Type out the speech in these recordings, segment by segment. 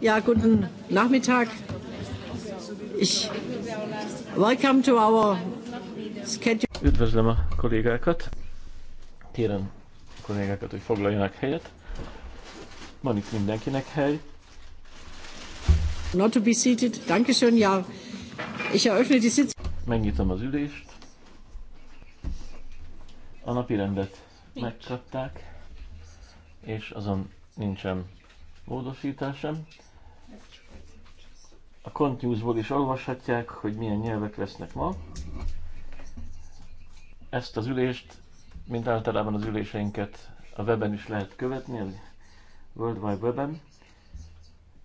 Ja, guten Nachmittag. Ich welcome to our schedule. Üdvözlöm a kollégákat. Kérem a kollégákat, hogy foglaljanak helyet. Van itt mindenkinek hely. Not to be seated. Dankeschön. Ja, ich eröffne die Sitz. Megnyitom az ülést. A napi rendet megkapták, és azon nincsen módosítás sem. A Contnewsból is olvashatják, hogy milyen nyelvek lesznek ma. Ezt az ülést, mint általában az üléseinket a weben is lehet követni, a World Wide Web-en,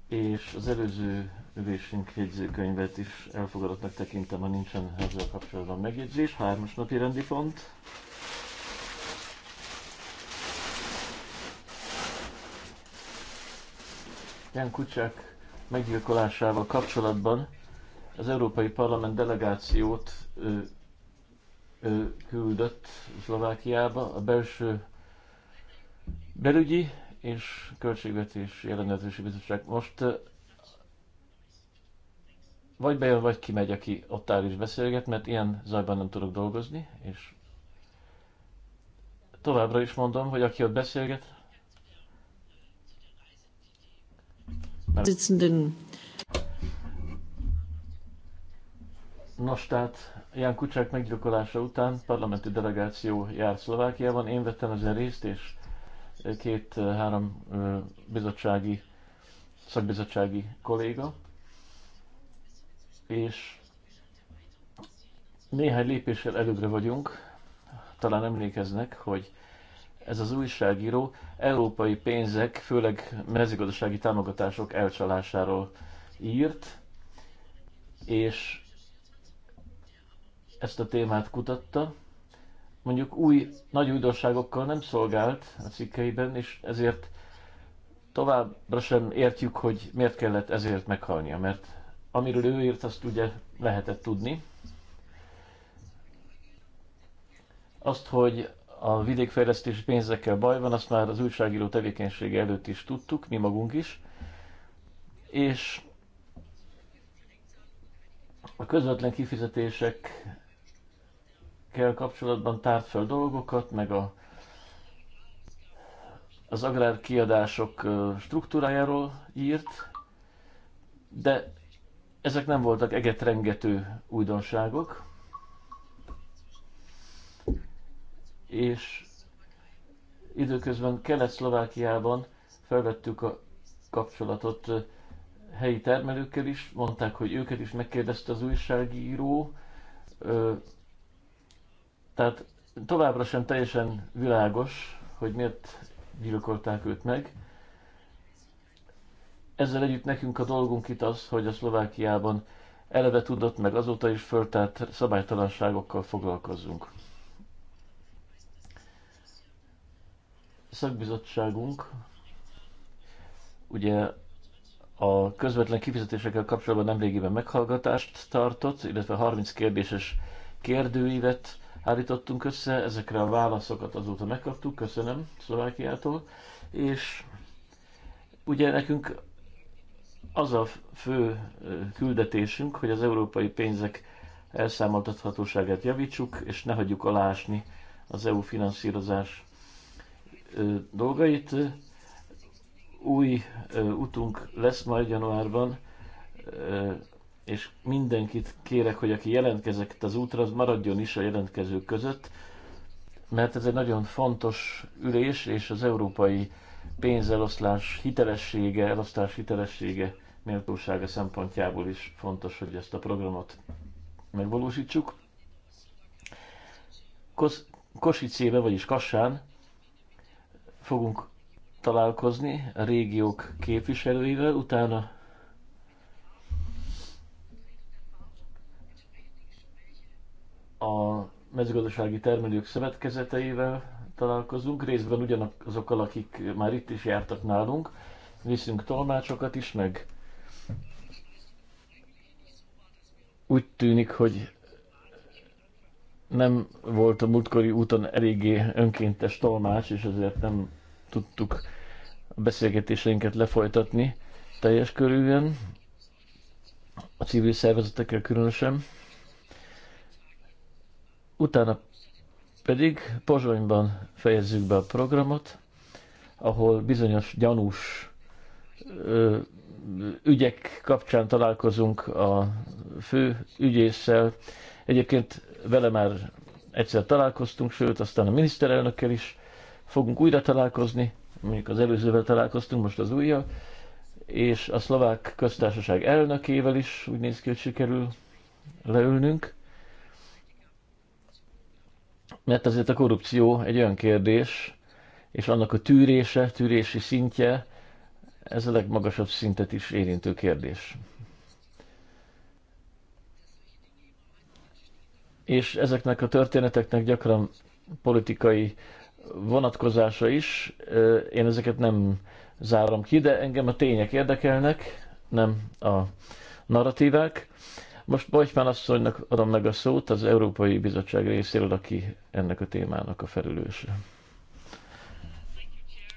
és az előző ülésünk jegyzőkönyvet is elfogadottnak tekintem, ha nincsen ezzel kapcsolatban megjegyzés. Hármas napi rendi pont. Jan Kucsák meggyilkolásával kapcsolatban az Európai Parlament delegációt ö, ö, küldött Szlovákiába a belső belügyi és költségvetési ellenőrzési bizottság. Most ö, vagy bejön, vagy kimegy, aki ott áll és beszélget, mert ilyen zajban nem tudok dolgozni, és továbbra is mondom, hogy aki ott beszélget, Nos, tehát Ján Kucsák meggyilkolása után parlamenti delegáció jár Szlovákiában. Én vettem ezen részt, és két-három bizottsági, szakbizottsági kolléga. És néhány lépéssel előbbre vagyunk. Talán emlékeznek, hogy ez az újságíró európai pénzek, főleg mezőgazdasági támogatások elcsalásáról írt, és ezt a témát kutatta. Mondjuk új, nagy újdonságokkal nem szolgált a cikkeiben, és ezért továbbra sem értjük, hogy miért kellett ezért meghalnia, mert amiről ő írt, azt ugye lehetett tudni. Azt, hogy a vidékfejlesztési pénzekkel baj van, azt már az újságíró tevékenysége előtt is tudtuk, mi magunk is. És a közvetlen kifizetésekkel kapcsolatban tárt fel dolgokat, meg a, az agrárkiadások struktúrájáról írt, de ezek nem voltak egetrengető újdonságok. és időközben Kelet-Szlovákiában felvettük a kapcsolatot helyi termelőkkel is, mondták, hogy őket is megkérdezte az újságíró, tehát továbbra sem teljesen világos, hogy miért gyilkolták őt meg. Ezzel együtt nekünk a dolgunk itt az, hogy a Szlovákiában eleve tudott, meg azóta is föltárt szabálytalanságokkal foglalkozzunk. szakbizottságunk ugye a közvetlen kifizetésekkel kapcsolatban nemrégiben meghallgatást tartott, illetve 30 kérdéses kérdőívet állítottunk össze, ezekre a válaszokat azóta megkaptuk, köszönöm Szlovákiától, és ugye nekünk az a fő küldetésünk, hogy az európai pénzek elszámoltathatóságát javítsuk, és ne hagyjuk alásni az EU finanszírozás dolgait. Új utunk lesz majd januárban, és mindenkit kérek, hogy aki jelentkezett az útra, az maradjon is a jelentkezők között, mert ez egy nagyon fontos ülés, és az európai pénzeloszlás hitelessége, elosztás hitelessége, méltósága szempontjából is fontos, hogy ezt a programot megvalósítsuk. Kos- Kosicébe, vagyis Kassán fogunk találkozni a régiók képviselőivel, utána a mezőgazdasági termelők szövetkezeteivel találkozunk, részben ugyanazokkal, akik már itt is jártak nálunk, viszünk tolmácsokat is, meg úgy tűnik, hogy nem volt a múltkori úton eléggé önkéntes tolmács, és ezért nem tudtuk a beszélgetéseinket lefolytatni teljes körűen, a civil szervezetekkel különösen. Utána pedig Pozsonyban fejezzük be a programot, ahol bizonyos gyanús ö, ügyek kapcsán találkozunk a fő ügyésszel. Egyébként vele már egyszer találkoztunk, sőt, aztán a miniszterelnökkel is fogunk újra találkozni, mondjuk az előzővel találkoztunk, most az újja, és a szlovák köztársaság elnökével is úgy néz ki, hogy sikerül leülnünk. Mert azért a korrupció egy olyan kérdés, és annak a tűrése, tűrési szintje, ez a legmagasabb szintet is érintő kérdés. és ezeknek a történeteknek gyakran politikai vonatkozása is. Én ezeket nem zárom ki, de engem a tények érdekelnek, nem a narratívák. Most Bajtmán asszonynak adom meg a szót az Európai Bizottság részéről, aki ennek a témának a felülőse.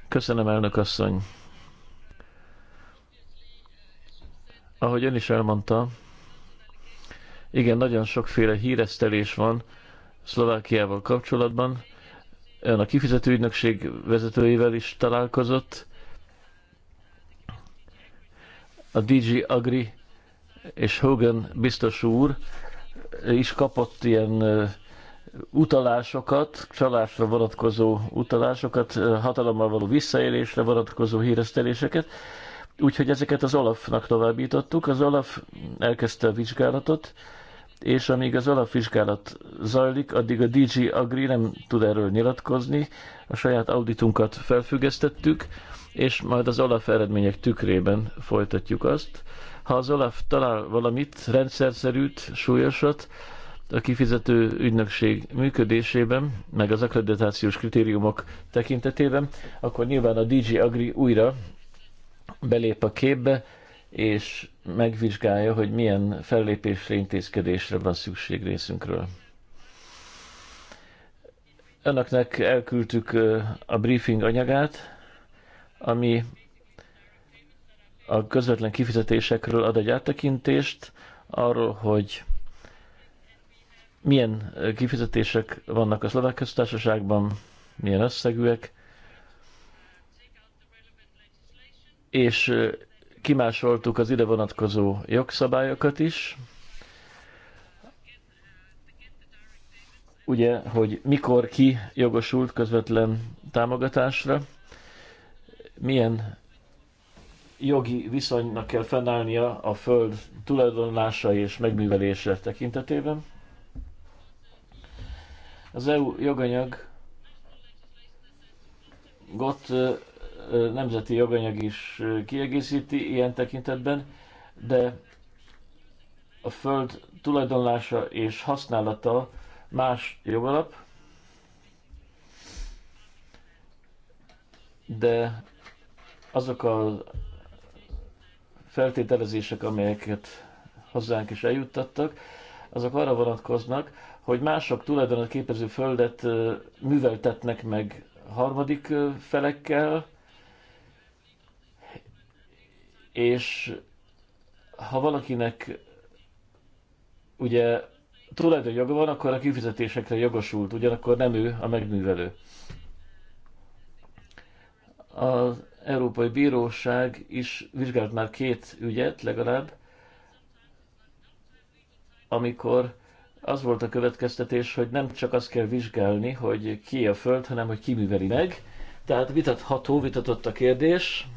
Köszönöm, elnök asszony. Ahogy ön is elmondta, igen, nagyon sokféle híresztelés van Szlovákiával kapcsolatban. Ön a kifizető ügynökség vezetőivel is találkozott. A DG Agri és Hogan biztos úr is kapott ilyen utalásokat, csalásra vonatkozó utalásokat, hatalommal való visszaélésre vonatkozó híreszteléseket. Úgyhogy ezeket az Olafnak továbbítottuk. Az Olaf elkezdte a vizsgálatot, és amíg az alapvizsgálat zajlik, addig a DG Agri nem tud erről nyilatkozni, a saját auditunkat felfüggesztettük, és majd az alap eredmények tükrében folytatjuk azt. Ha az alap talál valamit, rendszerszerűt, súlyosat, a kifizető ügynökség működésében, meg az akkreditációs kritériumok tekintetében, akkor nyilván a DG Agri újra belép a képbe, és megvizsgálja, hogy milyen fellépésre, intézkedésre van szükség részünkről. Önöknek elküldtük a briefing anyagát, ami a közvetlen kifizetésekről ad egy áttekintést, arról, hogy milyen kifizetések vannak a szlovák köztársaságban, milyen összegűek, és kimásoltuk az ide vonatkozó jogszabályokat is. Ugye, hogy mikor ki jogosult közvetlen támogatásra, milyen jogi viszonynak kell fennállnia a föld tulajdonlása és megművelése tekintetében. Az EU joganyag gott nemzeti joganyag is kiegészíti ilyen tekintetben, de a föld tulajdonlása és használata más jogalap, de azok a feltételezések, amelyeket hozzánk is eljuttattak, azok arra vonatkoznak, hogy mások tulajdonképező képező földet műveltetnek meg harmadik felekkel, és ha valakinek ugye tulajdonjoga van, akkor a kifizetésekre jogosult, ugyanakkor nem ő a megművelő. Az Európai Bíróság is vizsgált már két ügyet legalább, amikor az volt a következtetés, hogy nem csak azt kell vizsgálni, hogy ki a föld, hanem hogy ki műveli meg. Tehát vitatható, vitatott a kérdés,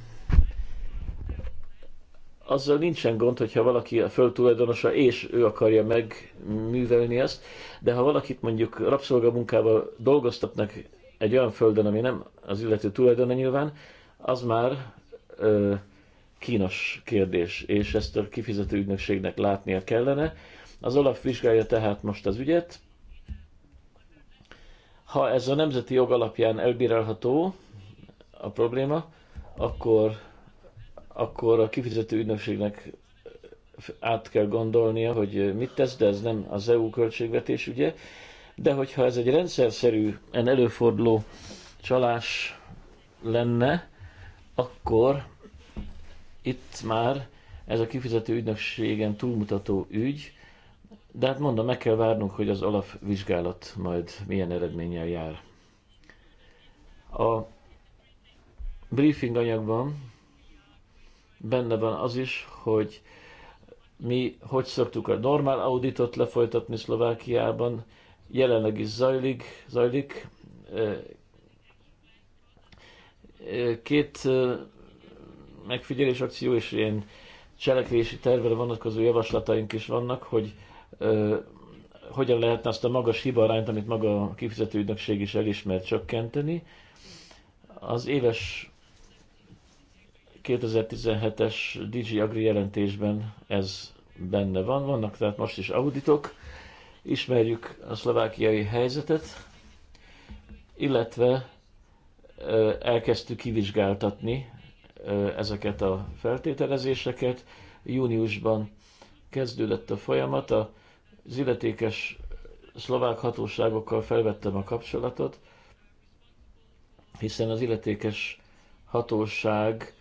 azzal nincsen gond, hogyha valaki a föld tulajdonosa, és ő akarja megművelni ezt, de ha valakit mondjuk rabszolgamunkával dolgoztatnak egy olyan földön, ami nem az illető tulajdona nyilván, az már ö, kínos kérdés, és ezt a kifizető ügynökségnek látnia kellene. Az Olaf vizsgálja tehát most az ügyet. Ha ez a nemzeti jog alapján elbírálható a probléma, akkor akkor a kifizető ügynökségnek át kell gondolnia, hogy mit tesz, de ez nem az EU költségvetés, ugye? De hogyha ez egy en előforduló csalás lenne, akkor itt már ez a kifizető ügynökségen túlmutató ügy, de hát mondom, meg kell várnunk, hogy az alapvizsgálat majd milyen eredménnyel jár. A briefing anyagban benne van az is, hogy mi hogy szoktuk a normál auditot lefolytatni Szlovákiában, jelenleg is zajlik, zajlik. Két megfigyelés akció és ilyen cselekvési tervre vonatkozó javaslataink is vannak, hogy hogyan lehetne azt a magas hibarányt, amit maga a kifizető ügynökség is elismert, csökkenteni. Az éves 2017-es DJ Agri jelentésben ez benne van, vannak tehát most is auditok, ismerjük a szlovákiai helyzetet, illetve elkezdtük kivizsgáltatni ezeket a feltételezéseket. Júniusban kezdődött a folyamat, az illetékes szlovák hatóságokkal felvettem a kapcsolatot, hiszen az illetékes hatóság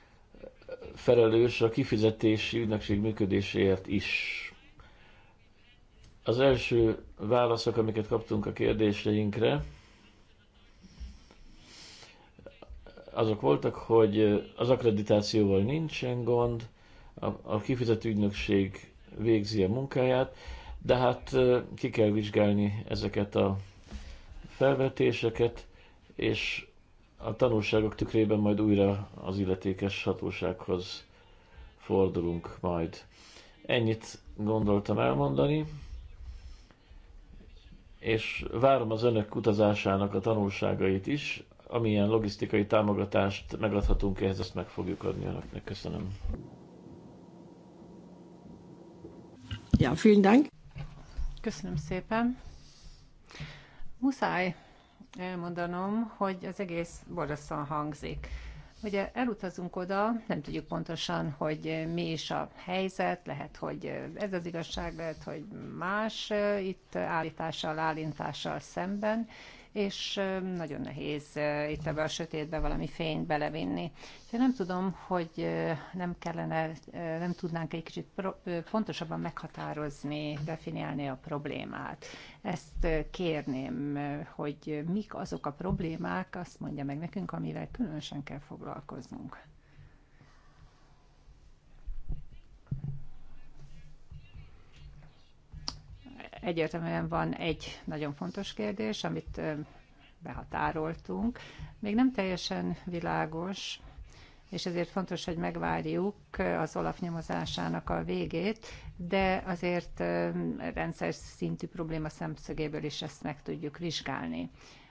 felelős a kifizetési ügynökség működéséért is. Az első válaszok, amiket kaptunk a kérdéseinkre, azok voltak, hogy az akkreditációval nincsen gond, a, a kifizető ügynökség végzi a munkáját, de hát ki kell vizsgálni ezeket a felvetéseket, és a tanulságok tükrében majd újra az illetékes hatósághoz fordulunk majd. Ennyit gondoltam elmondani, és várom az önök utazásának a tanulságait is. Amilyen logisztikai támogatást megadhatunk ehhez, ezt meg fogjuk adni önöknek. Köszönöm. Ja, vielen Dank. Köszönöm szépen. Muszáj elmondanom, hogy az egész borzasztóan hangzik. Ugye elutazunk oda, nem tudjuk pontosan, hogy mi is a helyzet, lehet, hogy ez az igazság, lehet, hogy más eh, itt állítással, állintással szemben, és nagyon nehéz itt ebbe a sötétbe valami fényt belevinni. Én nem tudom, hogy nem kellene, nem tudnánk egy kicsit pontosabban meghatározni, definiálni a problémát. Ezt kérném, hogy mik azok a problémák, azt mondja meg nekünk, amivel különösen kell foglalkoznunk. egyértelműen van egy nagyon fontos kérdés, amit behatároltunk. Még nem teljesen világos, és ezért fontos, hogy megvárjuk az Olaf nyomozásának a végét, de azért rendszer szintű probléma szemszögéből is ezt meg tudjuk vizsgálni.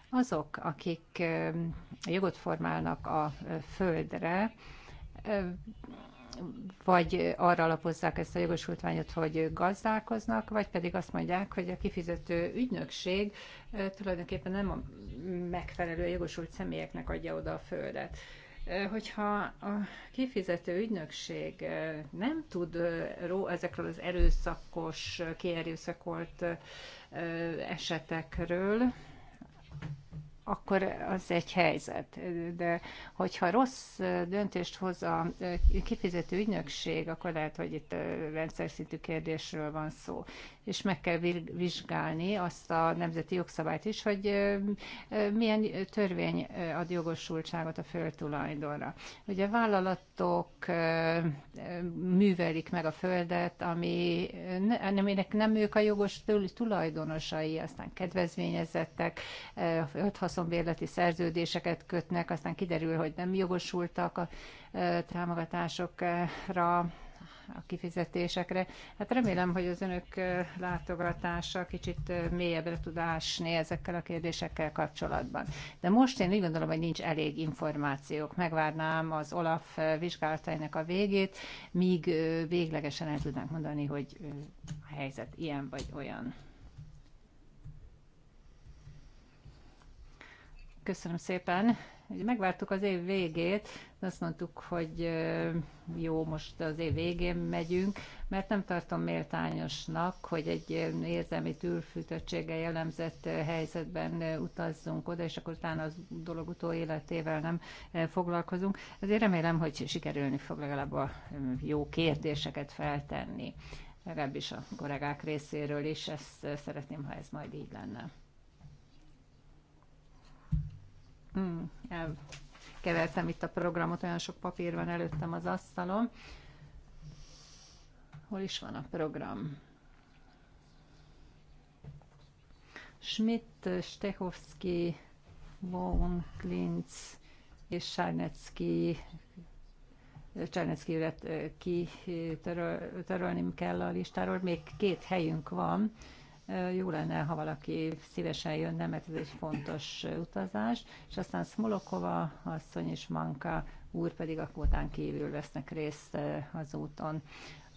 Azok, akik jogot formálnak a földre, vagy arra alapozzák ezt a jogosultványot, hogy gazdálkoznak, vagy pedig azt mondják, hogy a kifizető ügynökség tulajdonképpen nem a megfelelő jogosult személyeknek adja oda a földet. Hogyha a kifizető ügynökség nem tud ezekről az erőszakos, kierőszakolt esetekről, akkor az egy helyzet. De hogyha rossz döntést hoz a kifizető ügynökség, akkor lehet, hogy itt rendszer szintű kérdésről van szó és meg kell vizsgálni azt a nemzeti jogszabályt is, hogy milyen törvény ad jogosultságot a földtulajdonra. Ugye vállalatok művelik meg a földet, ami, aminek nem ők a jogos tulajdonosai, aztán kedvezményezettek, haszonbérleti szerződéseket kötnek, aztán kiderül, hogy nem jogosultak a támogatásokra, a kifizetésekre. Hát remélem, hogy az önök látogatása kicsit mélyebbre tud ásni ezekkel a kérdésekkel kapcsolatban. De most én úgy gondolom, hogy nincs elég információk. Megvárnám az Olaf vizsgálatainak a végét, míg véglegesen el tudnánk mondani, hogy a helyzet ilyen vagy olyan. Köszönöm szépen megvártuk az év végét, de azt mondtuk, hogy jó, most az év végén megyünk, mert nem tartom méltányosnak, hogy egy érzelmi tűrfűtöttsége jellemzett helyzetben utazzunk oda, és akkor utána az dolog utó életével nem foglalkozunk. Ezért remélem, hogy sikerülni fog legalább a jó kérdéseket feltenni legalábbis a kollégák részéről is. Ezt szeretném, ha ez majd így lenne. Hmm, elkevertem itt a programot, olyan sok papír van előttem az asztalon. Hol is van a program? Schmidt, Stechowski, Bowen, Klintz és Sárnecki Csernecki ki kitörölném kell a listáról, még két helyünk van, jó lenne, ha valaki szívesen jönne, mert ez egy fontos utazás, és aztán Smolokova asszony és Manka úr pedig a kvótán kívül vesznek részt eh, az úton.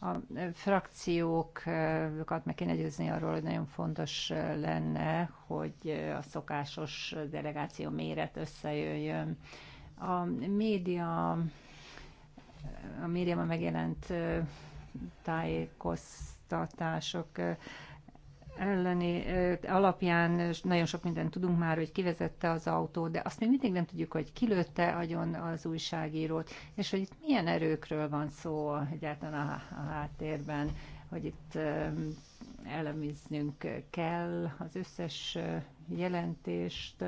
A eh, frakciókat meg kéne győzni arról, hogy nagyon fontos eh, lenne, hogy a szokásos delegáció méret összejöjjön. A média, a médiában megjelent tájékoztatások elleni alapján nagyon sok mindent tudunk már, hogy kivezette az autó, de azt még mindig nem tudjuk, hogy kilőtte agyon az újságírót, és hogy itt milyen erőkről van szó egyáltalán a, a háttérben, hogy itt elemiznünk kell az összes jelentést,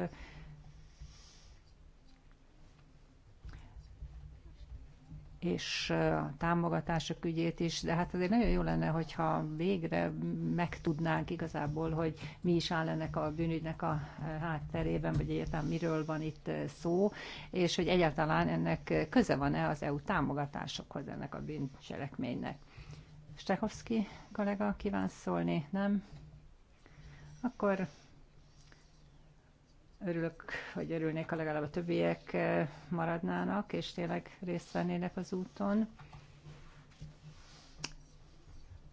és a támogatások ügyét is, de hát azért nagyon jó lenne, hogyha végre megtudnánk igazából, hogy mi is áll ennek a bűnügynek a hátterében, vagy egyáltalán miről van itt szó, és hogy egyáltalán ennek köze van-e az EU támogatásokhoz ennek a bűncselekménynek. Stehovski kollega kíván szólni, nem? Akkor örülök, hogy örülnék, ha legalább a többiek eh, maradnának, és tényleg részt vennének az úton.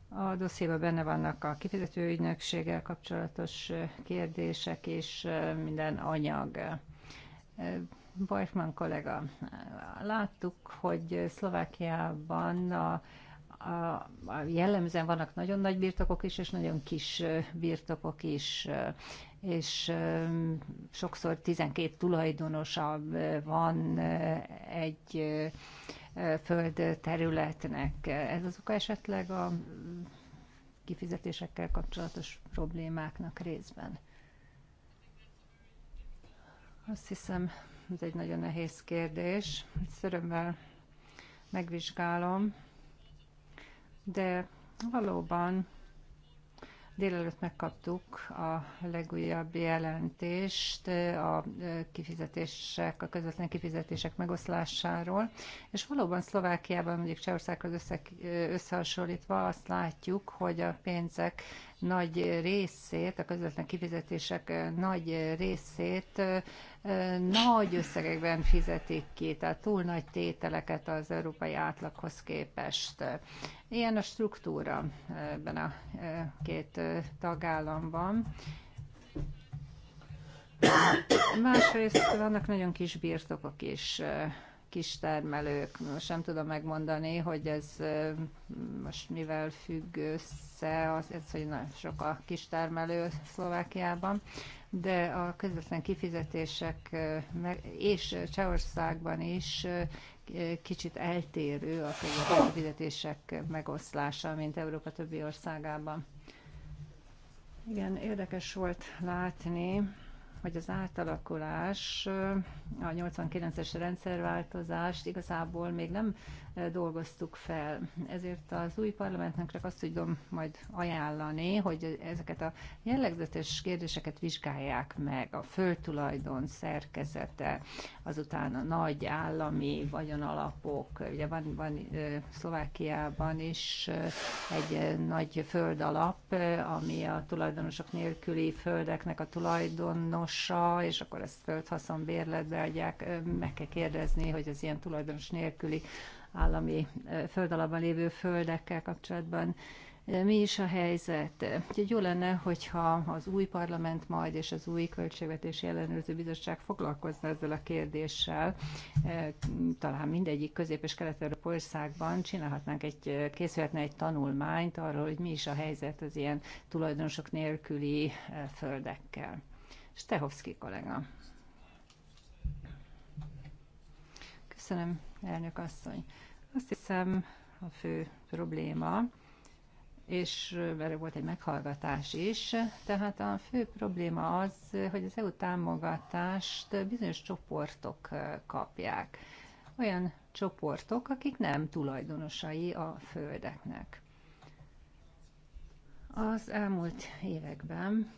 A dossziéban benne vannak a kifizető ügynökséggel kapcsolatos eh, kérdések és eh, minden anyag. Bajfman kollega, láttuk, hogy Szlovákiában a a, a jellemzően vannak nagyon nagy birtokok is, és nagyon kis birtokok is és sokszor 12 tulajdonosa van egy föld területnek. Ez az oka esetleg a kifizetésekkel kapcsolatos problémáknak részben? Azt hiszem, ez egy nagyon nehéz kérdés. Szörömmel megvizsgálom, de valóban Délelőtt megkaptuk a legújabb jelentést a kifizetések, a közvetlen kifizetések megoszlásáról, és valóban Szlovákiában, mondjuk Csehországhoz össze, összehasonlítva azt látjuk, hogy a pénzek nagy részét, a közvetlen kifizetések nagy részét nagy összegekben fizetik ki, tehát túl nagy tételeket az európai átlaghoz képest. Ilyen a struktúra ebben a két tagállamban. Másrészt vannak nagyon kis birtokok is, kis termelők. Most nem tudom megmondani, hogy ez most mivel függ össze, az, ez, hogy nagyon sok a kis termelő Szlovákiában de a közvetlen kifizetések és Csehországban is kicsit eltérő a közvetlen kifizetések megoszlása, mint Európa többi országában. Igen, érdekes volt látni, hogy az átalakulás, a 89-es rendszerváltozást igazából még nem dolgoztuk fel. Ezért az új parlamentnek csak azt tudom majd ajánlani, hogy ezeket a jellegzetes kérdéseket vizsgálják meg, a föltulajdon szerkezete, azután a nagy állami vagyonalapok, ugye van, van Szlovákiában is egy nagy földalap, ami a tulajdonosok nélküli földeknek a tulajdonosa, és akkor ezt földhaszonbérletbe adják, meg kell kérdezni, hogy az ilyen tulajdonos nélküli állami föld alapban lévő földekkel kapcsolatban mi is a helyzet? Úgyhogy jó lenne, hogyha az új parlament majd és az új költségvetési ellenőrző bizottság foglalkozna ezzel a kérdéssel. Talán mindegyik közép- és kelet országban csinálhatnánk egy, készülhetne egy tanulmányt arról, hogy mi is a helyzet az ilyen tulajdonosok nélküli földekkel. Stehovski kollega. Köszönöm elnök asszony. Azt hiszem, a fő probléma, és erre volt egy meghallgatás is, tehát a fő probléma az, hogy az EU támogatást bizonyos csoportok kapják. Olyan csoportok, akik nem tulajdonosai a földeknek. Az elmúlt években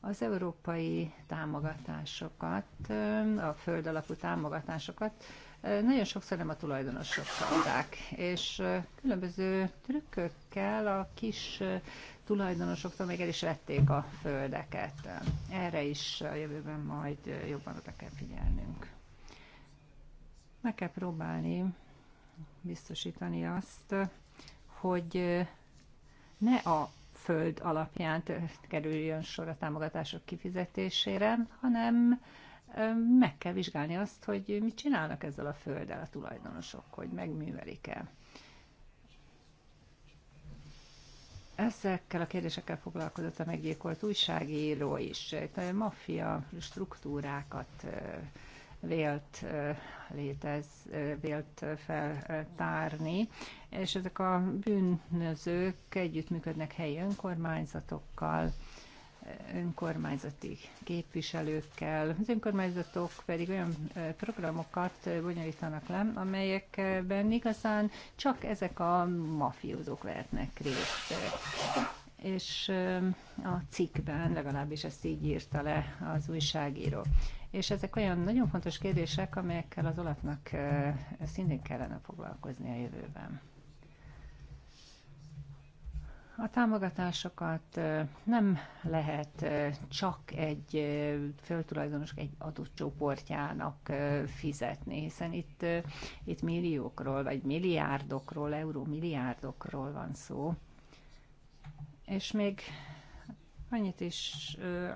az európai támogatásokat, a föld alapú támogatásokat nagyon sokszor nem a tulajdonosok kapták, és különböző trükkökkel a kis tulajdonosoktól még el is vették a földeket. Erre is a jövőben majd jobban oda kell figyelnünk. Meg kell próbálni biztosítani azt, hogy ne a föld alapján kerüljön sor a támogatások kifizetésére, hanem meg kell vizsgálni azt, hogy mit csinálnak ezzel a földdel a tulajdonosok, hogy megművelik-e. Ezekkel a kérdésekkel foglalkozott a meggyilkolt újságíró is. Itt a maffia struktúrákat vélt létez, vélt feltárni, és ezek a bűnözők együttműködnek helyi önkormányzatokkal, önkormányzati képviselőkkel. Az önkormányzatok pedig olyan programokat bonyolítanak le, amelyekben igazán csak ezek a mafiózók vehetnek részt. És a cikkben legalábbis ezt így írta le az újságíró. És ezek olyan nagyon fontos kérdések, amelyekkel az olatnak szintén kellene foglalkozni a jövőben. A támogatásokat nem lehet csak egy föltulajdonos egy adott csoportjának fizetni, hiszen itt, itt milliókról, vagy milliárdokról, euró milliárdokról van szó. És még annyit is,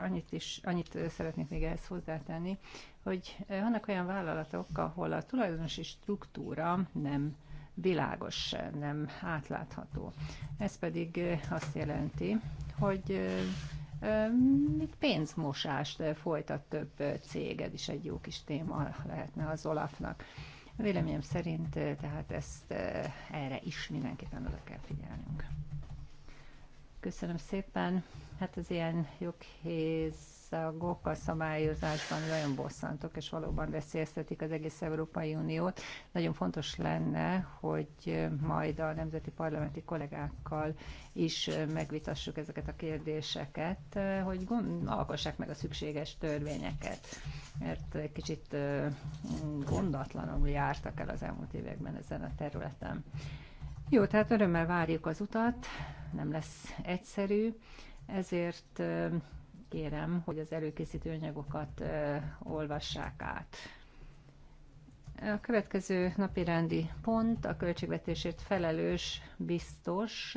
annyit is, annyit szeretnék még ehhez hozzátenni, hogy vannak olyan vállalatok, ahol a tulajdonosi struktúra nem világos, nem átlátható. Ez pedig azt jelenti, hogy mit pénzmosást folytat több cég, ez is egy jó kis téma lehetne az Olafnak. Véleményem szerint tehát ezt erre is mindenképpen oda kell figyelnünk. Köszönöm szépen. Hát az ilyen joghéz országok a szabályozásban nagyon bosszantok, és valóban veszélyeztetik az egész Európai Uniót. Nagyon fontos lenne, hogy majd a nemzeti parlamenti kollégákkal is megvitassuk ezeket a kérdéseket, hogy gond, alkossák meg a szükséges törvényeket. Mert egy kicsit gondatlanul jártak el az elmúlt években ezen a területen. Jó, tehát örömmel várjuk az utat, nem lesz egyszerű, ezért kérem, hogy az előkészítő anyagokat olvassák át. A következő napi rendi pont a költségvetésért felelős biztos,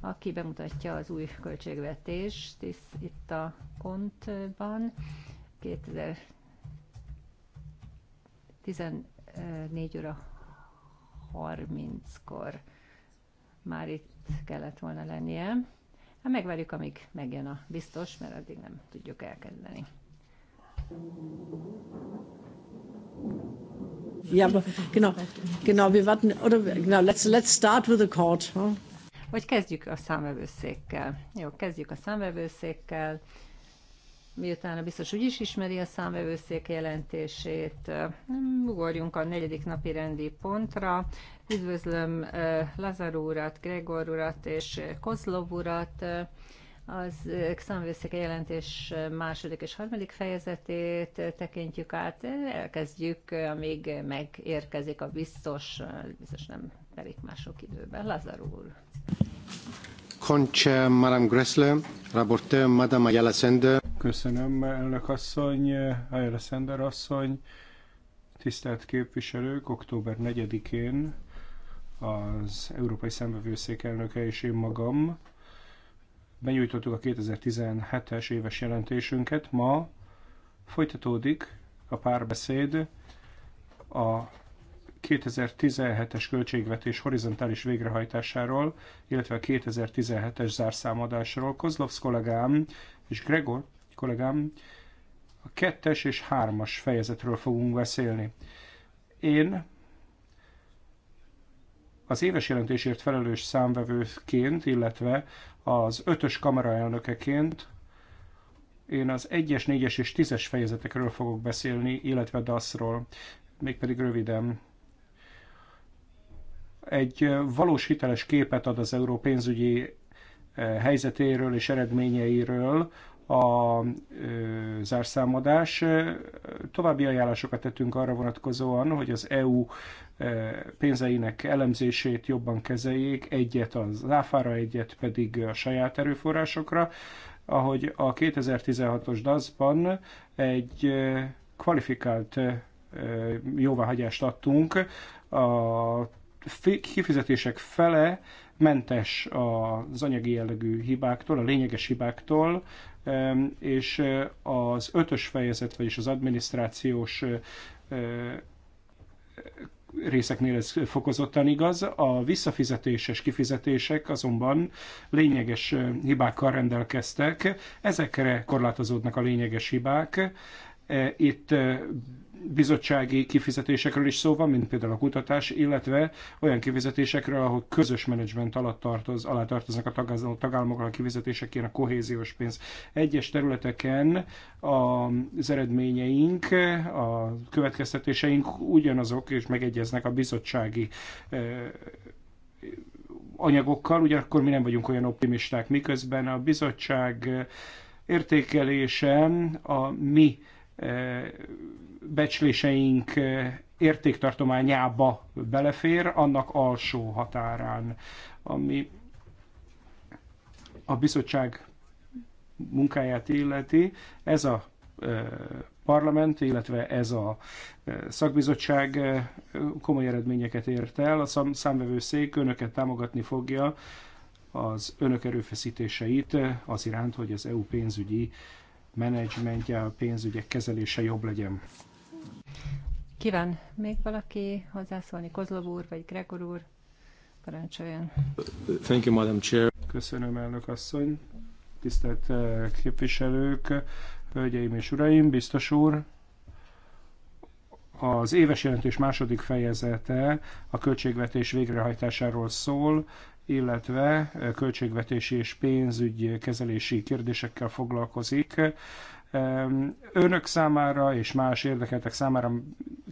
aki bemutatja az új költségvetést itt a kontban 2014 óra 30-kor már itt kellett volna lennie. Hát megvárjuk, amíg megjön a biztos, mert addig nem tudjuk elkezdeni. Ja, genau, genau, wir warten, oder genau, let's, let's start with the court. Huh? Vagy kezdjük a számvevőszékkel. Jó, kezdjük a számvevőszékkel miután a biztos úgy is ismeri a számvevőszék jelentését. Ugorjunk a negyedik napi rendi pontra. Üdvözlöm eh, Lazar urat, Gregor urat és Kozlov urat. Az eh, számvőszék jelentés második és harmadik fejezetét tekintjük át. Elkezdjük, eh, amíg megérkezik a biztos, biztos nem pedig mások időben. Lazar úr. Conch, Madame Gressler, Madame Ayala Sender, Köszönöm, elnök asszony, Ayala Szender asszony, tisztelt képviselők, október 4-én az Európai Szembevőszék elnöke és én magam benyújtottuk a 2017-es éves jelentésünket. Ma folytatódik a párbeszéd a 2017-es költségvetés horizontális végrehajtásáról, illetve a 2017-es zárszámadásról. Kozlovsz kollégám és Gregor kollégám. A kettes és hármas fejezetről fogunk beszélni. Én az éves jelentésért felelős számvevőként, illetve az ötös elnökeként én az egyes, négyes és tízes fejezetekről fogok beszélni, illetve DAS-ról, mégpedig röviden. Egy valós hiteles képet ad az euró pénzügyi helyzetéről és eredményeiről a zárszámadás. További ajánlásokat tettünk arra vonatkozóan, hogy az EU pénzeinek elemzését jobban kezeljék, egyet az áfára, egyet pedig a saját erőforrásokra. Ahogy a 2016-os DAS-ban egy kvalifikált jóváhagyást adtunk, a kifizetések fele mentes az anyagi jellegű hibáktól, a lényeges hibáktól, és az ötös fejezet, vagyis az adminisztrációs részeknél ez fokozottan igaz, a visszafizetéses kifizetések azonban lényeges hibákkal rendelkeztek, ezekre korlátozódnak a lényeges hibák, itt bizottsági kifizetésekről is szó van, mint például a kutatás, illetve olyan kifizetésekről, ahol közös menedzsment alatt tartoz, alá tartoznak a tagállamokra a kifizetésekén, a kohéziós pénz. Egyes területeken az eredményeink, a következtetéseink ugyanazok, és megegyeznek a bizottsági anyagokkal, ugyanakkor mi nem vagyunk olyan optimisták, miközben a bizottság értékelése a mi becsléseink eh, értéktartományába belefér, annak alsó határán, ami a bizottság munkáját illeti. Ez a eh, parlament, illetve ez a eh, szakbizottság komoly eredményeket ért el. A számvevőszék önöket támogatni fogja az önök erőfeszítéseit az iránt, hogy az EU pénzügyi menedzsmentje, a pénzügyek kezelése jobb legyen. Kíván még valaki hozzászólni? Kozlov úr vagy Gregor úr? Parancsoljon. Thank you, Madam Chair. Köszönöm, elnök asszony. Tisztelt eh, képviselők, hölgyeim és uraim, biztos úr, az éves jelentés második fejezete a költségvetés végrehajtásáról szól, illetve eh, költségvetési és pénzügyi kezelési kérdésekkel foglalkozik. Önök számára és más érdekeltek számára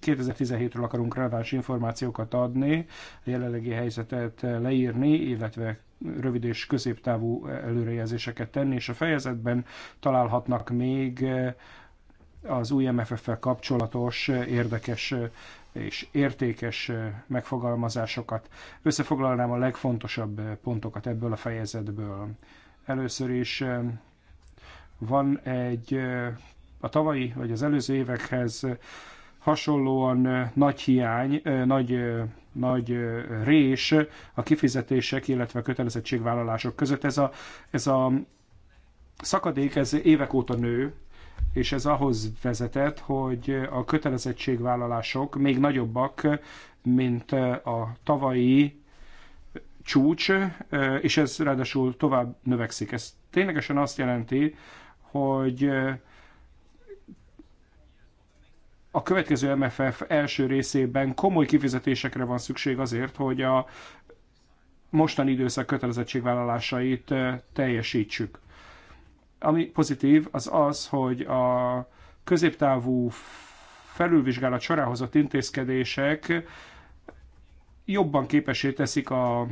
2017-ről akarunk releváns információkat adni, a jelenlegi helyzetet leírni, illetve rövid és középtávú előrejelzéseket tenni, és a fejezetben találhatnak még eh, az új MFF-fel kapcsolatos eh, érdekes eh, és értékes megfogalmazásokat. Összefoglalnám a legfontosabb pontokat ebből a fejezetből. Először is van egy a tavalyi vagy az előző évekhez hasonlóan nagy hiány, nagy, nagy rés a kifizetések, illetve a kötelezettségvállalások között. Ez a, ez a szakadék ez évek óta nő, és ez ahhoz vezetett, hogy a kötelezettségvállalások még nagyobbak, mint a tavalyi csúcs, és ez ráadásul tovább növekszik. Ez ténylegesen azt jelenti, hogy a következő MFF első részében komoly kifizetésekre van szükség azért, hogy a mostani időszak kötelezettségvállalásait teljesítsük. Ami pozitív, az az, hogy a középtávú felülvizsgálat során hozott intézkedések jobban képesé teszik a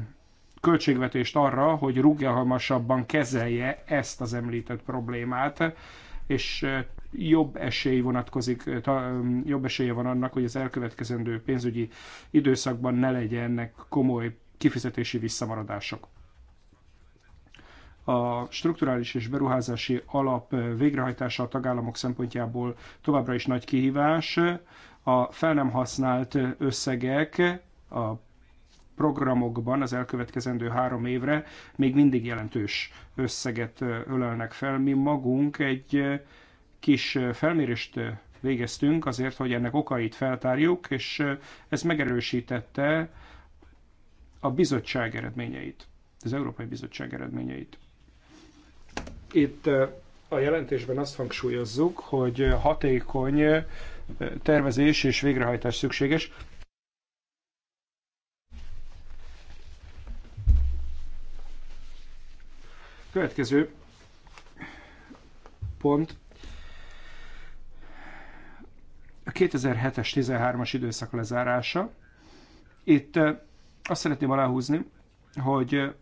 költségvetést arra, hogy rugalmasabban kezelje ezt az említett problémát, és jobb esély vonatkozik, jobb esélye van annak, hogy az elkövetkezendő pénzügyi időszakban ne legyenek komoly kifizetési visszamaradások. A strukturális és beruházási alap végrehajtása a tagállamok szempontjából továbbra is nagy kihívás. A fel nem használt összegek a programokban az elkövetkezendő három évre még mindig jelentős összeget ölelnek fel. Mi magunk egy kis felmérést végeztünk azért, hogy ennek okait feltárjuk, és ez megerősítette a bizottság eredményeit, az Európai Bizottság eredményeit. Itt a jelentésben azt hangsúlyozzuk, hogy hatékony tervezés és végrehajtás szükséges. Következő pont. A 2007-es 13-as időszak lezárása. Itt azt szeretném aláhúzni, hogy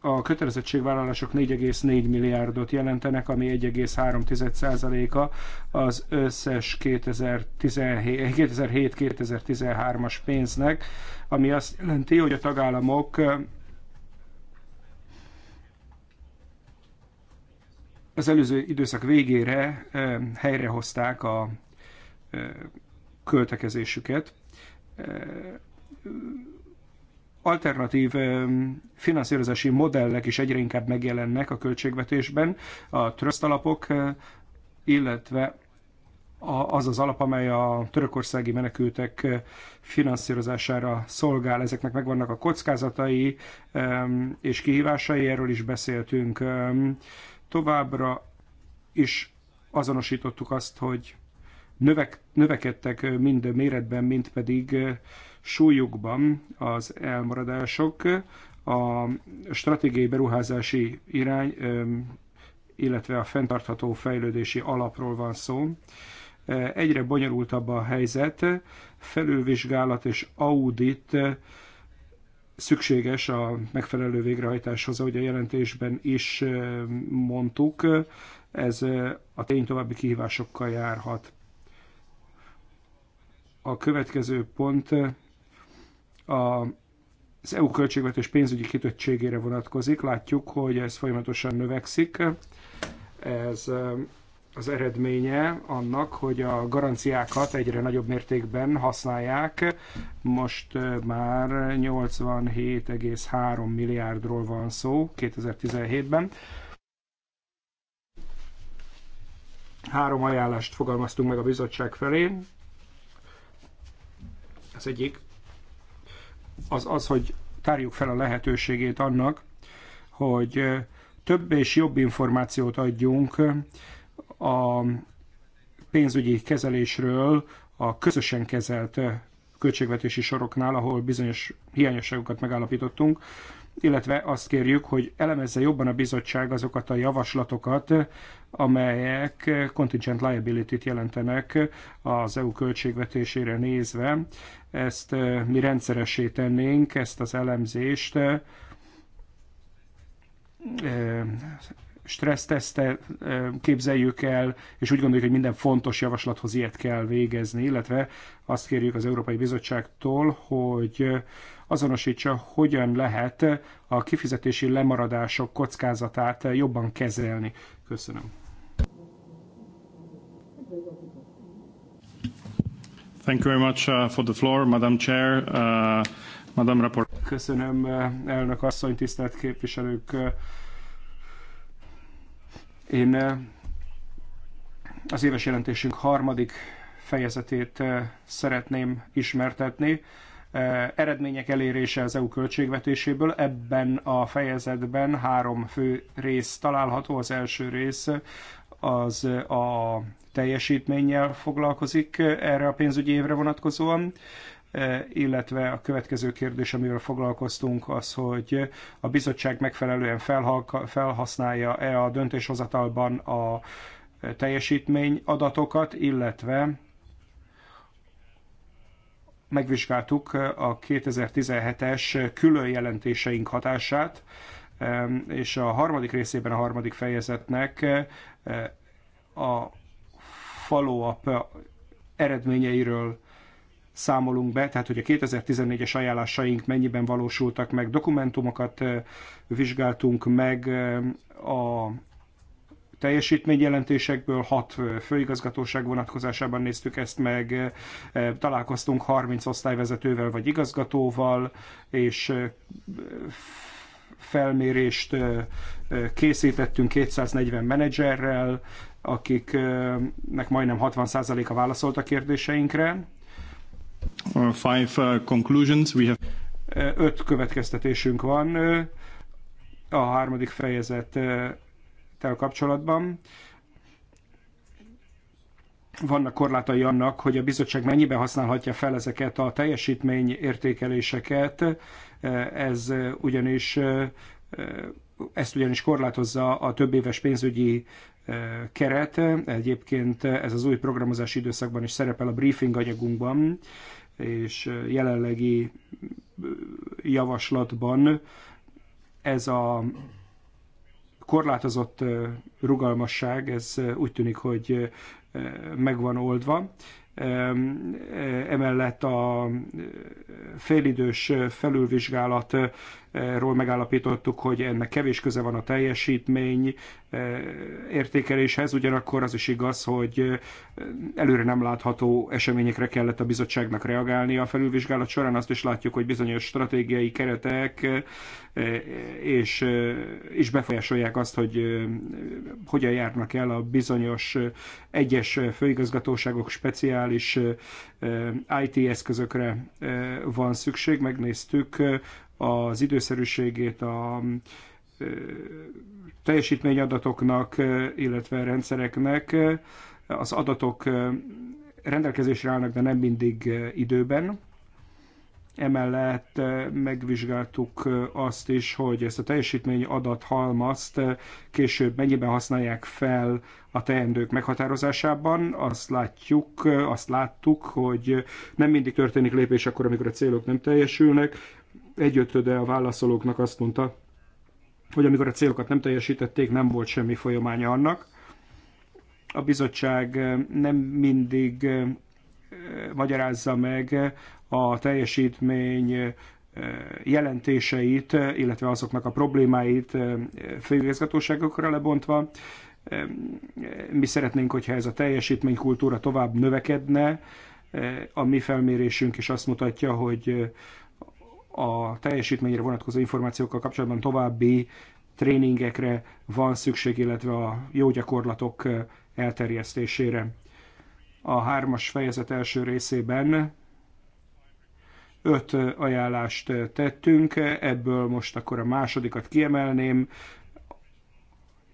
a kötelezettségvállalások 4,4 milliárdot jelentenek, ami 1,3%-a az összes 2007-2013-as pénznek, ami azt jelenti, hogy a tagállamok az előző időszak végére helyrehozták a költekezésüket. Alternatív finanszírozási modellek is egyre inkább megjelennek a költségvetésben, a trust alapok, illetve az az alap, amely a törökországi menekültek finanszírozására szolgál. Ezeknek megvannak a kockázatai és kihívásai, erről is beszéltünk Továbbra is azonosítottuk azt, hogy növek, növekedtek mind méretben, mind pedig súlyukban az elmaradások. A stratégiai beruházási irány, illetve a fenntartható fejlődési alapról van szó. Egyre bonyolultabb a helyzet, felülvizsgálat és audit szükséges a megfelelő végrehajtáshoz, ahogy a jelentésben is mondtuk, ez a tény további kihívásokkal járhat. A következő pont a az EU költségvetés pénzügyi kitöttségére vonatkozik. Látjuk, hogy ez folyamatosan növekszik. Ez az eredménye annak, hogy a garanciákat egyre nagyobb mértékben használják. Most már 87,3 milliárdról van szó 2017-ben. Három ajánlást fogalmaztunk meg a bizottság felé. Az egyik az, az hogy tárjuk fel a lehetőségét annak, hogy több és jobb információt adjunk a pénzügyi kezelésről a közösen kezelt költségvetési soroknál, ahol bizonyos hiányosságokat megállapítottunk, illetve azt kérjük, hogy elemezze jobban a bizottság azokat a javaslatokat, amelyek contingent liability-t jelentenek az EU költségvetésére nézve. Ezt eh, mi rendszeresé tennénk, ezt az elemzést eh, stressztesztet képzeljük el, és úgy gondoljuk, hogy minden fontos javaslathoz ilyet kell végezni, illetve azt kérjük az Európai Bizottságtól, hogy azonosítsa, hogyan lehet a kifizetési lemaradások kockázatát jobban kezelni. Köszönöm. Thank you very much uh, for the floor, Madam Chair. Uh, Madam Rapport. Köszönöm, uh, elnök asszony, tisztelt képviselők. Uh, én eh, az éves jelentésünk harmadik fejezetét eh, szeretném ismertetni. Eh, eredmények elérése az EU költségvetéséből. Ebben a fejezetben három fő rész található. Az első rész az a teljesítménnyel foglalkozik erre a pénzügyi évre vonatkozóan. E, illetve a következő kérdés, amivel foglalkoztunk, az, hogy a bizottság megfelelően felhasználja-e a döntéshozatalban a e, teljesítmény adatokat, illetve megvizsgáltuk a 2017-es külön jelentéseink hatását, e, és a harmadik részében a harmadik fejezetnek a follow-up eredményeiről számolunk be, tehát hogy a 2014-es ajánlásaink mennyiben valósultak meg, dokumentumokat vizsgáltunk meg a teljesítményjelentésekből, hat főigazgatóság vonatkozásában néztük ezt meg, találkoztunk 30 osztályvezetővel vagy igazgatóval, és felmérést készítettünk 240 menedzserrel, akiknek majdnem 60%-a válaszolt a kérdéseinkre, Uh, five uh, conclusions we have. Uh, öt következtetésünk van a harmadik fejezettel kapcsolatban vannak korlátai annak, hogy a bizottság mennyiben használhatja fel ezeket a teljesítmény értékeléseket, ez ugyanis ezt ugyanis korlátozza a több éves pénzügyi keret. Egyébként ez az új programozási időszakban is szerepel a briefing anyagunkban, és jelenlegi javaslatban ez a korlátozott rugalmasság, ez úgy tűnik, hogy megvan oldva. Emellett a félidős felülvizsgálat ról megállapítottuk, hogy ennek kevés köze van a teljesítmény eh, értékeléshez, ugyanakkor az is igaz, hogy eh, előre nem látható eseményekre kellett a bizottságnak reagálni a felülvizsgálat során. Azt is látjuk, hogy bizonyos stratégiai keretek eh, és, és befolyásolják azt, hogy hogyan járnak el a bizonyos egyes főigazgatóságok speciális IT eszközökre van szükség. Megnéztük az időszerűségét a teljesítményadatoknak, illetve rendszereknek. Az adatok rendelkezésre állnak, de nem mindig időben. Emellett megvizsgáltuk azt is, hogy ezt a teljesítmény adathalmazt később mennyiben használják fel a teendők meghatározásában. Azt látjuk, azt láttuk, hogy nem mindig történik lépés akkor, amikor a célok nem teljesülnek, egyötöde a válaszolóknak azt mondta, hogy amikor a célokat nem teljesítették, nem volt semmi folyamánya annak. A bizottság eh, nem mindig eh, magyarázza meg eh, a teljesítmény jelentéseit, illetve azoknak a problémáit főigazgatóságokra lebontva. Mi szeretnénk, hogyha ez a teljesítménykultúra tovább növekedne, a mi felmérésünk is azt mutatja, hogy a teljesítményre vonatkozó információkkal kapcsolatban további tréningekre van szükség, illetve a jó gyakorlatok elterjesztésére. A hármas fejezet első részében öt ajánlást tettünk, ebből most akkor a másodikat kiemelném.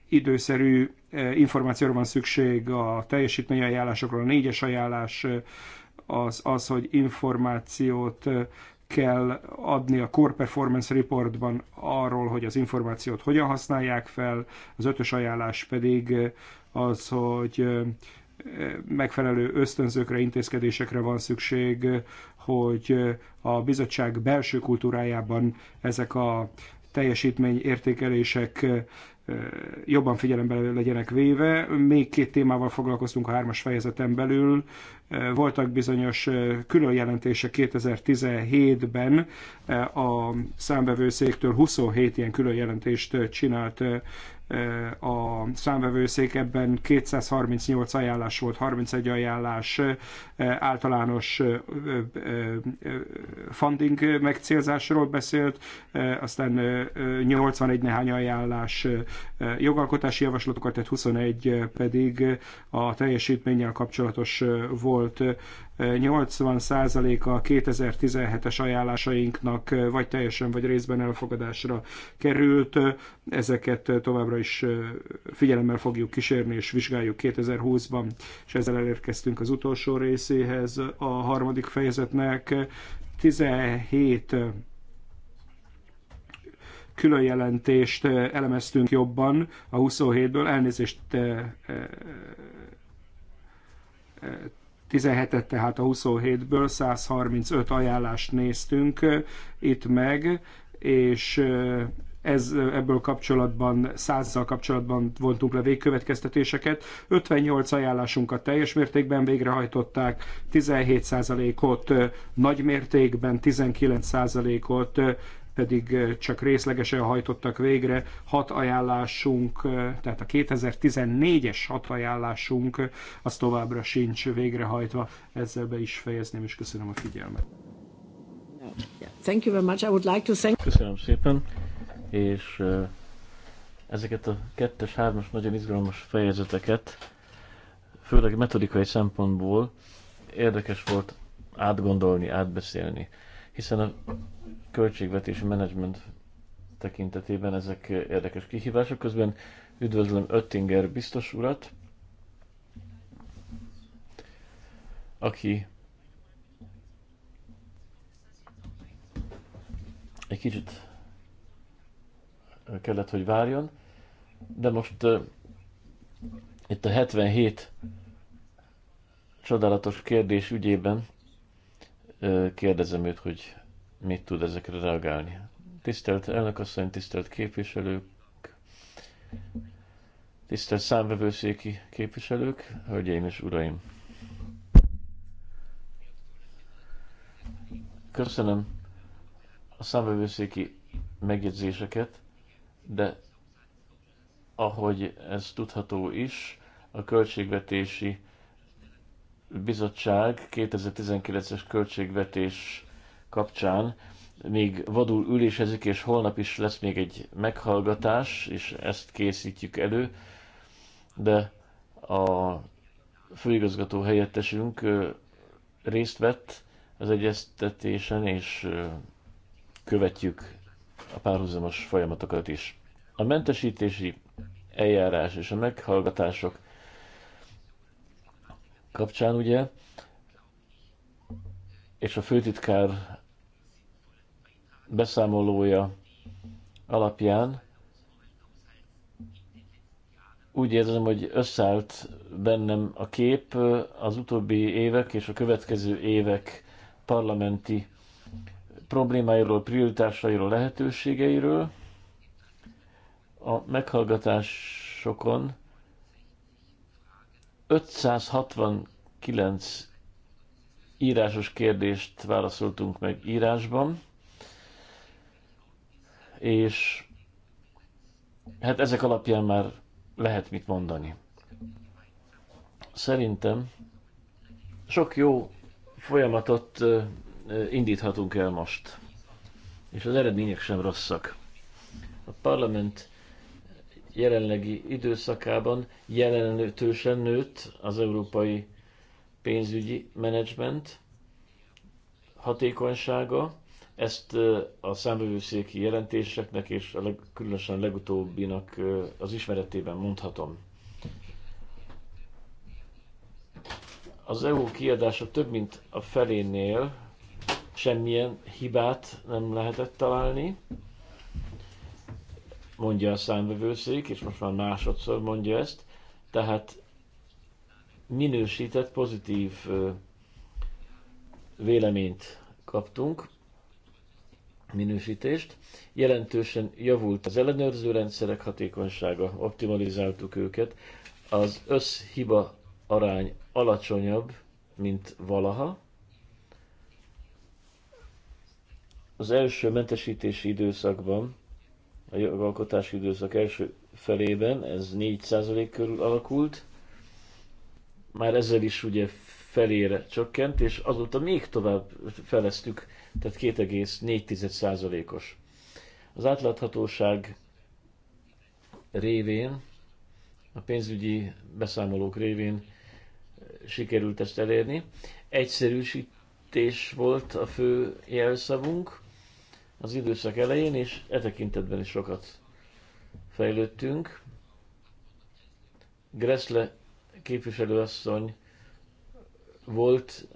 Időszerű információra van szükség a ajánlásokról a négyes ajánlás az az, hogy információt kell adni a Core Performance Reportban arról, hogy az információt hogyan használják fel, az ötös ajánlás pedig az, hogy megfelelő ösztönzőkre, intézkedésekre van szükség, hogy a bizottság belső kultúrájában ezek a teljesítményértékelések jobban figyelembe legyenek véve. Még két témával foglalkoztunk a hármas fejezeten belül. Voltak bizonyos külön jelentések 2017-ben a számbevőszéktől 27 ilyen külön jelentést csinált a számvevőszék, ebben 238 ajánlás volt, 31 ajánlás általános funding megcélzásról beszélt, aztán 81 néhány ajánlás jogalkotási javaslatokat, tehát 21 pedig a teljesítménnyel kapcsolatos volt 80%-a a 2017-es ajánlásainknak vagy teljesen, vagy részben elfogadásra került. Ezeket továbbra is figyelemmel fogjuk kísérni és vizsgáljuk 2020-ban, és ezzel elérkeztünk az utolsó részéhez a harmadik fejezetnek. 17 külön jelentést elemeztünk jobban a 27-ből, elnézést 17-et, tehát a 27-ből 135 ajánlást néztünk itt meg, és ez, ebből kapcsolatban, százzal kapcsolatban vontunk le végkövetkeztetéseket. 58 ajánlásunkat teljes mértékben végrehajtották, 17%-ot nagy mértékben, 19%-ot pedig eh, csak részlegesen hajtottak végre. Hat ajánlásunk, eh, tehát a 2014-es hat ajánlásunk, eh, az továbbra sincs végrehajtva. Ezzel be is fejezném, és köszönöm a figyelmet. Thank you very much. I would like to thank... Köszönöm szépen, és ezeket a kettes, hármas nagyon izgalmas fejezeteket, főleg metodikai szempontból érdekes volt átgondolni, átbeszélni hiszen a költségvetési menedzsment tekintetében ezek érdekes kihívások. Közben üdvözlöm Öttinger biztos urat, aki egy kicsit kellett, hogy várjon, de most uh, itt a 77 csodálatos kérdés ügyében kérdezem őt, hogy mit tud ezekre reagálni. Tisztelt elnökasszony, tisztelt képviselők, tisztelt számvevőszéki képviselők, hölgyeim és uraim! Köszönöm a számvevőszéki megjegyzéseket, de ahogy ez tudható is, a költségvetési bizottság 2019-es költségvetés kapcsán még vadul ülésezik, és holnap is lesz még egy meghallgatás, és ezt készítjük elő, de a főigazgató helyettesünk részt vett az egyeztetésen, és követjük a párhuzamos folyamatokat is. A mentesítési eljárás és a meghallgatások kapcsán, ugye, és a főtitkár beszámolója alapján úgy érzem, hogy összeállt bennem a kép az utóbbi évek és a következő évek parlamenti problémáiról, prioritásairól, lehetőségeiről. A meghallgatásokon 569 írásos kérdést válaszoltunk meg írásban, és hát ezek alapján már lehet mit mondani. Szerintem sok jó folyamatot indíthatunk el most, és az eredmények sem rosszak. A parlament jelenlegi időszakában jelenlőtősen nőtt az európai pénzügyi menedzsment hatékonysága. Ezt a számvevőszéki jelentéseknek és a leg, különösen legutóbbinak az ismeretében mondhatom. Az EU kiadása több mint a felénél semmilyen hibát nem lehetett találni, mondja a számvevőszék, és most már másodszor mondja ezt, tehát minősített, pozitív véleményt kaptunk, minősítést. Jelentősen javult az ellenőrző rendszerek hatékonysága, optimalizáltuk őket. Az összhiba arány alacsonyabb, mint valaha. Az első mentesítési időszakban a jogalkotási időszak első felében, ez 4% körül alakult, már ezzel is ugye felére csökkent, és azóta még tovább feleztük, tehát 2,4%-os. Az átláthatóság révén, a pénzügyi beszámolók révén eh, sikerült ezt elérni. Egyszerűsítés volt a fő jelszavunk, az időszak elején, és e tekintetben is sokat fejlődtünk. Gressle képviselőasszony volt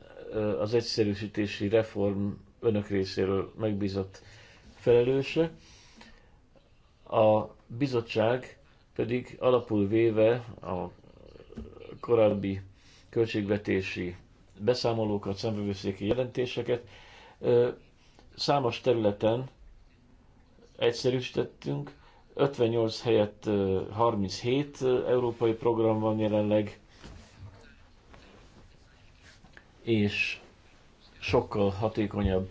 az egyszerűsítési reform önök részéről megbízott felelőse. A bizottság pedig alapul véve a korábbi költségvetési beszámolókat, szembevőszéki jelentéseket számos területen egyszerűsítettünk, 58 helyett 37 európai program van jelenleg, és sokkal hatékonyabb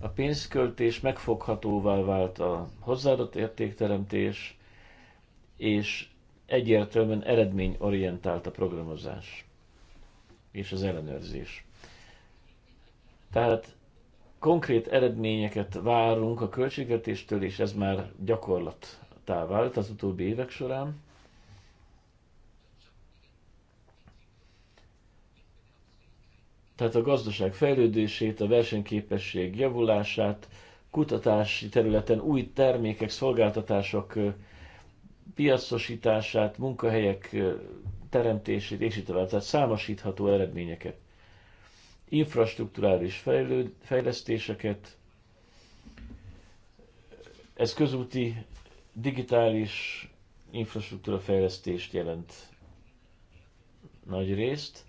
a pénzköltés, megfoghatóvá vált a hozzáadott értékteremtés, és egyértelműen eredményorientált a programozás és az ellenőrzés. Tehát konkrét eredményeket várunk a költségvetéstől, és ez már gyakorlattá vált az utóbbi évek során. Tehát a gazdaság fejlődését, a versenyképesség javulását, kutatási területen új termékek, szolgáltatások piacosítását, munkahelyek teremtését, és így tovább. Tehát számosítható eredményeket infrastruktúrális fejlőd, fejlesztéseket, ez közúti digitális infrastruktúra fejlesztést jelent nagy részt,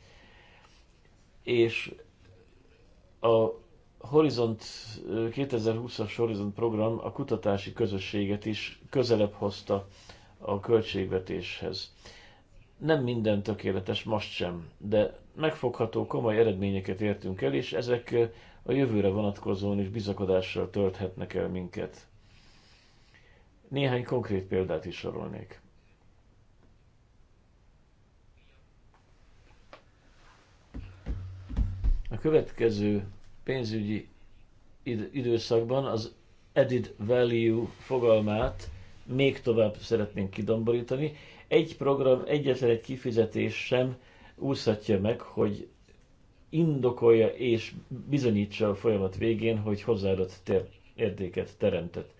és a Horizont 2020-as Horizont program a kutatási közösséget is közelebb hozta a költségvetéshez. Nem minden tökéletes, most sem, de megfogható komoly eredményeket értünk el, és ezek a jövőre vonatkozóan is bizakodással tölthetnek el minket. Néhány konkrét példát is sorolnék. A következő pénzügyi időszakban az added value fogalmát még tovább szeretnénk kidomborítani. Egy program, egyetlen egy kifizetés sem úszhatja meg, hogy indokolja és bizonyítsa a folyamat végén, hogy hozzáadott ter- értéket teremtett.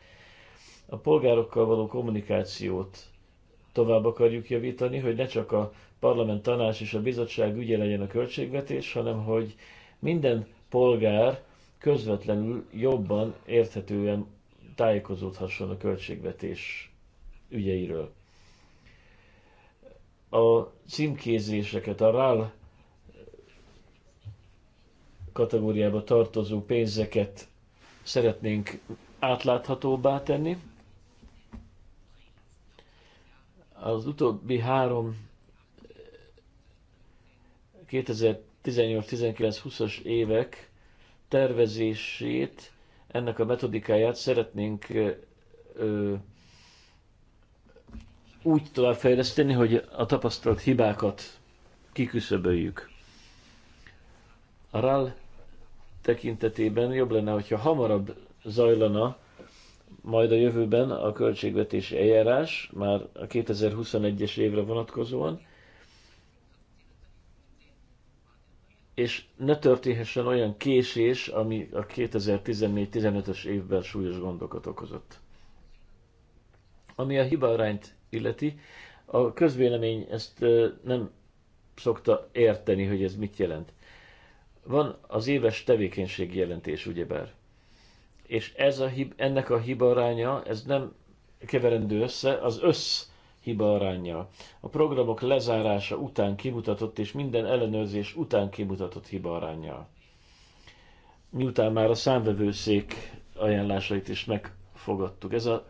A polgárokkal való kommunikációt tovább akarjuk javítani, hogy ne csak a parlament, tanács és a bizottság ügye legyen a költségvetés, hanem hogy minden polgár közvetlenül jobban érthetően tájékozódhasson a költségvetés ügyeiről a címkézéseket, a RAL kategóriába tartozó pénzeket szeretnénk átláthatóbbá tenni. Az utóbbi három 2018-19-20-as évek tervezését, ennek a metodikáját szeretnénk ö, úgy tovább fejleszteni, hogy a tapasztalt hibákat kiküszöböljük. A RAL tekintetében jobb lenne, hogyha hamarabb zajlana majd a jövőben a költségvetési eljárás, már a 2021-es évre vonatkozóan, és ne történhessen olyan késés, ami a 2014-15-ös évben súlyos gondokat okozott. Ami a hibarányt illeti. A közvélemény ezt nem szokta érteni, hogy ez mit jelent. Van az éves tevékenységi jelentés, ugyebár. És ez a hib, ennek a hiba aránya, ez nem keverendő össze, az össz hiba aránya. A programok lezárása után kimutatott és minden ellenőrzés után kimutatott hiba aránya. Miután már a számvevőszék ajánlásait is megfogadtuk. Ez a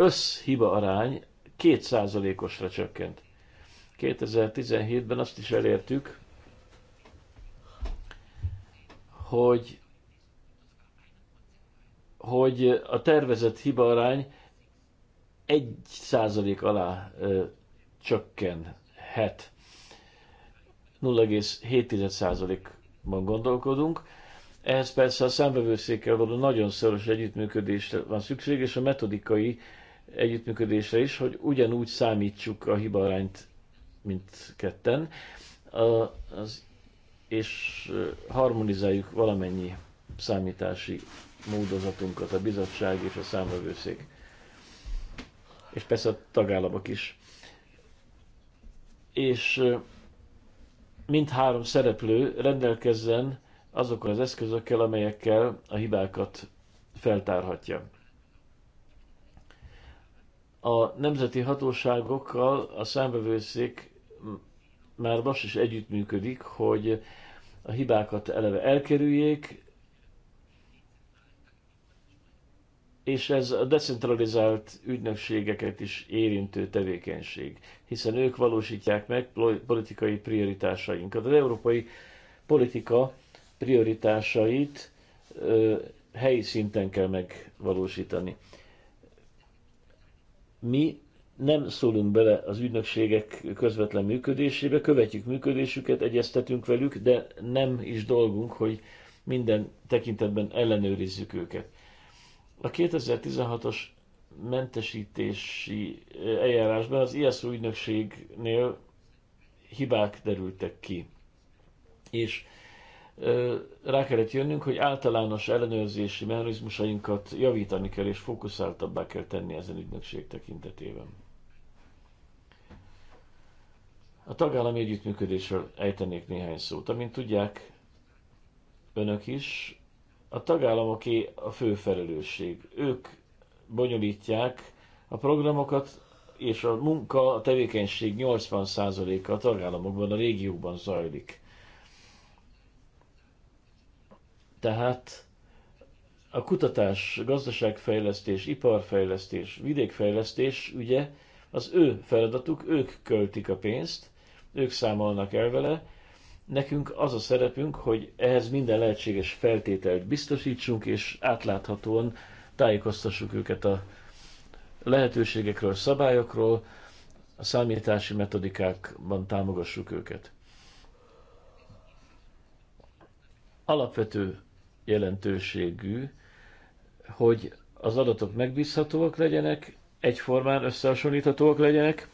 összhiba arány 2%-osra csökkent. 2017-ben azt is elértük, hogy, hogy a tervezett hiba arány 1% alá ö, csökkenhet. 0,7%-ban gondolkodunk. Ehhez persze a számvevőszékkel való nagyon szoros együttműködésre van szükség, és a metodikai együttműködésre is, hogy ugyanúgy számítsuk a hibarányt, mint ketten, az, és harmonizáljuk valamennyi számítási módozatunkat, a bizottság és a számövőszék, és persze a tagállamok is. És mindhárom szereplő rendelkezzen azokkal az eszközökkel, amelyekkel a hibákat feltárhatja. A nemzeti hatóságokkal a számbevőszék már most is együttműködik, hogy a hibákat eleve elkerüljék, és ez a decentralizált ügynökségeket is érintő tevékenység, hiszen ők valósítják meg politikai prioritásainkat. Az európai politika prioritásait ö, helyi szinten kell megvalósítani mi nem szólunk bele az ügynökségek közvetlen működésébe, követjük működésüket, egyeztetünk velük, de nem is dolgunk, hogy minden tekintetben ellenőrizzük őket. A 2016-os mentesítési eh, eljárásban az ISZ ügynökségnél hibák derültek ki, és rá kellett jönnünk, hogy általános ellenőrzési mechanizmusainkat javítani kell és fókuszáltabbá kell tenni ezen ügynökség tekintetében. A tagállami együttműködésről ejtenék néhány szót. Amint tudják önök is, a tagállamoké a fő felelősség. Ők bonyolítják a programokat, és a munka, a tevékenység 80%-a a tagállamokban, a régióban zajlik Tehát a kutatás, gazdaságfejlesztés, iparfejlesztés, vidékfejlesztés, ugye az ő feladatuk, ők költik a pénzt, ők számolnak el vele, nekünk az a szerepünk, hogy ehhez minden lehetséges feltételt biztosítsunk, és átláthatóan tájékoztassuk őket a lehetőségekről, szabályokról, a számítási metodikákban támogassuk őket. Alapvető jelentőségű, hogy az adatok megbízhatóak legyenek, egyformán összehasonlíthatóak legyenek,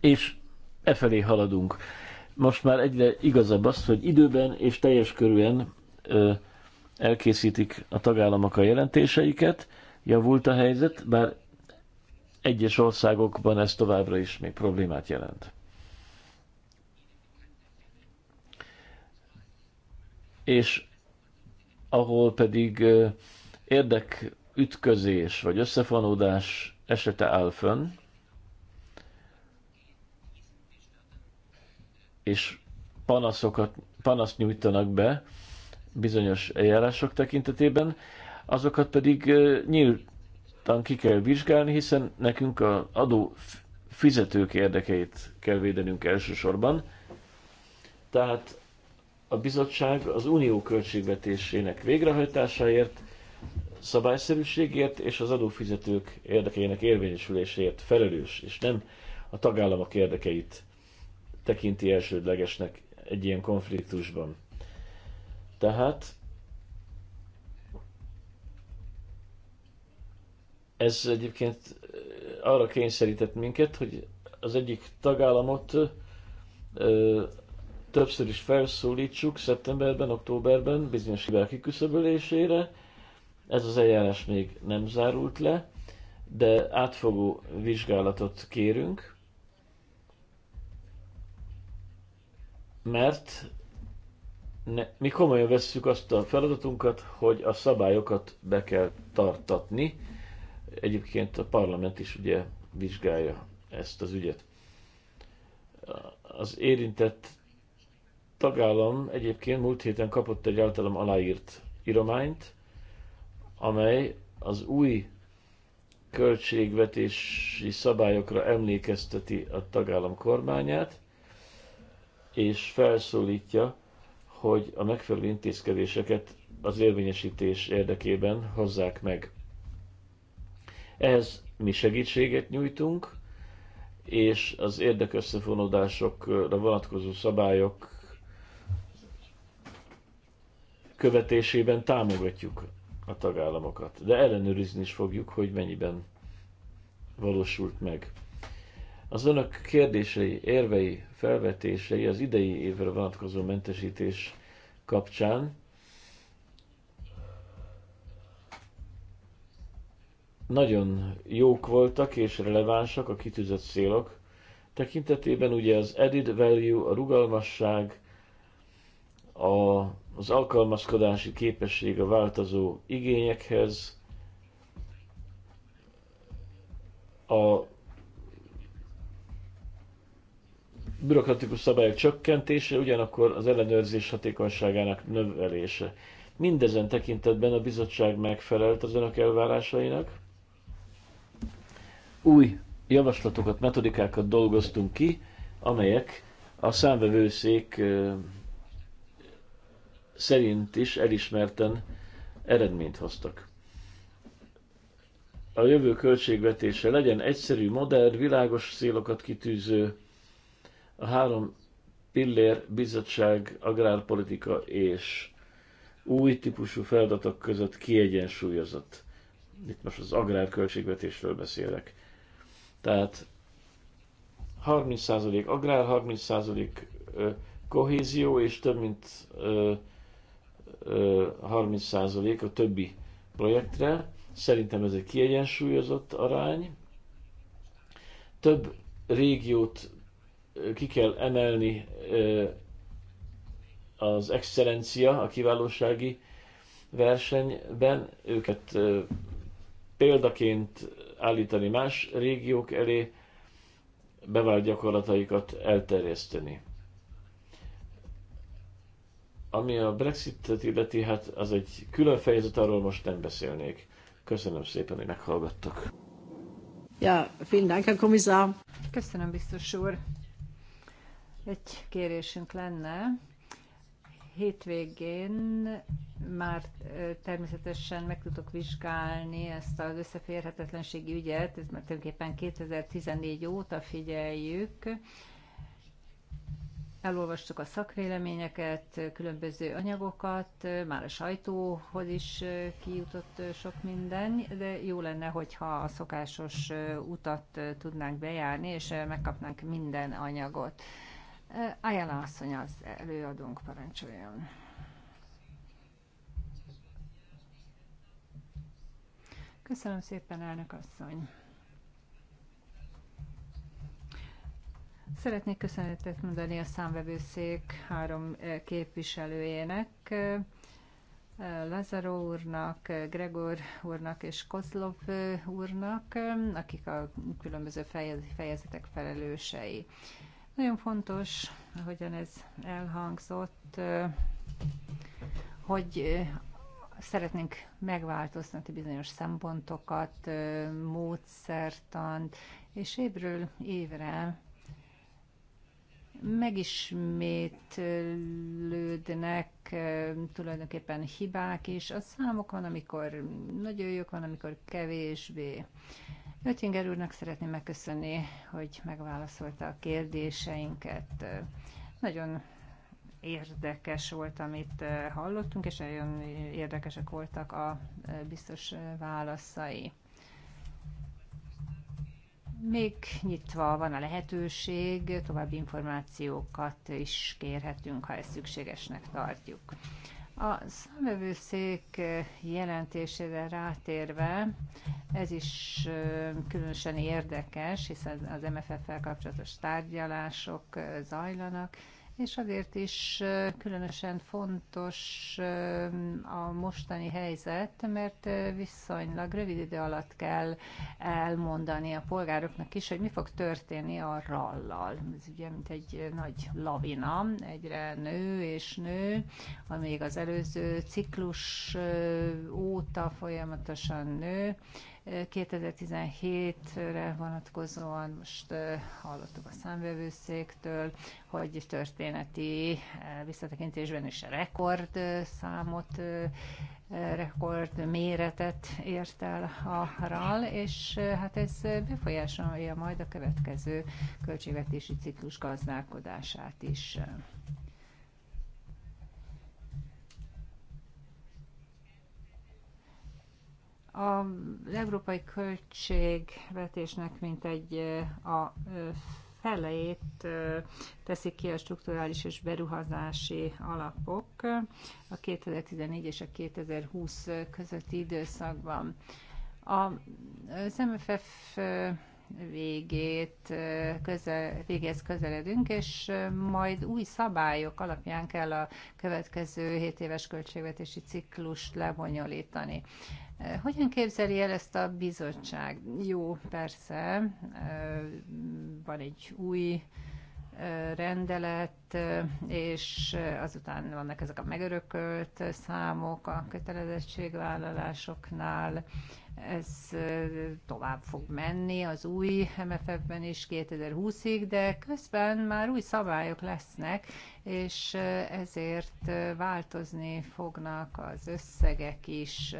és e felé haladunk. Most már egyre igazabb az, hogy időben és teljes körűen elkészítik a tagállamok a jelentéseiket, javult a helyzet, bár egyes országokban ez továbbra is még problémát jelent. és ahol pedig érdekütközés vagy összefonódás esete áll fönn, és panaszokat, panaszt nyújtanak be bizonyos eljárások tekintetében, azokat pedig nyíltan ki kell vizsgálni, hiszen nekünk a adó fizetők érdekeit kell védenünk elsősorban. Tehát a bizottság az unió költségvetésének végrehajtásáért, szabályszerűségért és az adófizetők érdekeinek érvényesüléséért felelős, és nem a tagállamok érdekeit tekinti elsődlegesnek egy ilyen konfliktusban. Tehát ez egyébként eh, arra kényszerített minket, hogy az egyik tagállamot eh, többször is felszólítsuk szeptemberben, októberben bizonyos hibák kiküszöbölésére. Ez az eljárás még nem zárult le, de átfogó vizsgálatot kérünk, mert ne, mi komolyan vesszük azt a feladatunkat, hogy a szabályokat be kell tartatni. Egyébként a parlament is ugye vizsgálja ezt az ügyet. Az érintett tagállam egyébként múlt héten kapott egy általam aláírt írományt, amely az új költségvetési szabályokra emlékezteti a tagállam kormányát, és felszólítja, hogy a megfelelő intézkedéseket az érvényesítés érdekében hozzák meg. Ehhez mi segítséget nyújtunk, és az érdekösszefonódásokra vonatkozó szabályok követésében támogatjuk a tagállamokat, de ellenőrizni is fogjuk, hogy mennyiben valósult meg. Az önök kérdései, érvei, felvetései az idei évre vonatkozó mentesítés kapcsán nagyon jók voltak és relevánsak a kitűzött célok. Tekintetében ugye az added value, a rugalmasság, a, az alkalmazkodási képesség a változó igényekhez, a bürokratikus szabályok csökkentése, ugyanakkor az ellenőrzés hatékonyságának növelése. Mindezen tekintetben a bizottság megfelelt az önök elvárásainak. Új javaslatokat, metodikákat dolgoztunk ki, amelyek a számvevőszék szerint is elismerten eredményt hoztak. A jövő költségvetése legyen egyszerű, modern, világos célokat kitűző, a három pillér, bizottság, agrárpolitika és új típusú feladatok között kiegyensúlyozott. Itt most az agrárköltségvetésről beszélek. Tehát 30% agrár, 30% kohézió és több mint 30% a többi projektre. Szerintem ez egy kiegyensúlyozott arány. Több régiót ki kell emelni az excellencia, a kiválósági versenyben, őket példaként állítani más régiók elé, bevált gyakorlataikat elterjeszteni. Ami a Brexitet illeti, hát az egy külön fejezet, arról most nem beszélnék. Köszönöm szépen, hogy meghallgattak. Ja, vielen Dank, Herr Kommissar. Köszönöm, biztos úr. Egy kérésünk lenne. Hétvégén már természetesen meg tudok vizsgálni ezt az összeférhetetlenségi ügyet, mert már tulajdonképpen 2014 óta figyeljük, elolvastuk a szakvéleményeket, különböző anyagokat, már a sajtóhoz is kijutott sok minden, de jó lenne, hogyha a szokásos utat tudnánk bejárni, és megkapnánk minden anyagot. Ajánlom asszony az előadónk parancsoljon. Köszönöm szépen, elnök asszony! Szeretnék köszönetet mondani a számvevőszék három eh, képviselőjének, eh, Lazaro úrnak, Gregor úrnak és Kozlov eh, úrnak, akik a különböző fejezetek felelősei. Nagyon fontos, ahogyan ez elhangzott, hogy szeretnénk megváltoztatni bizonyos szempontokat, módszertant, és évről évre megismétlődnek tulajdonképpen hibák is. A számok van, amikor nagyon jók, van, amikor kevésbé. Öttinger úrnak szeretném megköszönni, hogy megválaszolta a kérdéseinket. Nagyon érdekes volt, amit hallottunk, és nagyon érdekesek voltak a biztos válaszai még nyitva van a lehetőség, további információkat is kérhetünk, ha ezt szükségesnek tartjuk. A számövőszék jelentésére rátérve, ez is különösen érdekes, hiszen az MFF-fel kapcsolatos tárgyalások zajlanak, és azért is különösen fontos a mostani helyzet, mert viszonylag rövid idő alatt kell elmondani a polgároknak is, hogy mi fog történni a rallal. Ez ugye mint egy nagy lavina, egyre nő és nő, amíg az előző ciklus óta folyamatosan nő, 2017-re vonatkozóan most hallottuk a számvevőszéktől, hogy történeti visszatekintésben is rekord számot rekord méretet ért el a RAL, és hát ez befolyásolja majd a következő költségvetési ciklus gazdálkodását is. Az európai költségvetésnek mintegy a felejét teszik ki a strukturális és beruházási alapok a 2014 és a 2020 közötti időszakban. a MFF végét, közel, végéhez közeledünk, és majd új szabályok alapján kell a következő 7 éves költségvetési ciklust lebonyolítani. Hogyan képzeli el ezt a bizottság? Jó, persze, van egy új rendelet, és azután vannak ezek a megörökölt számok a kötelezettségvállalásoknál. Ez tovább fog menni az új MFF-ben is 2020-ig, de közben már új szabályok lesznek, és ezért változni fognak az összegek is.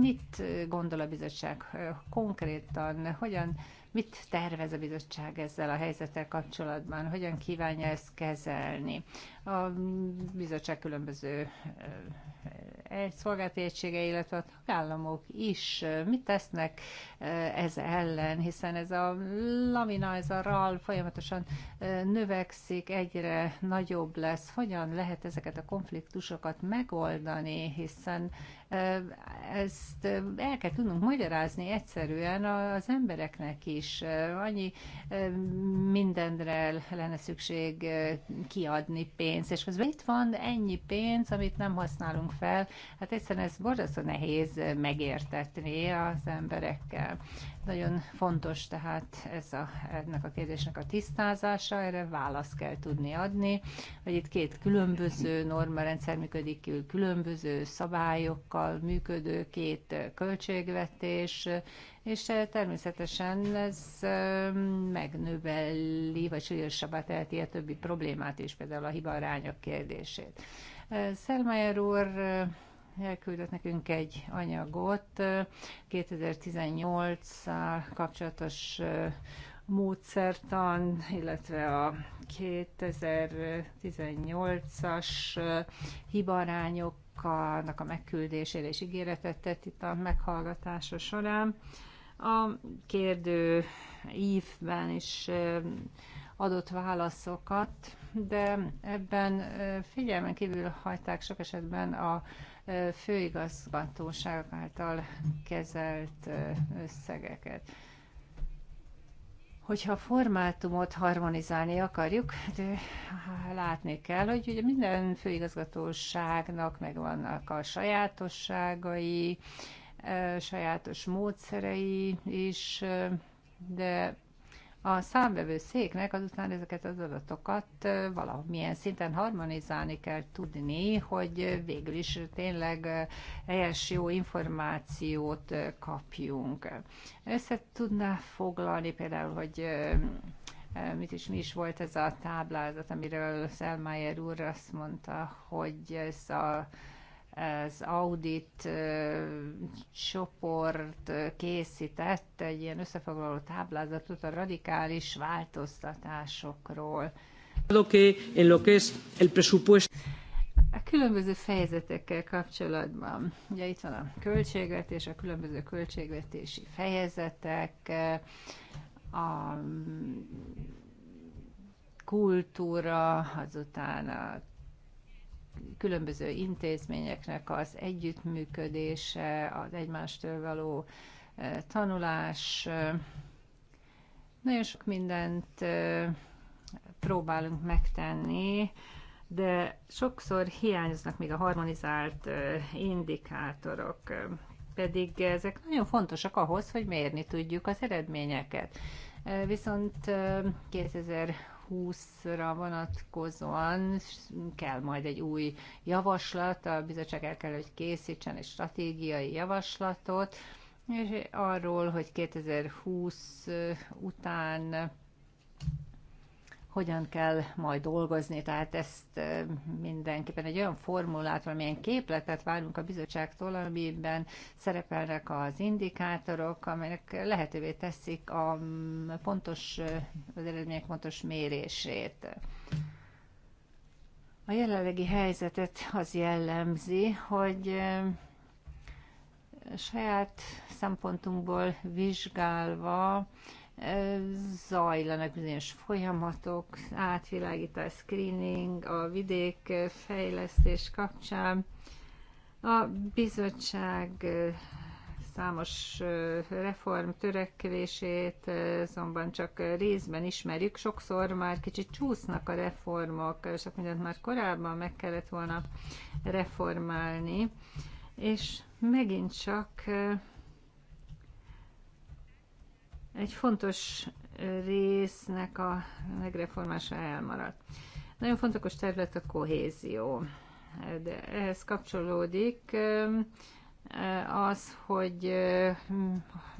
Mit gondol a bizottság konkrétan, hogyan Mit tervez a bizottság ezzel a helyzettel kapcsolatban? Hogyan kívánja ezt kezelni? A bizottság különböző eh, eh, szolgálati egysége, illetve a tagállamok is eh, mit tesznek ez ellen, hiszen ez a lamina, ez a RAL folyamatosan növekszik, egyre nagyobb lesz. Hogyan lehet ezeket a konfliktusokat megoldani, hiszen ezt el kell tudnunk magyarázni egyszerűen az embereknek is. Annyi mindenre lenne szükség kiadni pénzt, és közben itt van ennyi pénz, amit nem használunk fel. Hát egyszerűen ez borzasztó nehéz megértetni az emberekkel. Nagyon fontos tehát ez a, ennek a kérdésnek a tisztázása, erre választ kell tudni adni, hogy itt két különböző normarendszer működik, különböző szabályokkal működő két költségvetés, és természetesen ez megnöveli, vagy súlyosabbá teheti a többi problémát is, például a hibarányok kérdését. Szelmeyer úr elküldött nekünk egy anyagot 2018-szal kapcsolatos módszertan, illetve a 2018-as hibarányoknak a megküldésére is ígéretet tett itt a meghallgatása során. A kérdő ívben is adott válaszokat, de ebben figyelmen kívül hagyták sok esetben a főigazgatóság által kezelt összegeket. Hogyha a formátumot harmonizálni akarjuk, de hát, látni kell, hogy ugye minden főigazgatóságnak megvannak a sajátosságai, sajátos módszerei is, de a széknek azután ezeket az adatokat valamilyen szinten harmonizálni kell tudni, hogy végül is tényleg helyes jó információt kapjunk. Össze tudná foglalni például, hogy mit is, mi is volt ez a táblázat, amiről Szelmájer úr azt mondta, hogy ez a az audit csoport készített egy ilyen összefoglaló táblázatot a radikális változtatásokról. A különböző fejezetekkel kapcsolatban, ugye itt van a költségvetés, a különböző költségvetési fejezetek, a kultúra, azután a különböző intézményeknek az együttműködése, az egymástól való tanulás, nagyon sok mindent próbálunk megtenni, de sokszor hiányoznak még a harmonizált indikátorok, pedig ezek nagyon fontosak ahhoz, hogy mérni tudjuk az eredményeket. Viszont 2020-ra vonatkozóan kell majd egy új javaslat, a bizottság el kell, hogy készítsen egy stratégiai javaslatot, és arról, hogy 2020 után hogyan kell majd dolgozni, tehát ezt mindenképpen egy olyan formulát, valamilyen képletet várunk a bizottságtól, amiben szerepelnek az indikátorok, amelyek lehetővé teszik a pontos, az eredmények pontos mérését. A jelenlegi helyzetet az jellemzi, hogy saját szempontunkból vizsgálva zajlanak bizonyos folyamatok, átvilágítás, screening, a vidék fejlesztés kapcsán. A bizottság számos reform törekvését azonban csak részben ismerjük. Sokszor már kicsit csúsznak a reformok, sok mindent már korábban meg kellett volna reformálni, és megint csak egy fontos résznek a megreformása elmaradt. Nagyon fontos terület a kohézió, de ehhez kapcsolódik az, hogy hm,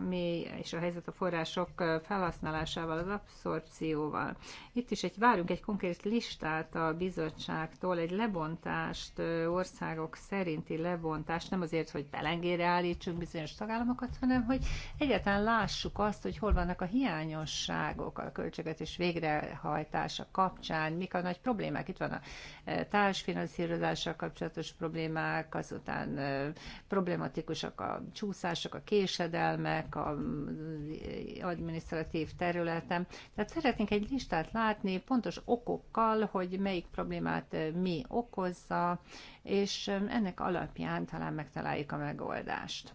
mi és a helyzet a források felhasználásával, az abszorpcióval. Itt is egy, várunk egy konkrét listát a bizottságtól, egy lebontást, országok szerinti lebontást, nem azért, hogy belengére állítsunk bizonyos tagállamokat, hanem hogy egyáltalán lássuk azt, hogy hol vannak a hiányosságok a költségvetés végrehajtása kapcsán, mik a nagy problémák. Itt van a társfinanszírozással kapcsolatos problémák, azután problémák problematikusak a csúszások, a késedelmek, a mm, administratív területen. Tehát szeretnénk egy listát látni pontos okokkal, hogy melyik problémát mi okozza, és ennek alapján talán megtaláljuk a megoldást.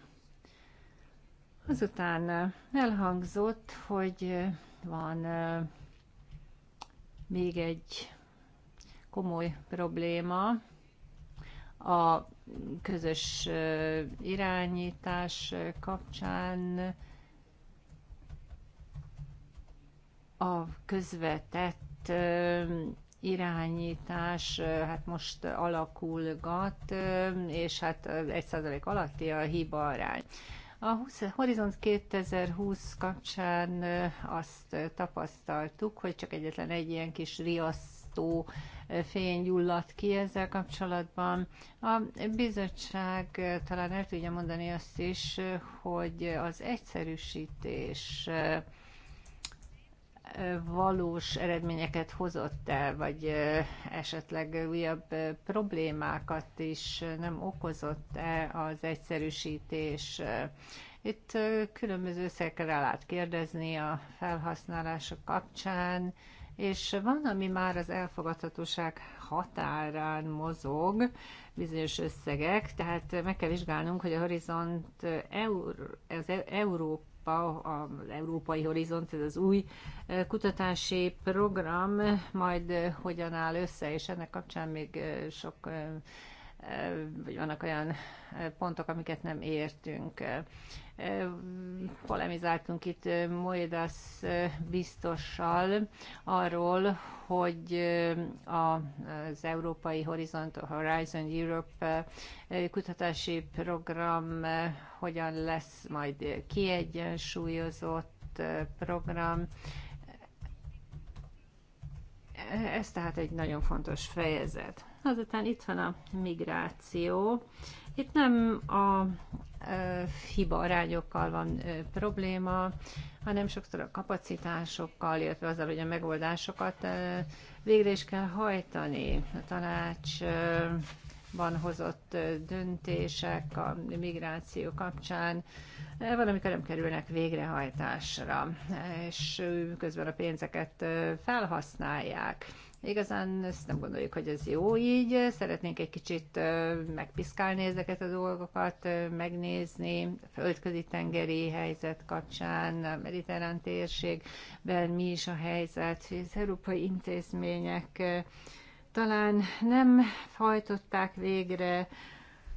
Azután elhangzott, hogy van még egy komoly probléma, a közös irányítás kapcsán a közvetett irányítás hát most alakulgat, és hát 1% alatti a hiba arány. A Horizont 2020 kapcsán azt tapasztaltuk, hogy csak egyetlen egy ilyen kis riasztó fény gyulladt ki ezzel kapcsolatban. A bizottság talán el tudja mondani azt is, hogy az egyszerűsítés e, valós eredményeket hozott el, vagy e, esetleg újabb e, problémákat is nem okozott-e az egyszerűsítés. Itt különböző összekre lehet kérdezni a felhasználások kapcsán, és van, ami már az elfogadhatóság határán mozog, bizonyos összegek, tehát meg kell vizsgálnunk, hogy a horizont eur, az Európa Európa, az Európai Horizont, ez az új e, kutatási program majd hogyan áll össze, és ennek kapcsán még e, sok e, vagy vannak olyan pontok, amiket nem értünk. Polemizáltunk itt Moedas biztossal arról, hogy az Európai Horizont, Horizon Europe kutatási program hogyan lesz majd kiegyensúlyozott program, ez tehát egy nagyon fontos fejezet. Azután itt van a migráció. Itt nem a hiba arányokkal van probléma, hanem sokszor a kapacitásokkal, illetve azzal, hogy a megoldásokat végre is kell hajtani. A tanács van hozott döntések a migráció kapcsán valamikor nem kerülnek végrehajtásra, és közben a pénzeket felhasználják. Igazán ezt nem gondoljuk, hogy ez jó így. Szeretnénk egy kicsit megpiszkálni ezeket a dolgokat, megnézni a földközi tengeri helyzet kapcsán, a mediterrán térségben mi is a helyzet, az európai intézmények talán nem hajtották végre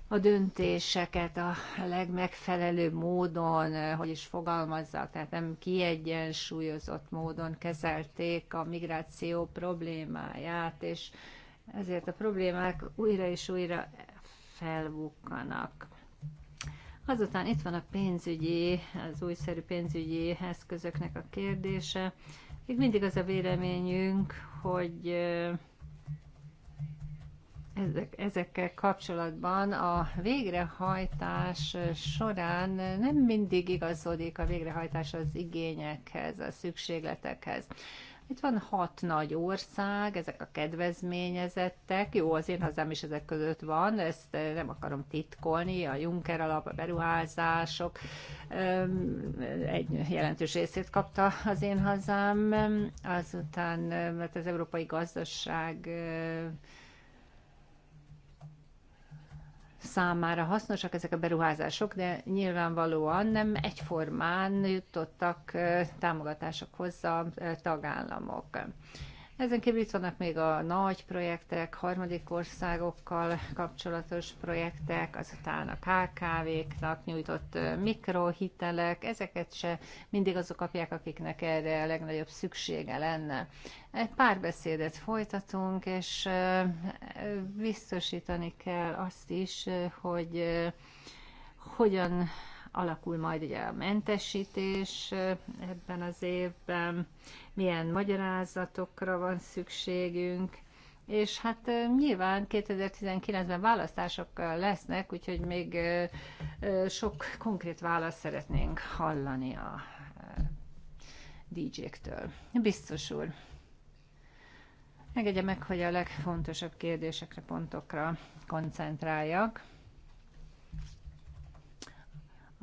a döntéseket a legmegfelelőbb módon, hogy is fogalmazzak, tehát nem kiegyensúlyozott módon kezelték a migráció problémáját, és ezért a problémák újra és újra felbukkanak. Azután itt van a pénzügyi, az újszerű pénzügyi eszközöknek a kérdése. Még mindig az a véleményünk, hogy ezek, ezekkel kapcsolatban a végrehajtás során nem mindig igazodik a végrehajtás az igényekhez, a szükségletekhez. Itt van hat nagy ország, ezek a kedvezményezettek. Jó, az én hazám is ezek között van, ezt nem akarom titkolni, a Juncker alap, a beruházások egy jelentős részét kapta az én hazám. Azután, mert hát az európai gazdaság számára hasznosak ezek a beruházások, de nyilvánvalóan nem egyformán jutottak támogatásokhoz a tagállamok. Ezen kívül itt vannak még a nagy projektek, harmadik országokkal kapcsolatos projektek, azután a KKV-knak nyújtott mikrohitelek, ezeket se mindig azok kapják, akiknek erre a legnagyobb szüksége lenne. Egy beszédet folytatunk, és biztosítani kell azt is, hogy hogyan alakul majd ugye a mentesítés ebben az évben, milyen magyarázatokra van szükségünk, és hát nyilván 2019-ben választások lesznek, úgyhogy még sok konkrét választ szeretnénk hallani a dj ktől Biztos úr. Megegye meg, hogy a legfontosabb kérdésekre, pontokra koncentráljak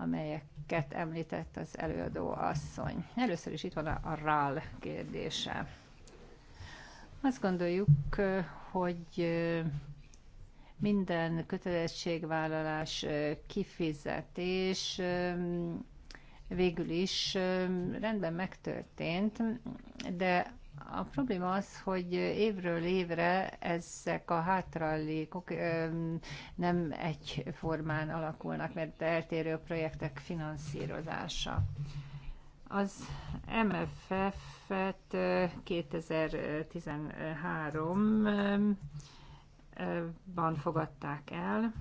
amelyeket említett az előadó asszony. Először is itt van a, a RAL kérdése. Azt gondoljuk, hogy minden kötelezettségvállalás, kifizetés végül is rendben megtörtént, de a probléma az, hogy évről évre ezek a hátralékok nem egyformán alakulnak, mert eltérő a projektek finanszírozása. Az MFF-et 2013-ban fogadták el,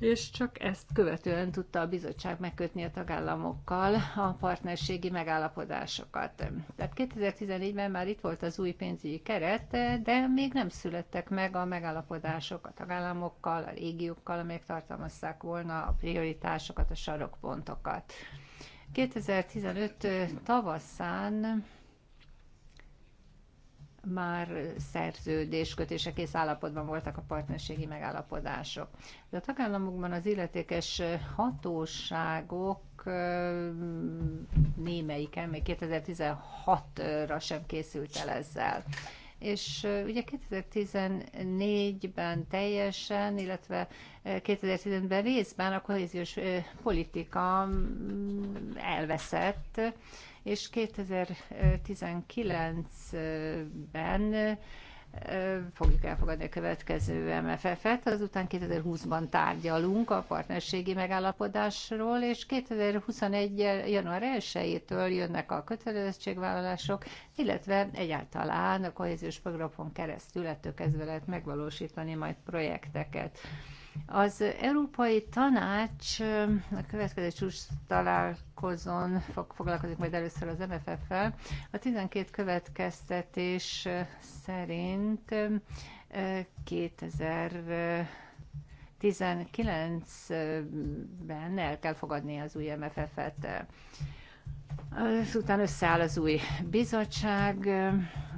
és csak ezt követően tudta a bizottság megkötni a tagállamokkal a partnerségi megállapodásokat. Tehát 2014-ben már itt volt az új pénzügyi keret, de még nem születtek meg a megállapodások a tagállamokkal, a régiókkal, amelyek tartalmazzák volna a prioritásokat, a sarokpontokat. 2015 tavaszán már kötések és állapotban voltak a partnerségi megállapodások. De a tagállamokban az illetékes hatóságok némelyiken még 2016-ra sem készült el ezzel. És ugye 2014-ben teljesen, illetve 2010-ben részben a kohéziós politika mm, elveszett, és 2019-ben fogjuk elfogadni a következő MFF-et, azután 2020-ban tárgyalunk a partnerségi megállapodásról, és 2021. január 1-től jönnek a kötelezettségvállalások, illetve egyáltalán a kohéziós programon keresztül ettől kezdve lehet megvalósítani majd projekteket. Az Európai Tanács a következő csúcs találkozón fog foglalkozni majd először az MFF-fel. A 12 következtetés szerint 2000 19-ben el kell fogadni az új MFF-et. Ezután összeáll az új bizottság,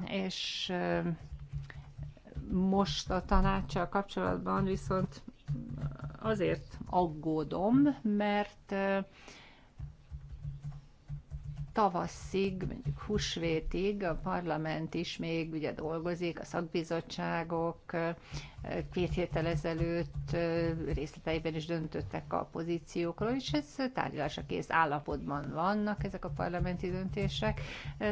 és most a tanácssal kapcsolatban viszont azért aggódom, mert tavaszig, mondjuk húsvétig a parlament is még ugye dolgozik, a szakbizottságok, Két héttel ezelőtt részleteiben is döntöttek a pozíciókról, és ez tárgyalásra kész állapotban vannak ezek a parlamenti döntések,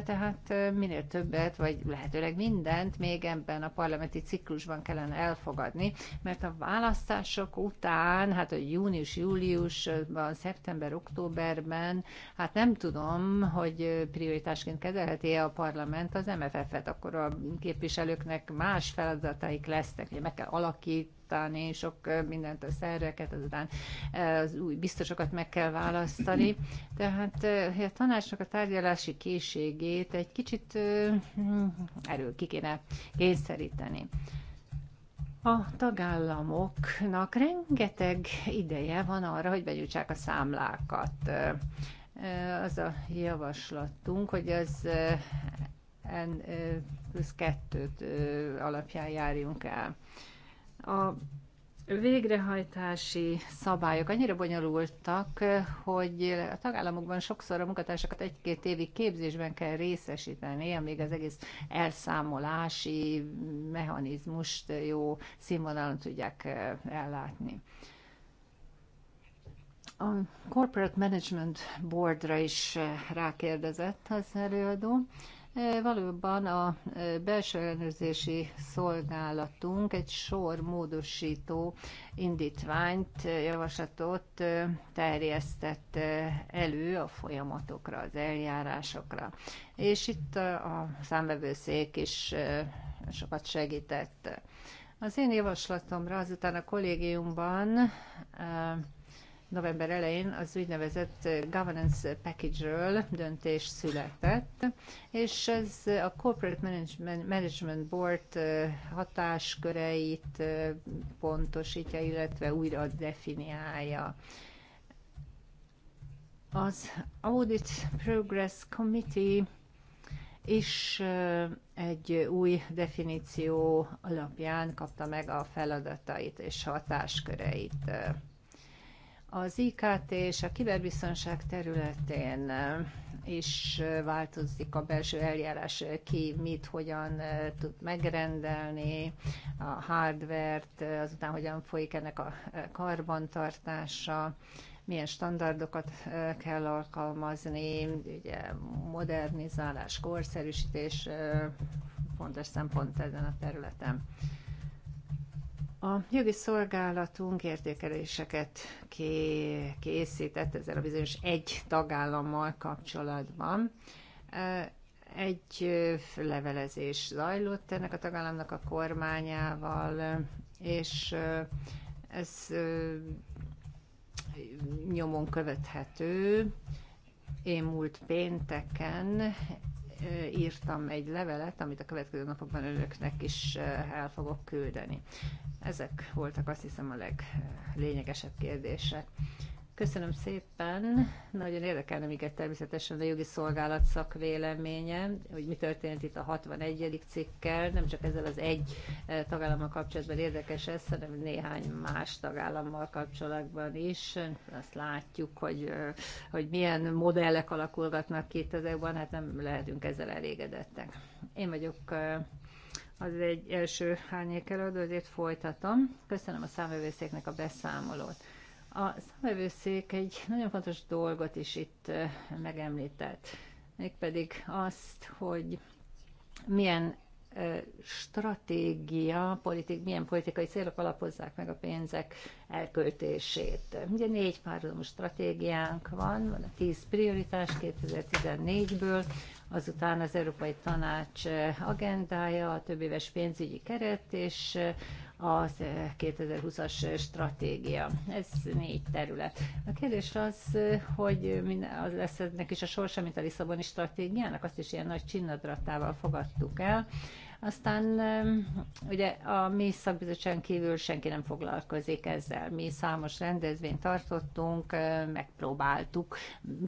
tehát minél többet, vagy lehetőleg mindent még ebben a parlamenti ciklusban kellene elfogadni, mert a választások után, hát a június, júliusban, szeptember, októberben, hát nem tudom, hogy prioritásként kezelheti-e a parlament az MFF-et, akkor a képviselőknek más feladataik lesznek, hogy meg kell alakítani, sok mindent a szerveket, azután az új biztosokat meg kell választani. Tehát a tanácsnak a tárgyalási készségét egy kicsit hm, erről ki kéne kényszeríteni. A tagállamoknak rengeteg ideje van arra, hogy begyújtsák a számlákat. Az a javaslatunk, hogy az N plusz 2 alapján járjunk el. A végrehajtási szabályok annyira bonyolultak, hogy a tagállamokban sokszor a munkatársakat egy-két évi képzésben kell részesíteni, amíg az egész elszámolási mechanizmust jó színvonalon tudják ellátni. A Corporate Management Boardra is rákérdezett az előadó. E, valóban a e, belső ellenőrzési szolgálatunk egy sor módosító indítványt, e, javaslatot terjesztett elő a folyamatokra, az eljárásokra. És itt a számvevőszék is sokat segített. Az én javaslatomra azután a kollégiumban november elején az úgynevezett governance package-ről döntés született, és ez a Corporate Management Board hatásköreit pontosítja, illetve újra definiálja. Az Audit Progress Committee és egy új definíció alapján kapta meg a feladatait és hatásköreit. Az IKT és a kiberbiztonság területén is változik a belső eljárás, ki mit, hogyan tud megrendelni, a hardvert, azután hogyan folyik ennek a karbantartása, milyen standardokat kell alkalmazni, ugye modernizálás, korszerűsítés fontos szempont ezen a területen. A jogi szolgálatunk értékeléseket készített ezzel a bizonyos egy tagállammal kapcsolatban. Egy levelezés zajlott ennek a tagállamnak a kormányával, és ez nyomon követhető. Én múlt pénteken írtam egy levelet, amit a következő napokban önöknek is el fogok küldeni. Ezek voltak azt hiszem a leglényegesebb kérdések. Köszönöm szépen. Nagyon érdekelne minket természetesen a jogi szolgálat szakvéleménye, hogy mi történt itt a 61. cikkel, nem csak ezzel az egy eh, tagállammal kapcsolatban érdekes ez, hanem néhány más tagállammal kapcsolatban is. Azt látjuk, hogy, eh, hogy milyen modellek alakulgatnak ki itt az EU-ban, hát nem lehetünk ezzel elégedettek. Én vagyok eh, az egy első hányék előadó, azért folytatom. Köszönöm a számvevőszéknek a beszámolót. A számvevőszék egy nagyon fontos dolgot is itt megemlített, mégpedig azt, hogy milyen stratégia, politik, milyen politikai célok alapozzák meg a pénzek elköltését. Ugye négy párhuzamos stratégiánk van, van a 10 prioritás 2014-ből, azután az Európai Tanács agendája, a többéves pénzügyi keret, és az 2020-as eh, stratégia. Ez négy terület. A kérdés az, eh, hogy az lesz ennek is a sorsa, mint a Lisszaboni stratégiának, azt is ilyen nagy csinnadratával fogadtuk el. Aztán ugye a mi szakbizottságon kívül senki nem foglalkozik ezzel. Mi számos rendezvényt tartottunk, megpróbáltuk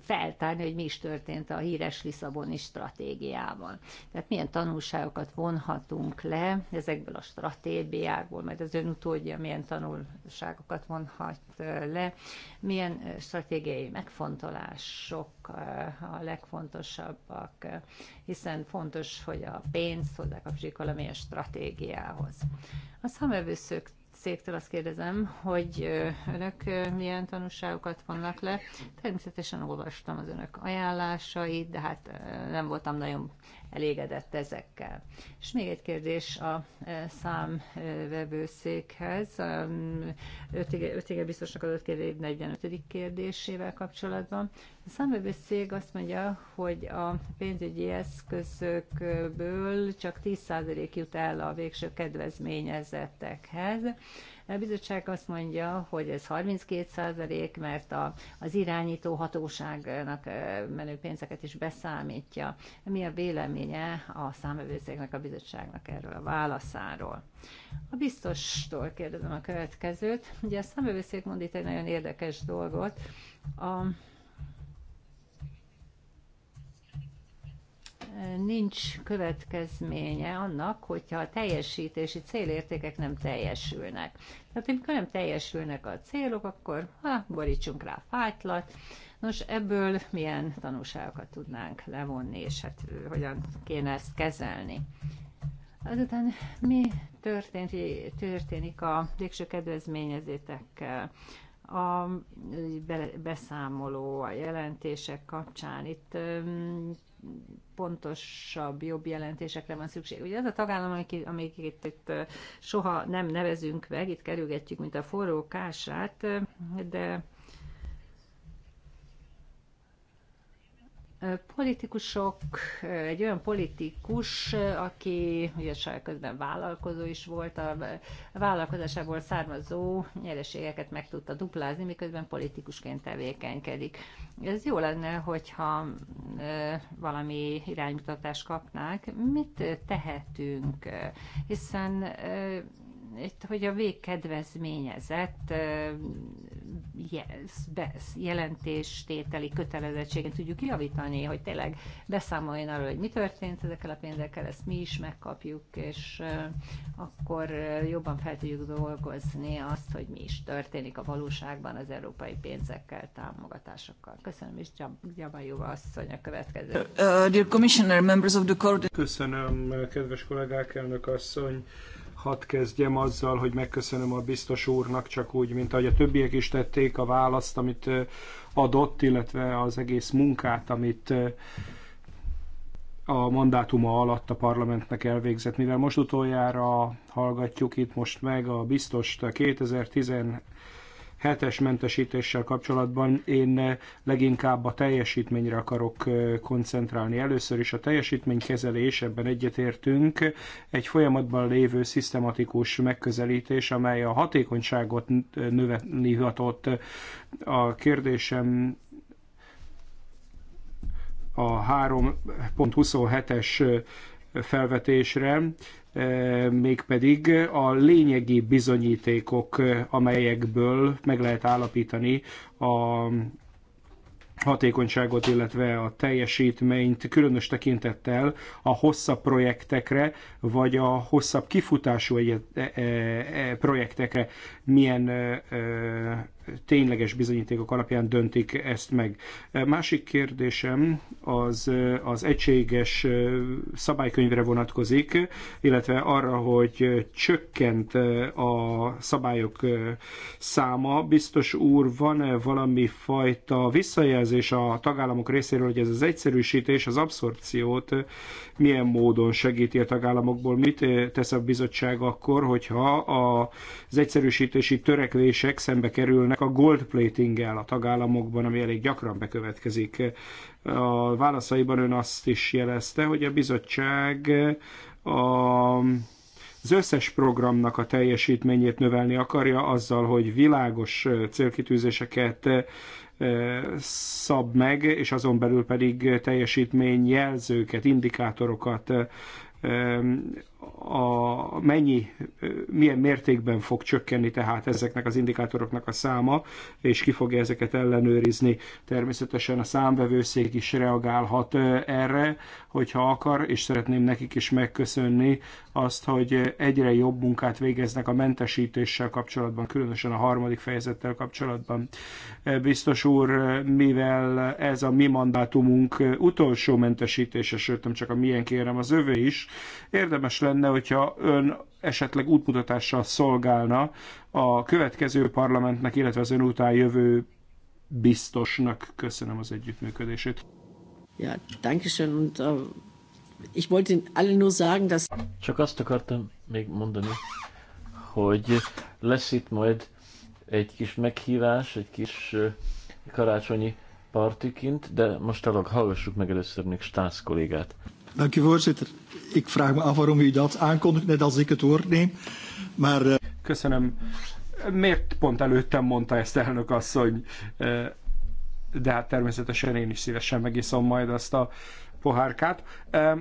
feltárni, hogy mi is történt a híres Lisszaboni stratégiában. Tehát milyen tanulságokat vonhatunk le ezekből a stratégiákból, mert az ön utódja milyen tanulságokat vonhat le, milyen stratégiai megfontolások a legfontosabbak, hiszen fontos, hogy a pénzt hozzá Energy a stratégiához. A számövőszög széktől azt kérdezem, hogy önök milyen tanulságokat vannak le. Természetesen olvastam az önök ajánlásait, de hát nem voltam nagyon elégedett ezekkel. És még egy kérdés a e, számvevőszékhez. Ötige biztosnak adott kérdés 45. kérdésével kapcsolatban. A számvevőszék azt mondja, hogy a pénzügyi eszközökből csak 10% jut el a végső kedvezményezettekhez. A bizottság azt mondja, hogy ez 32 százalék, mert a, az irányító hatóságnak menő pénzeket is beszámítja. Mi a véleménye a számövőszéknek, a bizottságnak erről a válaszáról? A biztostól kérdezem a következőt. Ugye a számövőszék mond itt egy nagyon érdekes dolgot. A nincs következménye annak, hogyha a teljesítési célértékek nem teljesülnek. Tehát amikor nem teljesülnek a célok, akkor ha, borítsunk rá fájtlat. Nos, ebből milyen tanulságokat tudnánk levonni, és hát hogyan kéne ezt kezelni. Azután mi történt, történik a végső kedvezményezétekkel? a beszámoló, a jelentések kapcsán. Itt pontosabb, jobb jelentésekre van szükség. Ugye ez a tagállam, amik, itt soha nem nevezünk meg, itt kerülgetjük, mint a forró kását, de politikusok, egy olyan politikus, aki ugye közben vállalkozó is volt, a vállalkozásából származó nyereségeket meg tudta duplázni, miközben politikusként tevékenykedik. Ez jó lenne, hogyha valami iránymutatást kapnánk. Mit tehetünk? Hiszen itt, hogy a végkedvezményezett jelentéstételi kötelezettségen tudjuk javítani, hogy tényleg beszámoljon arról, hogy mi történt ezekkel a pénzekkel, ezt mi is megkapjuk, és akkor jobban fel tudjuk dolgozni azt, hogy mi is történik a valóságban az európai pénzekkel, támogatásokkal. Köszönöm, és Gyabajóva asszony a következő. Uh, dear Commissioner, members of the Court. Köszönöm, kedves kollégák, elnök asszony. Hadd kezdjem azzal, hogy megköszönöm a biztos úrnak, csak úgy, mint ahogy a többiek is tették a választ, amit adott, illetve az egész munkát, amit a mandátuma alatt a parlamentnek elvégzett. Mivel most utoljára hallgatjuk itt most meg a biztos 2011 hetes mentesítéssel kapcsolatban én eh, leginkább a teljesítményre akarok eh, koncentrálni. Először is a teljesítménykezelés, ebben egyetértünk, egy folyamatban lévő szisztematikus megközelítés, amely a hatékonyságot eh, növelni hatott. A kérdésem a 3.27-es felvetésre mégpedig a lényegi bizonyítékok, amelyekből meg lehet állapítani a hatékonyságot, illetve a teljesítményt, különös tekintettel a hosszabb projektekre, vagy a hosszabb kifutású e- e- e- projektekre milyen tényleges bizonyítékok alapján döntik ezt meg. Másik kérdésem az, az egységes szabálykönyvre vonatkozik, illetve arra, hogy csökkent a szabályok száma. Biztos úr, van-e valami fajta visszajelzés a tagállamok részéről, hogy ez az egyszerűsítés, az abszorpciót milyen módon segíti a tagállamokból? Mit tesz a bizottság akkor, hogyha az egyszerűsítés egyszerűsítési törekvések szembe kerülnek a gold plating-el a tagállamokban, ami elég gyakran bekövetkezik. A válaszaiban ön azt is jelezte, hogy a bizottság a az összes programnak a teljesítményét növelni akarja azzal, hogy világos célkitűzéseket szab meg, és azon belül pedig teljesítményjelzőket, indikátorokat a mennyi, milyen mértékben fog csökkenni tehát ezeknek az indikátoroknak a száma, és ki fogja ezeket ellenőrizni. Természetesen a számvevőszék is reagálhat erre, hogyha akar, és szeretném nekik is megköszönni azt, hogy egyre jobb munkát végeznek a mentesítéssel kapcsolatban, különösen a harmadik fejezettel kapcsolatban. Biztos úr, mivel ez a mi mandátumunk utolsó mentesítése, sőt nem csak a milyen kérem, az övé is, érdemes lenne lenne, hogyha ön esetleg útmutatással szolgálna a következő parlamentnek, illetve az ön után jövő biztosnak. Köszönöm az együttműködését. Ja, danke schön. Und, uh, ich wollte alle nur sagen, dass... Csak azt akartam még mondani, hogy lesz itt majd egy kis meghívás, egy kis karácsonyi partikint, de most talán hallgassuk meg először még Stász kollégát. Dank u voorzitter. Ik vraag me af waarom u dat aankondigt, net als ik het woord neem. Maar, uh... Köszönöm. Miért pont előttem mondta ezt elnök asszony? Eh, de hát természetesen én is szívesen megiszom majd azt a pohárkát. Eh,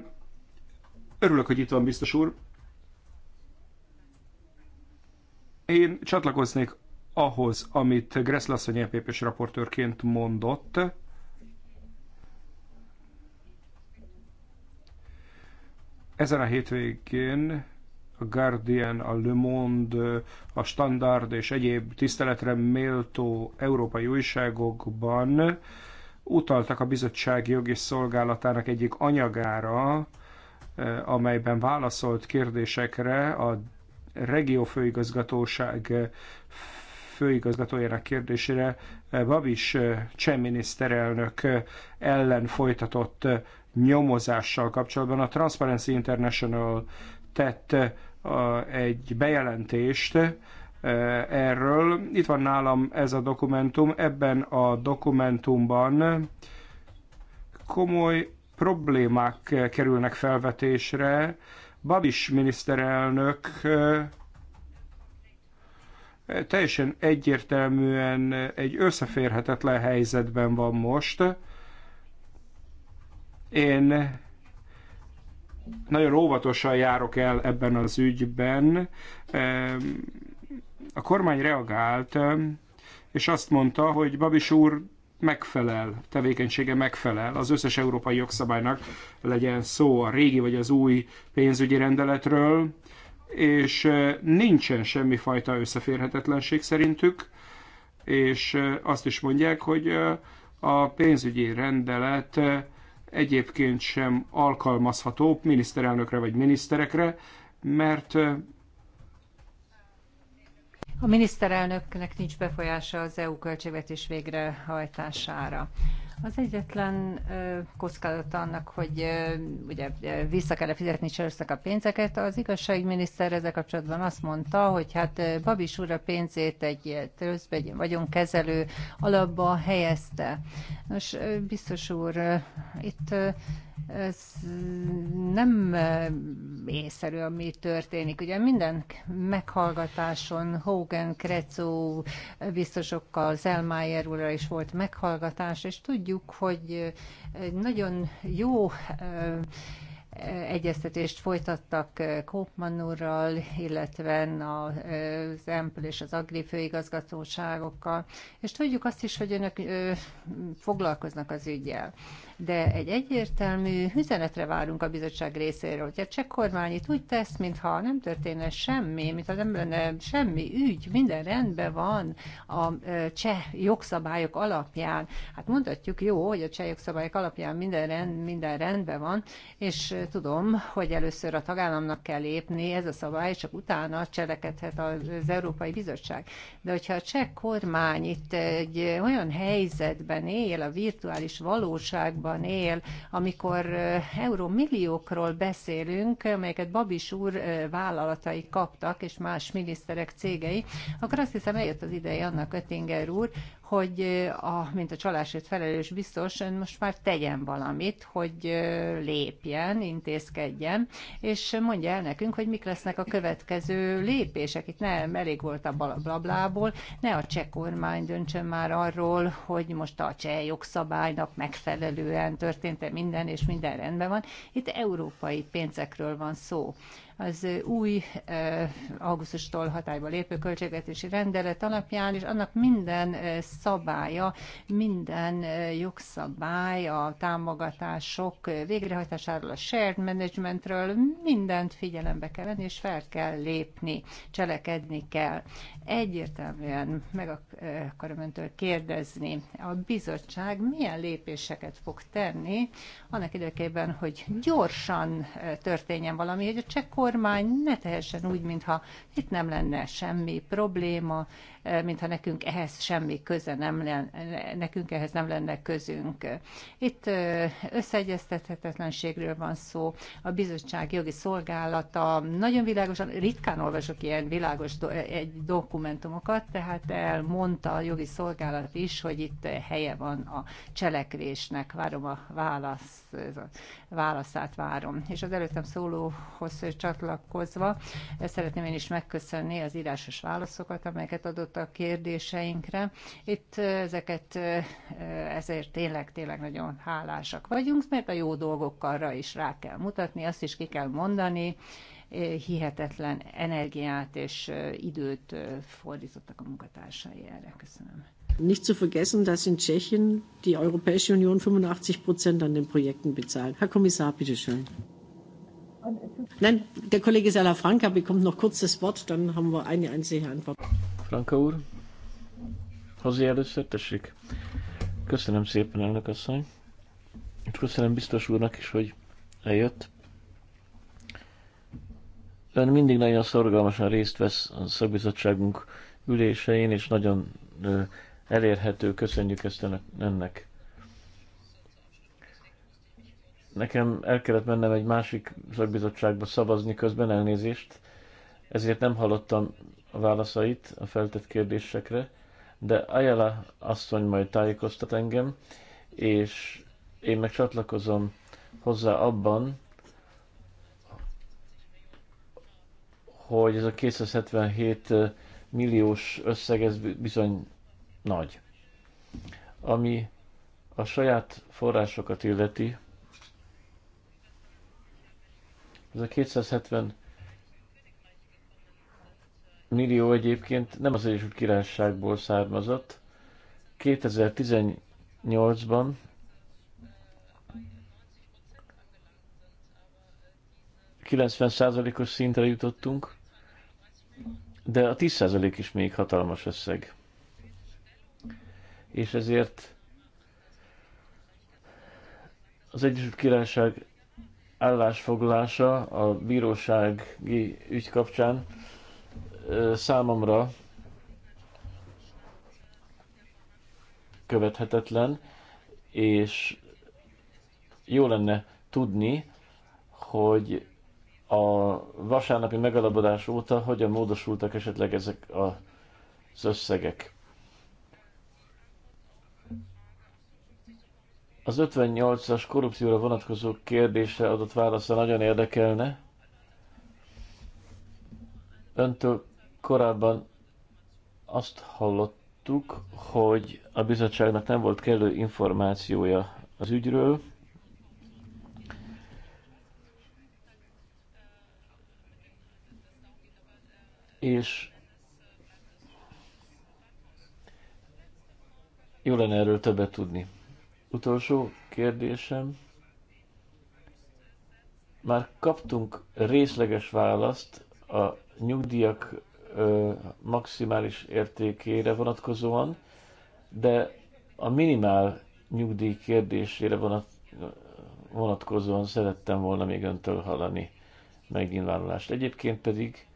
örülök, hogy itt van, biztos úr. Én csatlakoznék ahhoz, amit Gressel asszony LPP-s raportőrként mondott. Ezen a hétvégén a Guardian, a Le Monde, a Standard és egyéb tiszteletre méltó európai újságokban utaltak a bizottság jogi szolgálatának egyik anyagára, eh, amelyben válaszolt kérdésekre a regió főigazgatóság eh, főigazgatójának kérdésére eh, Babis cseh miniszterelnök ellen folytatott nyomozással kapcsolatban. A Transparency International tett egy bejelentést erről. Itt van nálam ez a dokumentum. Ebben a dokumentumban komoly problémák kerülnek felvetésre. Babis miniszterelnök teljesen egyértelműen egy összeférhetetlen helyzetben van most én nagyon óvatosan járok el ebben az ügyben. A kormány reagált, és azt mondta, hogy Babis úr megfelel, tevékenysége megfelel az összes európai jogszabálynak, legyen szó a régi vagy az új pénzügyi rendeletről, és eh, nincsen semmifajta összeférhetetlenség szerintük, és eh, azt is mondják, hogy eh, a pénzügyi rendelet egyébként sem alkalmazható miniszterelnökre vagy miniszterekre, mert a miniszterelnöknek nincs befolyása az EU költségvetés végrehajtására. Az egyetlen kockázata annak, hogy ugye vissza kell fizetni Csörszak a pénzeket, az igazságminiszter ezzel kapcsolatban azt mondta, hogy hát Babis úr a pénzét egy tröszbe, egy vagyonkezelő alapba helyezte. Nos, biztos úr, itt ez nem észszerű, ami történik. Ugye minden meghallgatáson Hogan, Krecó biztosokkal, Zelmayer úrral is volt meghallgatás, és tudjuk, tudjuk, hogy nagyon jó egyeztetést folytattak Kópman úrral, illetve az EMPL és az AGRI főigazgatóságokkal, és tudjuk azt is, hogy önök foglalkoznak az ügyel de egy egyértelmű üzenetre várunk a bizottság részéről, hogy a cseh kormány itt úgy tesz, mintha nem történne semmi, mintha nem lenne semmi ügy, minden rendben van a cseh jogszabályok alapján. Hát mondhatjuk jó, hogy a cseh jogszabályok alapján minden, rend, minden rendben van, és tudom, hogy először a tagállamnak kell lépni, ez a szabály, csak utána cselekedhet az Európai Bizottság. De hogyha a cseh kormány itt egy olyan helyzetben él a virtuális valóságban, világban él, amikor eurómilliókról beszélünk, amelyeket Babis úr vállalatai kaptak, és más miniszterek cégei, akkor azt hiszem eljött az ideje annak, Öttinger úr, hogy eh, a, mint a csalásért felelős biztos, most már tegyen valamit, hogy eh, lépjen, intézkedjen, és mondja el nekünk, hogy mik lesznek a következő lépések. Itt nem elég volt a blablából, ne a cseh kormány döntsön már arról, hogy most a cseh jogszabálynak megfelelően történt-e minden, és minden rendben van. Itt európai pénzekről van szó az új augusztustól hatályba lépő költségvetési rendelet alapján, és annak minden szabálya, minden jogszabály a támogatások végrehajtásáról, a shared managementről, mindent figyelembe kell venni, és fel kell lépni, cselekedni kell. Egyértelműen meg akarom öntől kérdezni, a bizottság milyen lépéseket fog tenni annak érdekében, hogy gyorsan történjen valami, hogy a csekkor kormány ne tehessen úgy, mintha itt nem lenne semmi probléma, Eh, mintha nekünk ehhez semmi köze nem lenne, nekünk ehhez nem lenne közünk. Itt eh, összeegyeztethetetlenségről van szó, a bizottság jogi szolgálata nagyon világosan, ritkán olvasok ilyen világos do, eh, egy dokumentumokat, tehát elmondta a jogi szolgálat is, hogy itt helye van a cselekvésnek, várom a választ válaszát várom. És az előttem szólóhoz csatlakozva szeretném én is megköszönni az írásos válaszokat, amelyeket adott válaszolt a kérdéseinkre. Itt ezeket ezért tényleg, tényleg nagyon hálásak vagyunk, mert a jó dolgokkalra is rá kell mutatni, azt is ki kell mondani, hihetetlen energiát és időt fordítottak a munkatársai erre. Köszönöm. Nicht zu vergessen, dass in Tschechien die Europäische Union 85 Prozent an den Projekten bezahlt. Herr Kommissar, bitteschön. schön. Nein, der Kollege Salafranca bekommt noch kurz das Wort, dann haben wir eine einzige Antwort. Franka úr, hozzá először, Köszönöm szépen, elnök asszony. És köszönöm biztos úrnak is, hogy eljött. Ön mindig nagyon szorgalmasan részt vesz a szakbizottságunk ülésein, és nagyon elérhető. Köszönjük ezt ennek. Nekem el kellett mennem egy másik szakbizottságba szavazni közben elnézést, ezért nem hallottam a válaszait a feltett kérdésekre, de Ayala asszony majd tájékoztat engem, és én meg csatlakozom hozzá abban, hogy ez a 277 milliós összeg, ez bizony nagy. Ami a saját forrásokat illeti, Ez a 270 millió egyébként nem az Egyesült Királyságból származott. 2018-ban os szintre jutottunk, de a 10% is még hatalmas összeg. És ezért az Egyesült Királyság állásfoglalása a bírósági ügy kapcsán számomra követhetetlen, és jó lenne tudni, hogy a vasárnapi megalapodás óta hogyan módosultak esetleg ezek az összegek. Az 58-as korrupcióra vonatkozó kérdése adott válasza nagyon érdekelne. Öntől korábban azt hallottuk, hogy a bizottságnak nem volt kellő információja az ügyről. És jó lenne erről többet tudni. Utolsó kérdésem. Már kaptunk részleges választ a nyugdíjak ö, maximális értékére vonatkozóan, de a minimál nyugdíj kérdésére vonat, vonatkozóan szerettem volna még öntől hallani megnyilvánulást. Egyébként pedig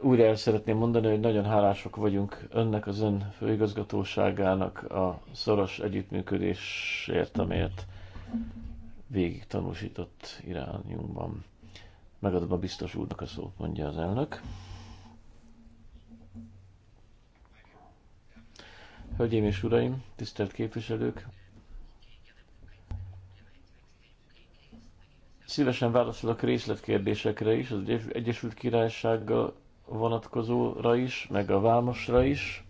újra el szeretném mondani, hogy nagyon hálások vagyunk önnek, az ön főigazgatóságának a szoros együttműködésért, amelyet végig tanúsított irányunkban. Megadom a biztos úrnak a szót, mondja az elnök. Hölgyeim és uraim, tisztelt képviselők! Szívesen válaszolok részletkérdésekre is az Egyesült Királysággal vonatkozóra is, meg a vámosra is.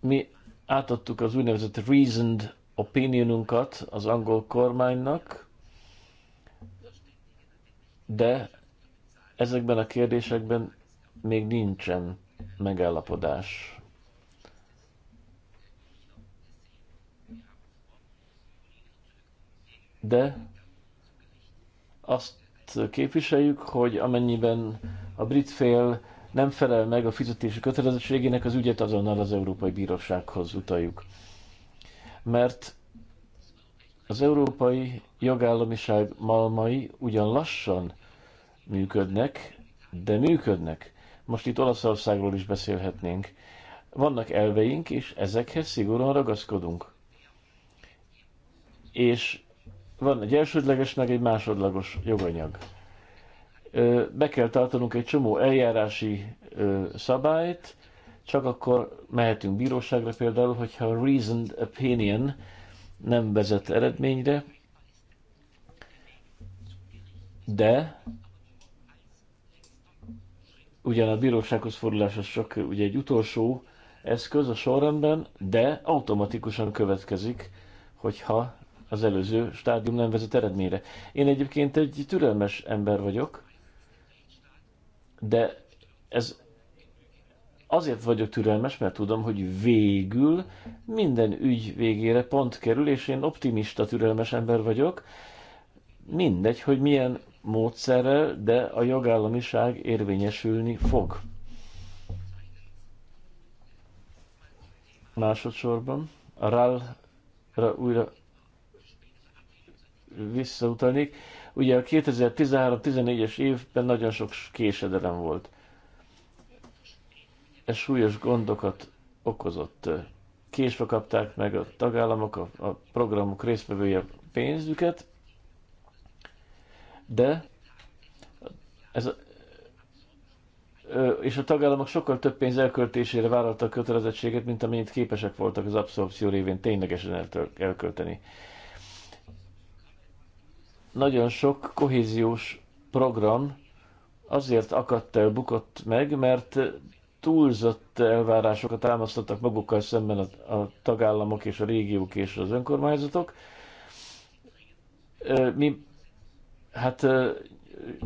Mi átadtuk az úgynevezett reasoned opinionunkat az angol kormánynak, de ezekben a kérdésekben még nincsen megállapodás. de azt képviseljük, hogy amennyiben a brit fél nem felel meg a fizetési kötelezettségének, az ügyet azonnal az Európai Bírósághoz utaljuk. Mert az európai jogállamiság malmai ugyan lassan működnek, de működnek. Most itt Olaszországról is beszélhetnénk. Vannak elveink, és ezekhez szigorúan ragaszkodunk. És van egy elsődleges, meg egy másodlagos joganyag. Be kell tartanunk egy csomó eljárási szabályt, csak akkor mehetünk bíróságra például, hogyha a reasoned opinion nem vezet eredményre, de ugyan a bírósághoz fordulás az csak ugye egy utolsó eszköz a sorrendben, de automatikusan következik, hogyha az előző stádium nem vezet eredményre. Én egyébként egy türelmes ember vagyok, de ez azért vagyok türelmes, mert tudom, hogy végül minden ügy végére pont kerül, és én optimista, türelmes ember vagyok. Mindegy, hogy milyen módszerrel, de a jogállamiság érvényesülni fog. Másodszorban a RAL-ra újra visszautalnék. Ugye a 2013-14-es évben nagyon sok késedelem volt. Ez súlyos gondokat okozott. Késve kapták meg a tagállamok, a, a programok részvevője pénzüket, de ez a, és a tagállamok sokkal több pénz elköltésére vállaltak kötelezettséget, mint amennyit képesek voltak az abszorpció révén ténylegesen eltör, elkölteni nagyon sok kohéziós program azért akadt el, bukott meg, mert túlzott elvárásokat támasztottak magukkal szemben a, a tagállamok és a régiók és az önkormányzatok. Mi hát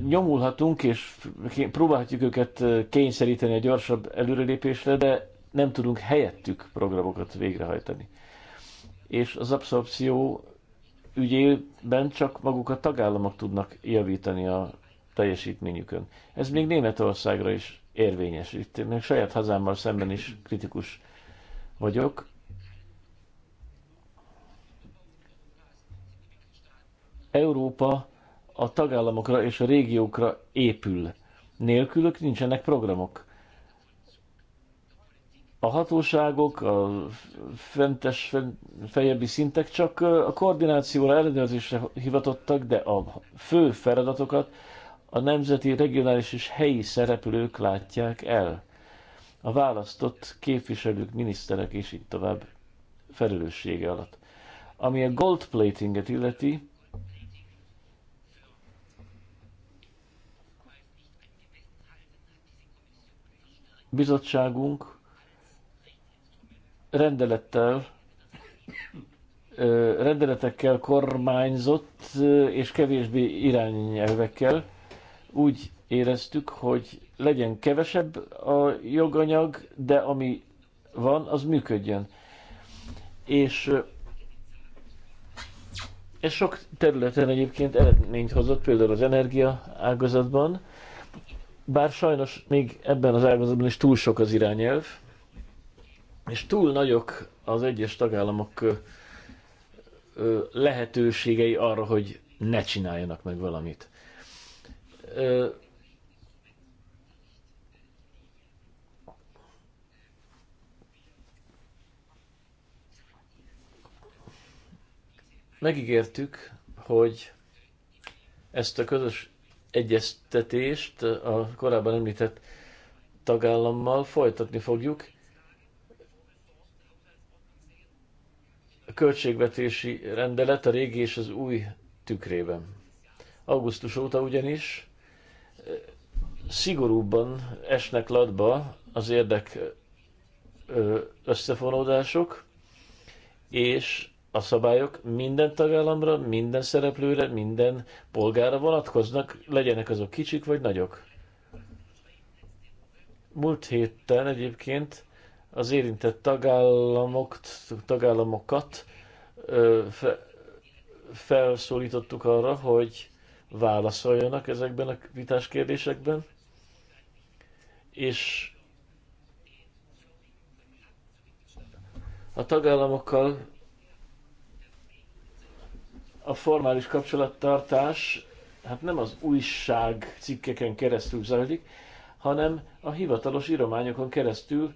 nyomulhatunk és próbálhatjuk őket kényszeríteni a gyorsabb előrelépésre, de nem tudunk helyettük programokat végrehajtani. És az abszorpció ügyében csak maguk a tagállamok tudnak javítani a teljesítményükön. Ez még Németországra is érvényes. Itt én még saját hazámmal szemben is kritikus vagyok. Európa a tagállamokra és a régiókra épül. Nélkülök nincsenek programok a hatóságok, a fentes, fejebbi szintek csak a koordinációra, ellenőrzésre hivatottak, de a fő feladatokat a nemzeti, regionális és helyi szereplők látják el. A választott képviselők, miniszterek és így tovább felelőssége alatt. Ami a gold platinget illeti, bizottságunk rendelettel, rendeletekkel kormányzott és kevésbé irányelvekkel úgy éreztük, hogy legyen kevesebb a joganyag, de ami van, az működjön. És ez sok területen egyébként eredményt hozott, például az energia ágazatban, bár sajnos még ebben az ágazatban is túl sok az irányelv, és túl nagyok az egyes tagállamok lehetőségei arra, hogy ne csináljanak meg valamit. Megígértük, hogy ezt a közös egyeztetést a korábban említett tagállammal folytatni fogjuk, költségvetési rendelet a régi és az új tükrében. Augusztus óta ugyanis szigorúbban esnek latba az érdek összefonódások, és a szabályok minden tagállamra, minden szereplőre, minden polgára vonatkoznak, legyenek azok kicsik vagy nagyok. Múlt héten egyébként az érintett tagállamok, tagállamokat fe, felszólítottuk arra, hogy válaszoljanak ezekben a vitás kérdésekben, és a tagállamokkal a formális kapcsolattartás hát nem az újság cikkeken keresztül zajlik, hanem a hivatalos írományokon keresztül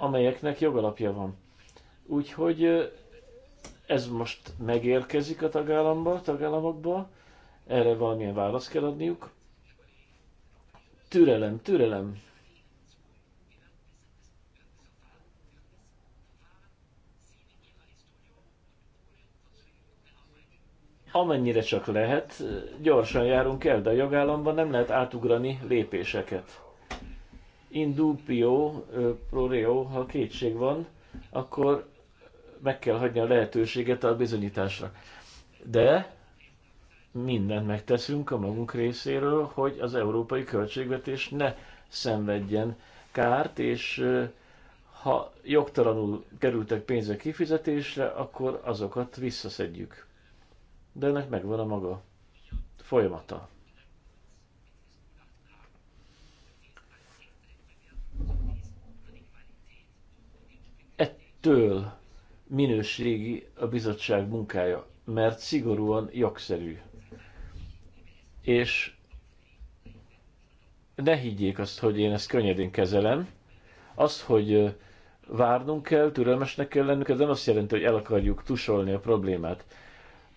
amelyeknek jogalapja van. Úgyhogy ez most megérkezik a tagállamba, tagállamokba, erre valamilyen választ kell adniuk. Türelem, türelem. Amennyire csak lehet, gyorsan járunk el, de a jogállamban nem lehet átugrani lépéseket in dubio pro reo, ha kétség van, akkor meg kell hagyni a lehetőséget a bizonyításra. De mindent megteszünk a magunk részéről, hogy az európai költségvetés ne szenvedjen kárt, és ha jogtalanul kerültek pénzek kifizetésre, akkor azokat visszaszedjük. De ennek megvan a maga folyamata. től minőségi a bizottság munkája, mert szigorúan jogszerű. És ne higgyék azt, hogy én ezt könnyedén kezelem. Az, hogy várnunk kell, türelmesnek kell lennünk, ez nem azt jelenti, hogy el akarjuk tusolni a problémát.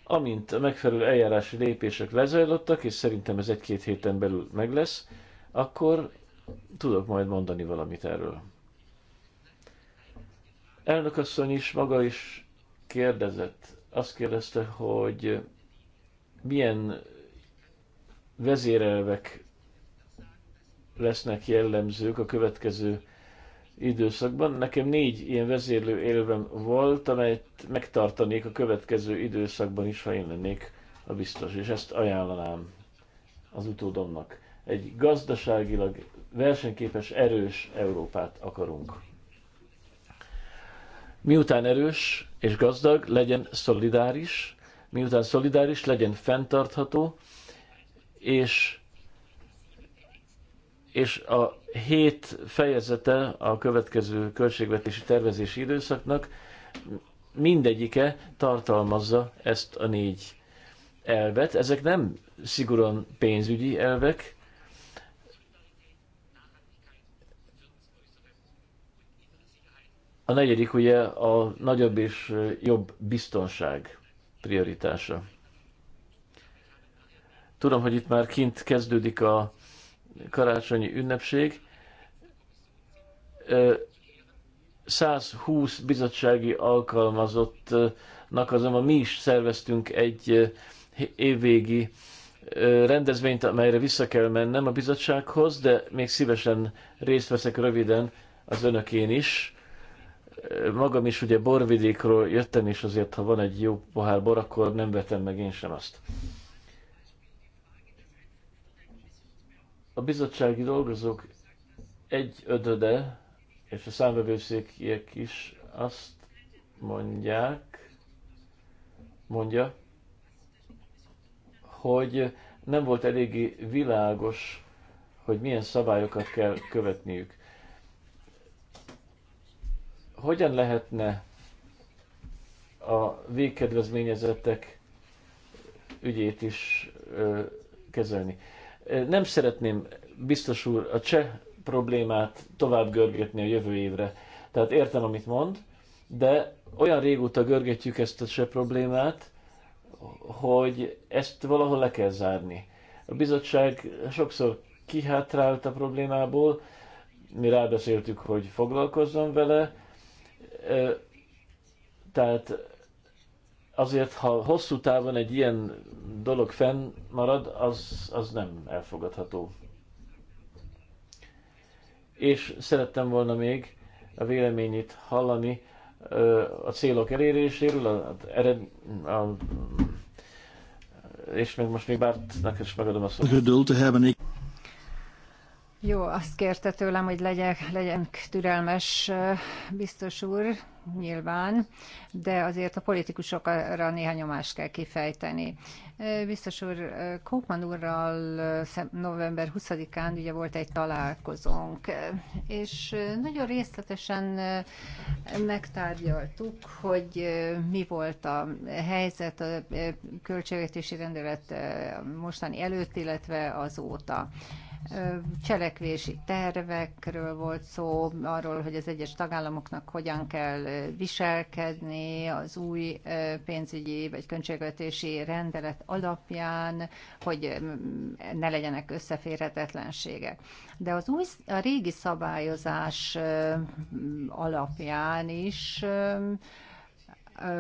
Amint a megfelelő eljárási lépések lezajlottak, és szerintem ez egy-két héten belül meg lesz, akkor tudok majd mondani valamit erről elnökasszony is maga is kérdezett, azt kérdezte, hogy milyen vezérelvek lesznek jellemzők a következő időszakban. Nekem négy ilyen vezérlő élvem volt, amelyet megtartanék a következő időszakban is, ha én lennék a biztos, és ezt ajánlanám az utódomnak. Egy gazdaságilag versenyképes, erős Európát akarunk miután erős és gazdag, legyen szolidáris, miután szolidáris, legyen fenntartható, és, és a hét fejezete a következő költségvetési tervezési időszaknak mindegyike tartalmazza ezt a négy elvet. Ezek nem szigorúan pénzügyi elvek, A negyedik ugye a nagyobb és jobb biztonság prioritása. Tudom, hogy itt már kint kezdődik a karácsonyi ünnepség. 120 bizottsági alkalmazottnak azonban mi is szerveztünk egy évvégi rendezvényt, amelyre vissza kell mennem a bizottsághoz, de még szívesen részt veszek röviden az önökén is magam is ugye borvidékről jöttem, és azért, ha van egy jó pohár bor, akkor nem vetem meg én sem azt. A bizottsági dolgozók egy ödöde, és a számvevőszékiek is azt mondják, mondja, hogy nem volt eléggé világos, hogy milyen szabályokat kell követniük hogyan lehetne a végkedvezményezettek ügyét is kezelni. Nem szeretném, biztos úr, a cseh problémát tovább görgetni a jövő évre. Tehát értem, amit mond, de olyan régóta görgetjük ezt a cseh problémát, hogy ezt valahol le kell zárni. A bizottság sokszor kihátrált a problémából, mi rábeszéltük, hogy foglalkozzon vele, tehát azért, ha hosszú távon egy ilyen dolog fenn marad az, az nem elfogadható. És szerettem volna még a véleményét hallani a célok eléréséről, a, ered, a, és meg most még Bártnak is megadom a szót. Jó, azt kérte tőlem, hogy legyek, legyenk türelmes, biztos úr, nyilván, de azért a politikusokra néha nyomást kell kifejteni. Biztos úr, Kópman úrral november 20-án ugye volt egy találkozónk, és nagyon részletesen megtárgyaltuk, hogy mi volt a helyzet a költségvetési rendelet mostani előtt, illetve azóta cselekvési tervekről volt szó, arról, hogy az egyes tagállamoknak hogyan kell viselkedni az új pénzügyi vagy költségvetési rendelet alapján, hogy ne legyenek összeférhetetlenségek. De az új, a régi szabályozás alapján is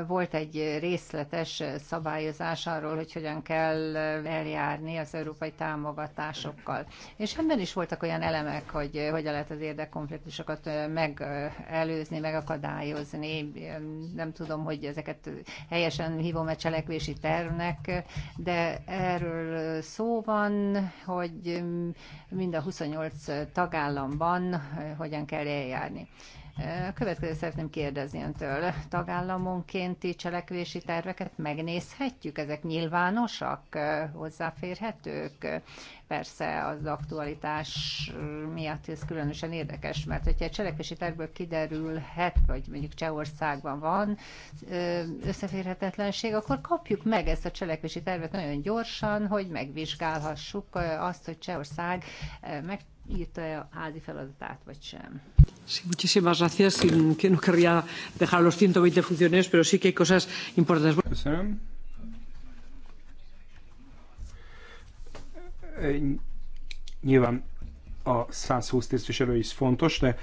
volt egy részletes szabályozás arról, hogy hogyan kell eljárni az európai támogatásokkal. És ebben is voltak olyan elemek, hogy hogyan lehet az érdekkonfliktusokat megelőzni, megakadályozni. Nem tudom, hogy ezeket helyesen hívom-e cselekvési tervnek, de erről szó van, hogy mind a 28 tagállamban hogyan kell eljárni. A következő szeretném kérdezni öntől. Tagállamonkénti cselekvési terveket megnézhetjük? Ezek nyilvánosak, hozzáférhetők? Persze az aktualitás miatt ez különösen érdekes, mert hogyha egy cselekvési tervből kiderülhet, vagy mondjuk Csehországban van összeférhetetlenség, akkor kapjuk meg ezt a cselekvési tervet nagyon gyorsan, hogy megvizsgálhassuk azt, hogy Csehország meg írta -e a házi feladatát, vagy sem. Sí, muchísimas gracias. Que no querría dejar los 120 funciones, pero sí que hay cosas importantes. Köszönöm. Nyilván a 120 tisztviselő is fontos, de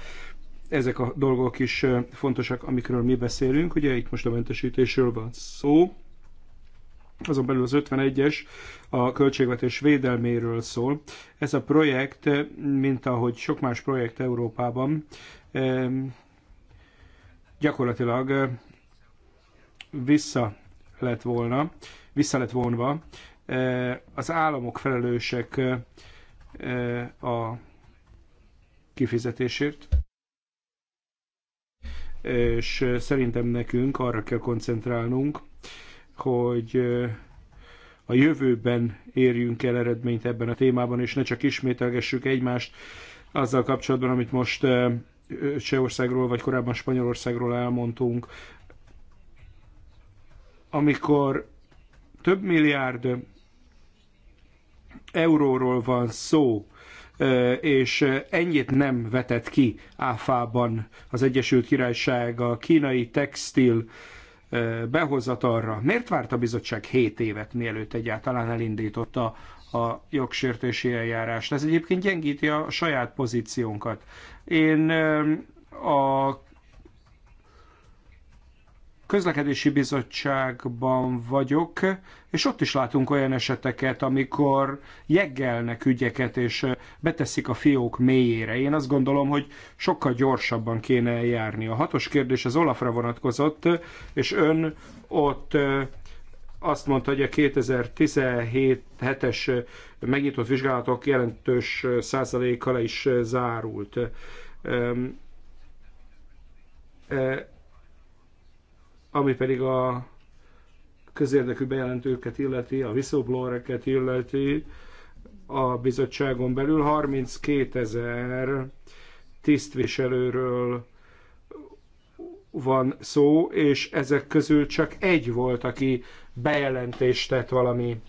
ezek a dolgok is fontosak, amikről mi beszélünk. Ugye itt most a mentesítésről van szó azon belül az 51-es a költségvetés védelméről szól. Ez a projekt, mint ahogy sok más projekt Európában, gyakorlatilag vissza lett volna, vissza lett vonva. Az államok felelősek a kifizetésért, és szerintem nekünk arra kell koncentrálnunk, hogy a jövőben érjünk el eredményt ebben a témában, és ne csak ismételgessük egymást azzal kapcsolatban, amit most Csehországról, vagy korábban Spanyolországról elmondtunk. Amikor több milliárd euróról van szó, és ennyit nem vetett ki áfában az Egyesült Királyság a kínai textil behozatalra. Miért várt a bizottság 7 évet, mielőtt egyáltalán elindította a jogsértési eljárást? Ez egyébként gyengíti a saját pozíciónkat. Én a közlekedési bizottságban vagyok, és ott is látunk olyan eseteket, amikor jeggelnek ügyeket, és beteszik a fiók mélyére. Én azt gondolom, hogy sokkal gyorsabban kéne eljárni. A hatos kérdés az Olafra vonatkozott, és ön ott azt mondta, hogy a 2017-es megnyitott vizsgálatok jelentős százaléka is zárult ami pedig a közérdekű bejelentőket illeti, a whistleblowereket illeti, a bizottságon belül 32 ezer tisztviselőről van szó, és ezek közül csak egy volt, aki bejelentést tett valami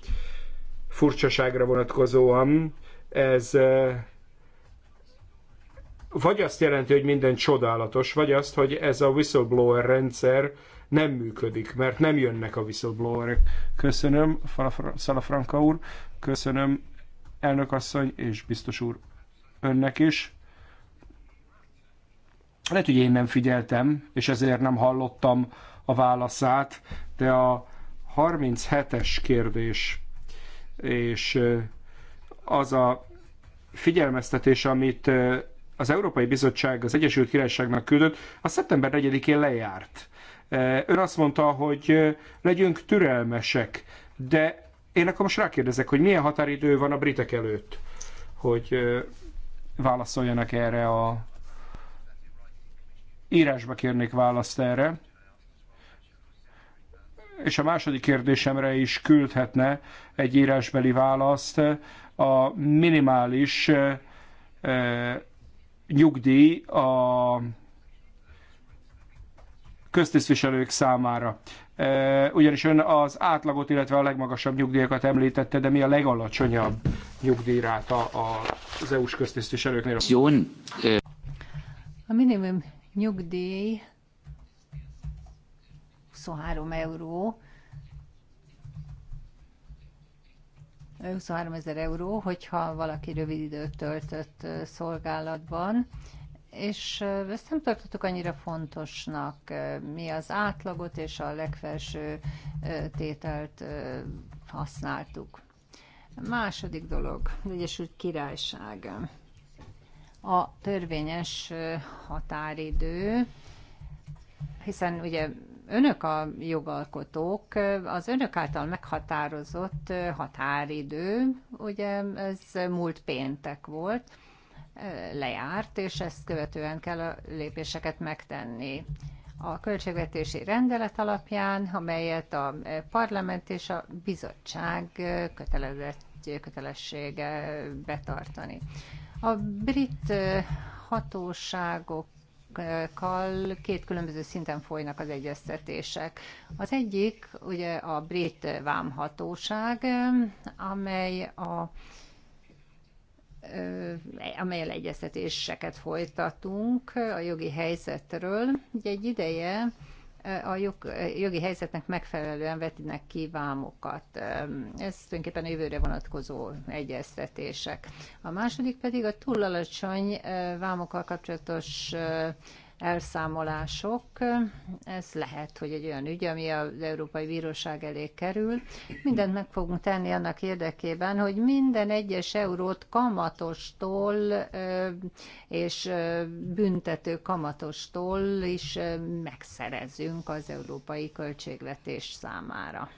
furcsaságra vonatkozóan. Ez eh, vagy azt jelenti, hogy minden csodálatos, vagy azt, hogy ez a whistleblower rendszer nem működik, mert nem jönnek a whistleblowerek. Köszönöm, Szalafranka úr, köszönöm, elnök asszony és biztos úr önnek is. Lehet, hogy én nem figyeltem, és ezért nem hallottam a válaszát, de a 37-es kérdés és az a figyelmeztetés, amit az Európai Bizottság az Egyesült Királyságnak küldött, a szeptember 4-én lejárt. Ön azt mondta, hogy legyünk türelmesek, de én akkor most rákérdezek, hogy milyen határidő van a britek előtt, hogy válaszoljanak erre a... Írásba kérnék választ erre. És a második kérdésemre is küldhetne egy írásbeli választ. A minimális nyugdíj a köztisztviselők számára. E, ugyanis ön az átlagot, illetve a legmagasabb nyugdíjakat említette, de mi a legalacsonyabb nyugdíjráta az EU-s köztisztviselőknél? A minimum nyugdíj 23 euró, 23 ezer euró, hogyha valaki rövid időt töltött szolgálatban, és ezt nem tartottuk annyira fontosnak, mi az átlagot és a legfelső tételt használtuk. Második dolog, az Egyesült Királyság. A törvényes határidő, hiszen ugye önök a jogalkotók, az önök által meghatározott határidő, ugye ez múlt péntek volt, lejárt, és ezt követően kell a lépéseket megtenni. A költségvetési rendelet alapján, amelyet a parlament és a bizottság kötelezett, kötelessége betartani. A brit hatóságok két különböző szinten folynak az egyeztetések. Az egyik ugye a brit vámhatóság, amely a amelyel egyeztetéseket folytatunk a jogi helyzetről. Ugye egy ideje eh, a eh, jogi helyzetnek megfelelően vetinek ki vámokat. Ez tulajdonképpen jövőre vonatkozó egyeztetések. A második pedig a túl alacsony eh, vámokkal kapcsolatos elszámolások. Ez lehet, hogy egy olyan ügy, ami az Európai Bíróság elé kerül. Mindent meg fogunk tenni annak érdekében, hogy minden egyes eurót kamatostól és büntető kamatostól is megszerezünk az európai költségvetés számára.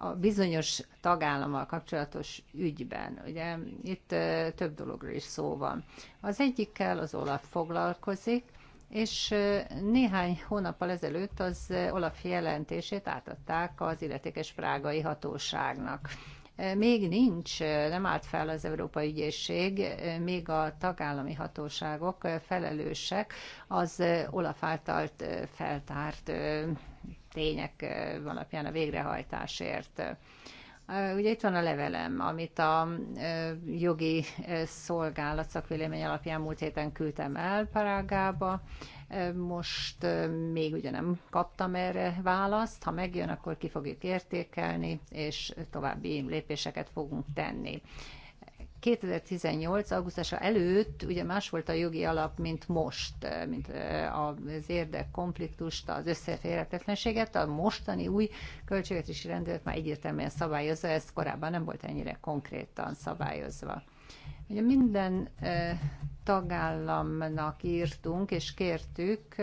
a bizonyos tagállammal kapcsolatos ügyben. Ugye itt több dologról is szó van. Az egyikkel az Olaf foglalkozik, és néhány hónappal ezelőtt az Olaf jelentését átadták az illetékes prágai hatóságnak még nincs, nem állt fel az Európai Ügyészség, még a tagállami hatóságok felelősek az Olaf által feltárt tények alapján a végrehajtásért. Ugye itt van a levelem, amit a jogi szolgálat szakvélemény alapján múlt héten küldtem el Parágába. Most még ugye nem kaptam erre választ, ha megjön, akkor ki fogjuk értékelni, és további lépéseket fogunk tenni. 2018. augusztusa előtt ugye más volt a jogi alap, mint most, mint az konfliktust, az összeférhetetlenséget. A mostani új költségvetési rendelet már egyértelműen szabályozza, ez korábban nem volt ennyire konkrétan szabályozva. Ugye minden tagállamnak írtunk és kértük,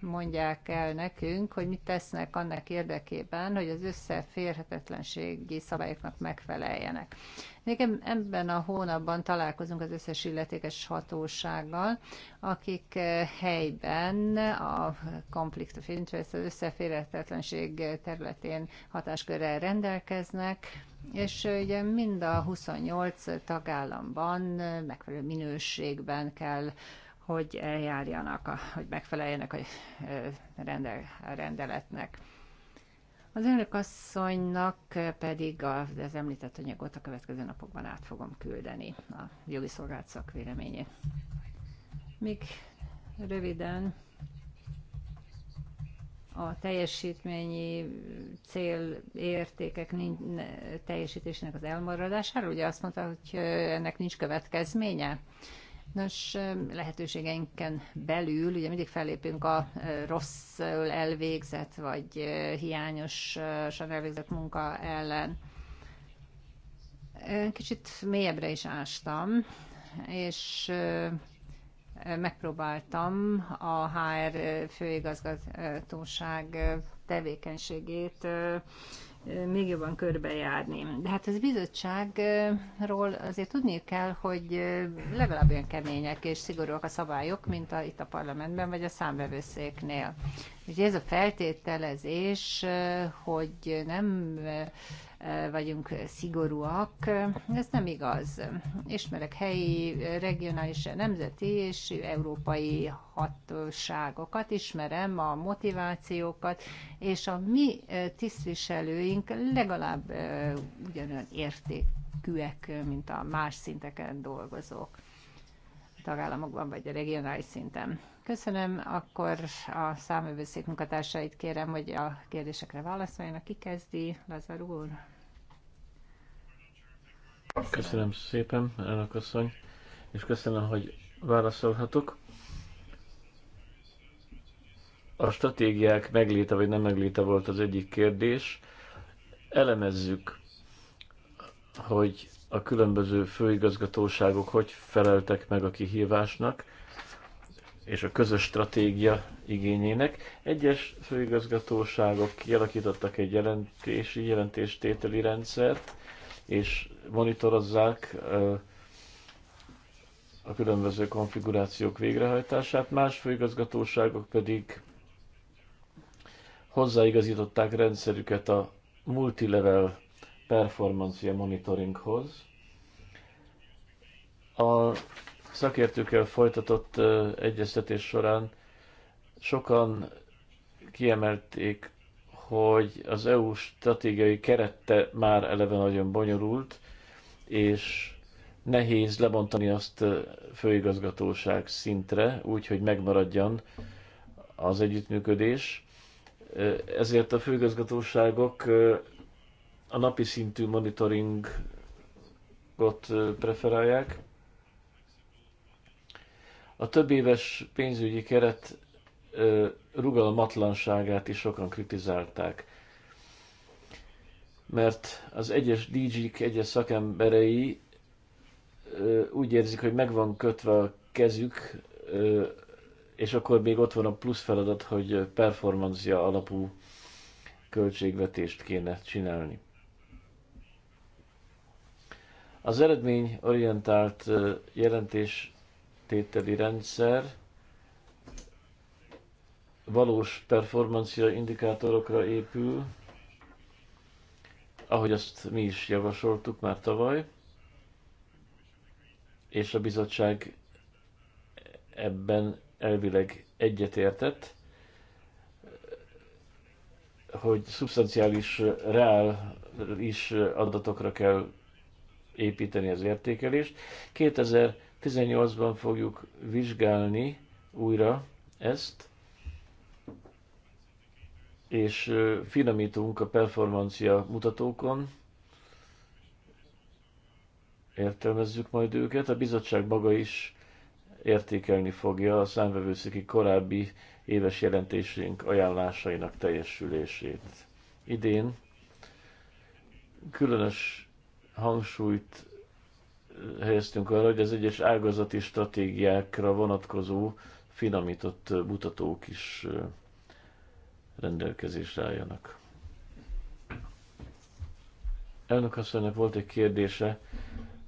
mondják el nekünk, hogy mit tesznek annak érdekében, hogy az összeférhetetlenségi szabályoknak megfeleljenek. Nekem ebben a hónapban találkozunk az összes illetékes hatósággal, akik helyben a conflict of interest, az összeférhetetlenség területén hatáskörrel rendelkeznek, és ugye mind a 28 tagállamban megfelelő minőségben kell hogy eljárjanak, hogy megfeleljenek a rendeletnek. Az önök asszonynak pedig az említett anyagot a következő napokban át fogom küldeni a jogi szolgált szakvéleményét. Még röviden a teljesítményi cél értékek nincs teljesítésének az elmaradására. Ugye azt mondta, hogy ennek nincs következménye. Nos, lehetőségeinken belül ugye mindig fellépünk a rossz elvégzett, vagy hiányosan elvégzett munka ellen. Kicsit mélyebbre is ástam, és megpróbáltam a HR főigazgatóság tevékenységét még jobban körbejárni. De hát az bizottságról azért tudni kell, hogy legalább olyan kemények és szigorúak a szabályok, mint a, itt a parlamentben vagy a számvevőszéknél. Ugye ez a feltételezés, hogy nem vagyunk szigorúak. Ez nem igaz. Ismerek helyi, regionális, nemzeti és európai hatóságokat, ismerem a motivációkat, és a mi eh, tisztviselőink legalább eh, ugyanolyan értékűek, mint a más szinteken dolgozók tagállamokban vagy a regionális szinten. Köszönöm, akkor a számövőszék munkatársait kérem, hogy a kérdésekre válaszoljanak. Ki kezdi? Lazar úr? Köszönöm szépen, elnök asszony, és köszönöm, hogy válaszolhatok. A stratégiák megléte vagy nem megléte volt az egyik kérdés. Elemezzük, hogy a különböző főigazgatóságok hogy feleltek meg a kihívásnak és a közös stratégia igényének. Egyes főigazgatóságok kialakítottak egy jelentési, jelentéstételi rendszert, és monitorozzák a különböző konfigurációk végrehajtását, más főigazgatóságok pedig hozzáigazították rendszerüket a multilevel performancia monitoringhoz. A szakértőkkel folytatott egyeztetés során sokan kiemelték hogy az EU stratégiai kerette már eleve nagyon bonyolult, és nehéz lebontani azt főigazgatóság szintre, úgy, hogy megmaradjon az együttműködés. Ezért a főigazgatóságok a napi szintű monitoringot preferálják. A több éves pénzügyi keret rugalmatlanságát is sokan kritizálták. Mert az egyes dj k egyes szakemberei úgy érzik, hogy meg van kötve a kezük, és akkor még ott van a plusz feladat, hogy performancia alapú költségvetést kéne csinálni. Az eredményorientált jelentéstételi rendszer valós performancia indikátorokra épül, ahogy azt mi is javasoltuk már tavaly, és a bizottság ebben elvileg egyetértett, hogy szubstanciális, reál is adatokra kell építeni az értékelést. 2018-ban fogjuk vizsgálni újra ezt, és finomítunk a performancia mutatókon, értelmezzük majd őket. A bizottság maga is értékelni fogja a számvevőszéki korábbi éves jelentésünk ajánlásainak teljesülését. Idén különös hangsúlyt helyeztünk arra, hogy az egyes ágazati stratégiákra vonatkozó finomított mutatók is rendelkezésre álljanak. Elnök asszonynak volt egy kérdése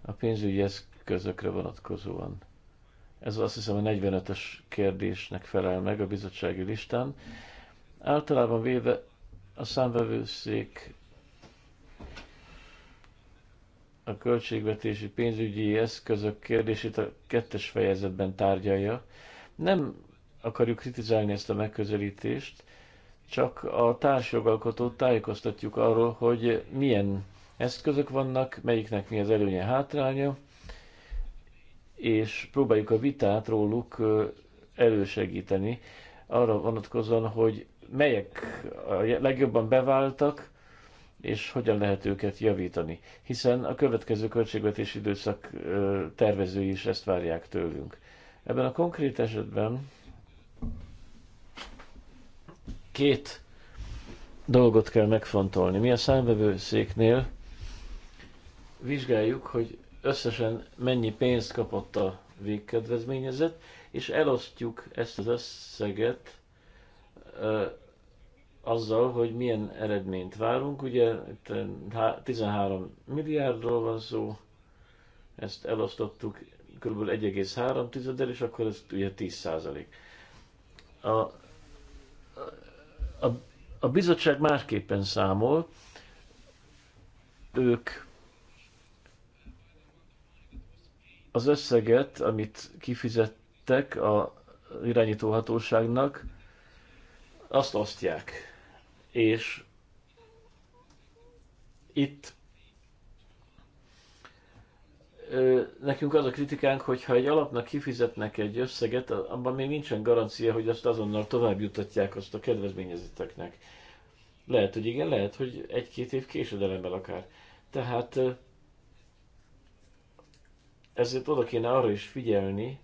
a pénzügyi eszközökre vonatkozóan. Ez azt hiszem a 45-ös kérdésnek felel meg a bizottsági listán. Általában véve a számvevőszék a költségvetési pénzügyi eszközök kérdését a kettes fejezetben tárgyalja. Nem akarjuk kritizálni ezt a megközelítést, csak a társjogalkotót tájékoztatjuk arról, hogy milyen eszközök vannak, melyiknek mi az előnye, hátránya, és próbáljuk a vitát róluk elősegíteni, arra vonatkozóan, hogy melyek a legjobban beváltak, és hogyan lehet őket javítani. Hiszen a következő költségvetési időszak tervezői is ezt várják tőlünk. Ebben a konkrét esetben két dolgot kell megfontolni. Mi a számvevőszéknél vizsgáljuk, hogy összesen mennyi pénzt kapott a végkedvezményezett, és elosztjuk ezt az összeget ö, azzal, hogy milyen eredményt várunk. Ugye 13 milliárdról van szó, ezt elosztottuk kb. 1,3 tizeddel, és akkor ez ugye 10 százalék. A a, a bizottság másképpen számol. Ők az összeget, amit kifizettek a irányítóhatóságnak, azt osztják. És itt nekünk az a kritikánk, hogy ha egy alapnak kifizetnek egy összeget, abban még nincsen garancia, hogy azt azonnal tovább jutatják azt a kedvezményezeteknek. Lehet, hogy igen, lehet, hogy egy-két év késedelemmel akár. Tehát ezért oda kéne arra is figyelni,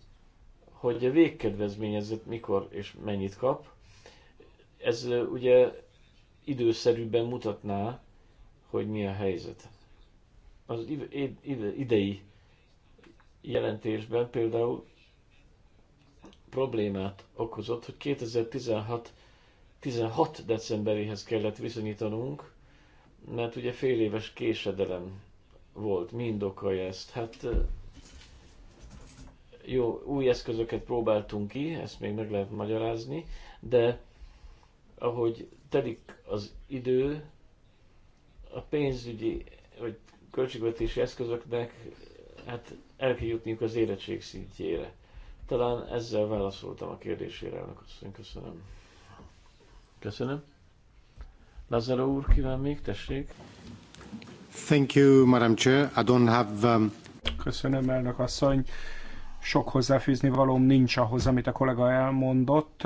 hogy a végkedvezményezett mikor és mennyit kap. Ez ugye időszerűbben mutatná, hogy mi a helyzet. Az idei jelentésben például problémát okozott, hogy 2016 16 decemberéhez kellett viszonyítanunk, mert ugye fél éves késedelem volt. mind okai ezt? Hát jó, új eszközöket próbáltunk ki, ezt még meg lehet magyarázni, de ahogy telik az idő, a pénzügyi vagy költségvetési eszközöknek hát el kell jutniuk az érettség szintjére. Talán ezzel válaszoltam a kérdésére, elnök asszony. Köszönöm. Köszönöm. Lazaro úr, kíván még, tessék. Thank you, Madam Chair. I don't have... Um... Köszönöm, elnök asszony. Sok hozzáfűzni valóm nincs ahhoz, amit a kollega elmondott,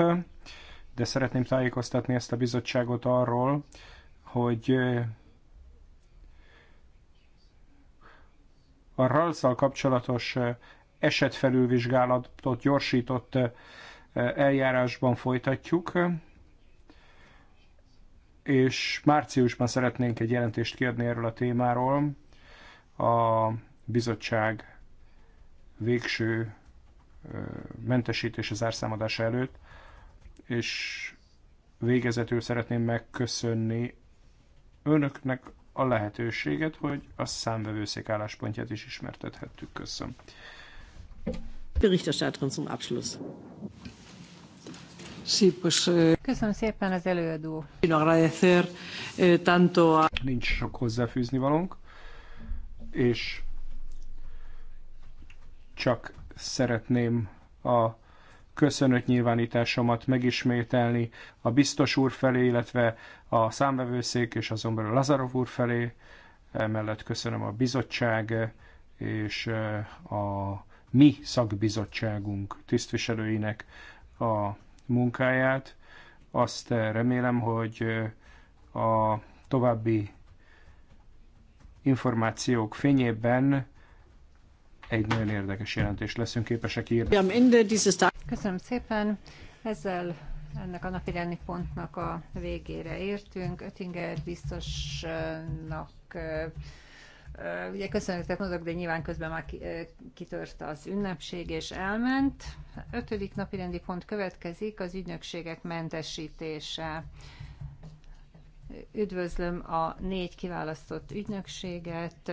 de szeretném tájékoztatni ezt a bizottságot arról, hogy a ralsz szal kapcsolatos esetfelülvizsgálatot gyorsított eljárásban folytatjuk, és márciusban szeretnénk egy jelentést kiadni erről a témáról. A bizottság végső mentesítése zárszámadása előtt, és végezetül szeretném megköszönni önöknek a lehetőséget, hogy a számvevőszék álláspontját is ismertethettük. Köszönöm. Berichterstatterin zum Abschluss. Eh, Köszönöm szépen az előadó. Eh, Nincs sok hozzáfűzni valónk, és csak szeretném a nyilvánításomat megismételni a biztos úr felé, illetve a számvevőszék és azon belül Lazarov úr felé. Emellett köszönöm a bizottság és eh, a mi szakbizottságunk tisztviselőinek a munkáját. Azt eh, remélem, hogy eh, a további információk fényében egy nagyon érdekes jelentést leszünk képesek írni. Köszönöm szépen. Ezzel ennek a napirendi pontnak a végére értünk. Ötinger biztosnak ugye köszönetet mondok, de nyilván közben már kitört az ünnepség és elment. Ötödik napirendi pont következik, az ügynökségek mentesítése. Üdvözlöm a négy kiválasztott ügynökséget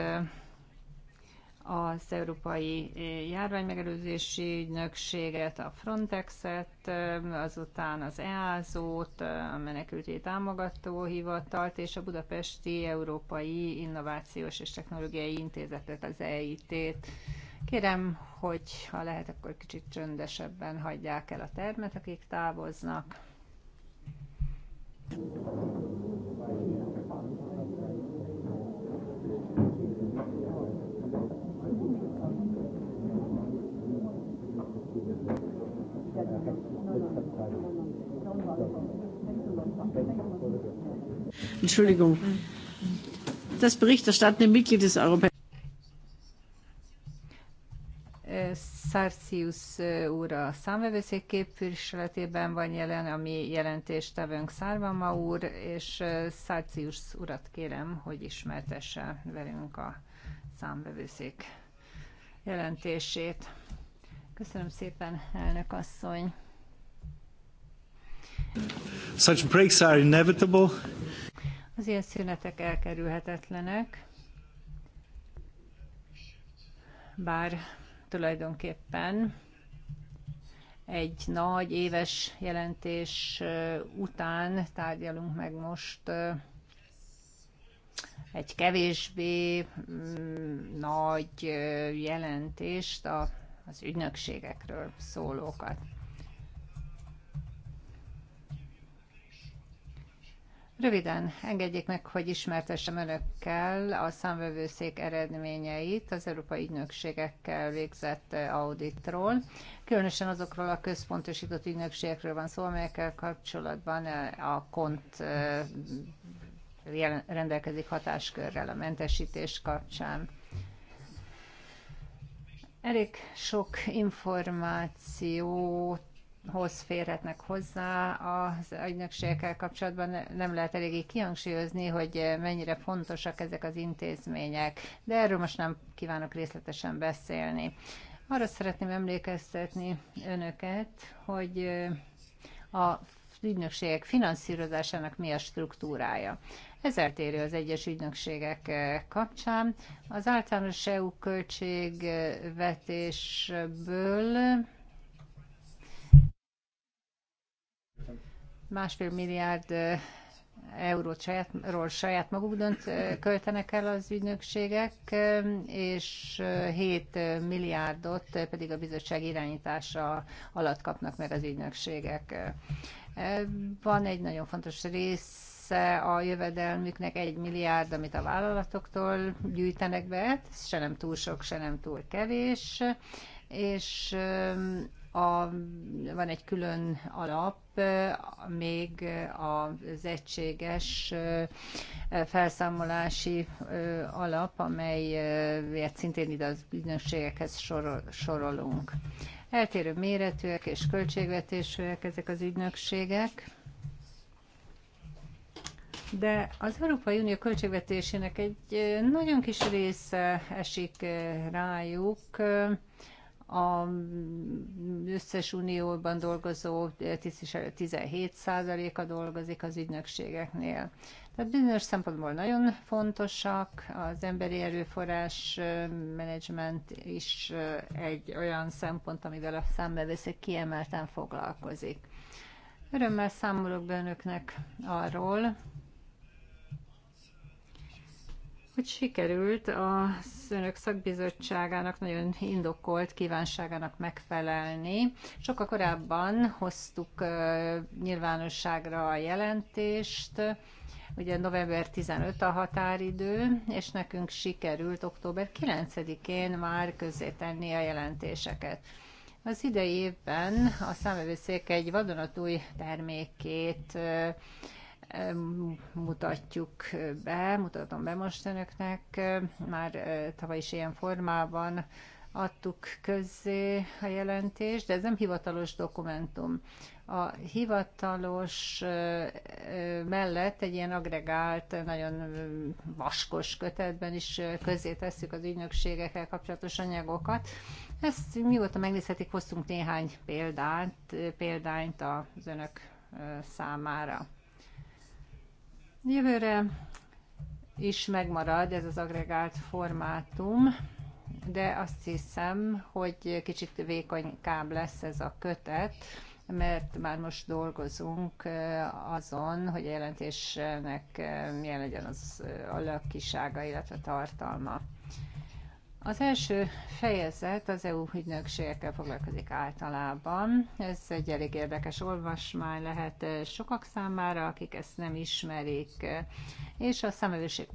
az Európai eh, Járványmegelőzési Ügynökséget, a Frontexet, eh, azután az EASO-t, eh, a Menekültügyi Támogató Hivatalt és a Budapesti Európai Innovációs és Technológiai Intézetet, az EIT-t. Kérem, hogy ha lehet, akkor kicsit csöndesebben hagyják el a termet, akik távoznak. Thank you. Entschuldigung. Das berichterstattende Mitglied des Europäischen úr a számvevőszék képviseletében van jelen, ami jelentéstevőnk Szárvama úr, és Szarcius urat kérem, hogy ismertesse velünk a számvevőszék jelentését. Köszönöm szépen, elnök asszony! Such breaks are inevitable. Az ilyen szünetek elkerülhetetlenek, bár tulajdonképpen egy nagy éves jelentés után tárgyalunk meg most egy kevésbé mm, nagy jelentést az ügynökségekről szólókat. Röviden engedjék meg, hogy ismertessem önökkel a számvevőszék eredményeit az európai ügynökségekkel végzett auditról. Különösen azokról a központosított ügynökségekről van szó, amelyekkel kapcsolatban eh, a kont eh, rendelkezik hatáskörrel a mentesítés kapcsán. Elég sok információt hoz férhetnek hozzá az ügynökségekkel kapcsolatban nem lehet eléggé kihangsúlyozni, hogy mennyire fontosak ezek az intézmények, de erről most nem kívánok részletesen beszélni. Arra szeretném emlékeztetni önöket, hogy a ügynökségek finanszírozásának mi a struktúrája. Ez eltérő az egyes ügynökségek kapcsán. Az általános EU költségvetésből másfél milliárd eurót saját, ról saját maguk dönt, költenek el az ügynökségek, és 7 milliárdot pedig a bizottság irányítása alatt kapnak meg az ügynökségek. Van egy nagyon fontos rész, a jövedelmüknek egy milliárd, amit a vállalatoktól gyűjtenek be, hát ez se nem túl sok, se nem túl kevés, és a, van egy külön alap, még az egységes felszámolási alap, amelyet szintén ide az ügynökségekhez sorolunk. Eltérő méretűek és költségvetésűek ezek az ügynökségek, de az Európai Unió költségvetésének egy nagyon kis része esik rájuk, a összes unióban dolgozó 17%-a dolgozik az ügynökségeknél. Tehát bizonyos szempontból nagyon fontosak, az emberi erőforrás menedzsment is egy olyan szempont, amivel a számbevőszék kiemelten foglalkozik. Örömmel számolok be önöknek arról, hogy sikerült a önök szakbizottságának nagyon indokolt kívánságának megfelelni. Sokkal korábban hoztuk nyilvánosságra a jelentést, ugye november 15 a határidő, és nekünk sikerült október 9-én már közzétenni a jelentéseket. Az idei évben a számövőszék egy vadonatúj termékét mutatjuk be, mutatom be most önöknek. Már tavaly is ilyen formában adtuk közzé a jelentést, de ez nem hivatalos dokumentum. A hivatalos mellett egy ilyen agregált, nagyon vaskos kötetben is közzé tesszük az ügynökségekkel kapcsolatos anyagokat. Ezt mióta megnézhetik, hoztunk néhány példát, példányt az önök számára. Jövőre is megmarad ez az agregált formátum, de azt hiszem, hogy kicsit vékonykább lesz ez a kötet, mert már most dolgozunk azon, hogy a jelentésnek milyen legyen az alakisága, illetve tartalma. Az első fejezet az EU ügynökségekkel foglalkozik általában. Ez egy elég érdekes olvasmány lehet sokak számára, akik ezt nem ismerik, és a szemelőség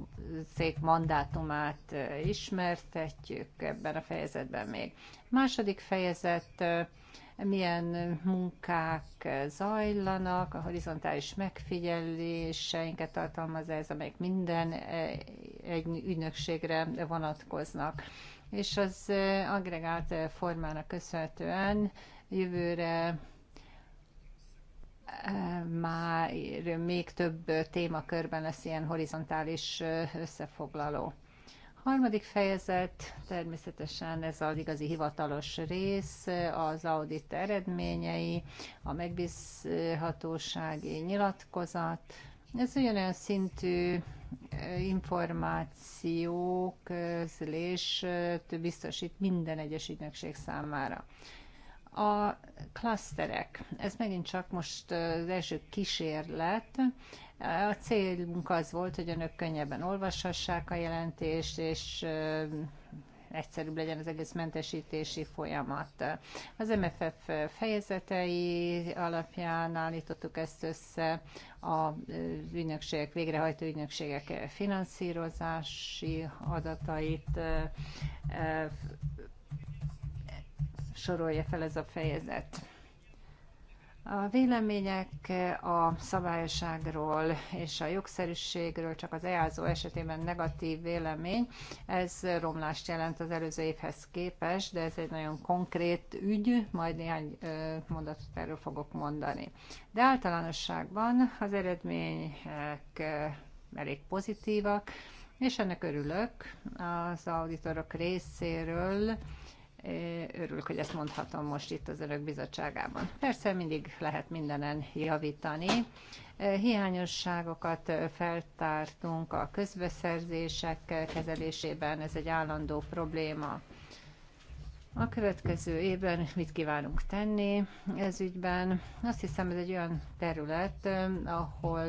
mandátumát ismertetjük ebben a fejezetben még. Második fejezet milyen munkák zajlanak, a horizontális megfigyeléseinket tartalmazza ez, amelyek minden eh, egy ügynökségre vonatkoznak. És az eh, agregált formának köszönhetően jövőre eh, már még több témakörben lesz ilyen horizontális összefoglaló. Harmadik fejezet, természetesen ez az igazi hivatalos rész, az audit eredményei, a megbízhatósági nyilatkozat. Ez ugyanolyan szintű eh, információ közlés eh, biztosít minden egyes ügynökség számára. A klaszterek, ez megint csak most eh, az első kísérlet, a célunk az volt, hogy önök könnyebben olvashassák a jelentést, és egyszerűbb legyen az egész mentesítési folyamat. Az MFF fejezetei alapján állítottuk ezt össze, a ügynökségek, végrehajtó ügynökségek finanszírozási adatait sorolja fel ez a fejezet. A vélemények a szabályosságról és a jogszerűségről csak az EASO esetében negatív vélemény. Ez romlást jelent az előző évhez képest, de ez egy nagyon konkrét ügy, majd néhány mondatot erről fogok mondani. De általánosságban az eredmények elég pozitívak, és ennek örülök az auditorok részéről Örülök, hogy ezt mondhatom most itt az Örök Bizottságában. Persze mindig lehet mindenen javítani. Hiányosságokat feltártunk a közbeszerzések kezelésében, ez egy állandó probléma. A következő évben mit kívánunk tenni ez ügyben? Azt hiszem, ez egy olyan terület, ahol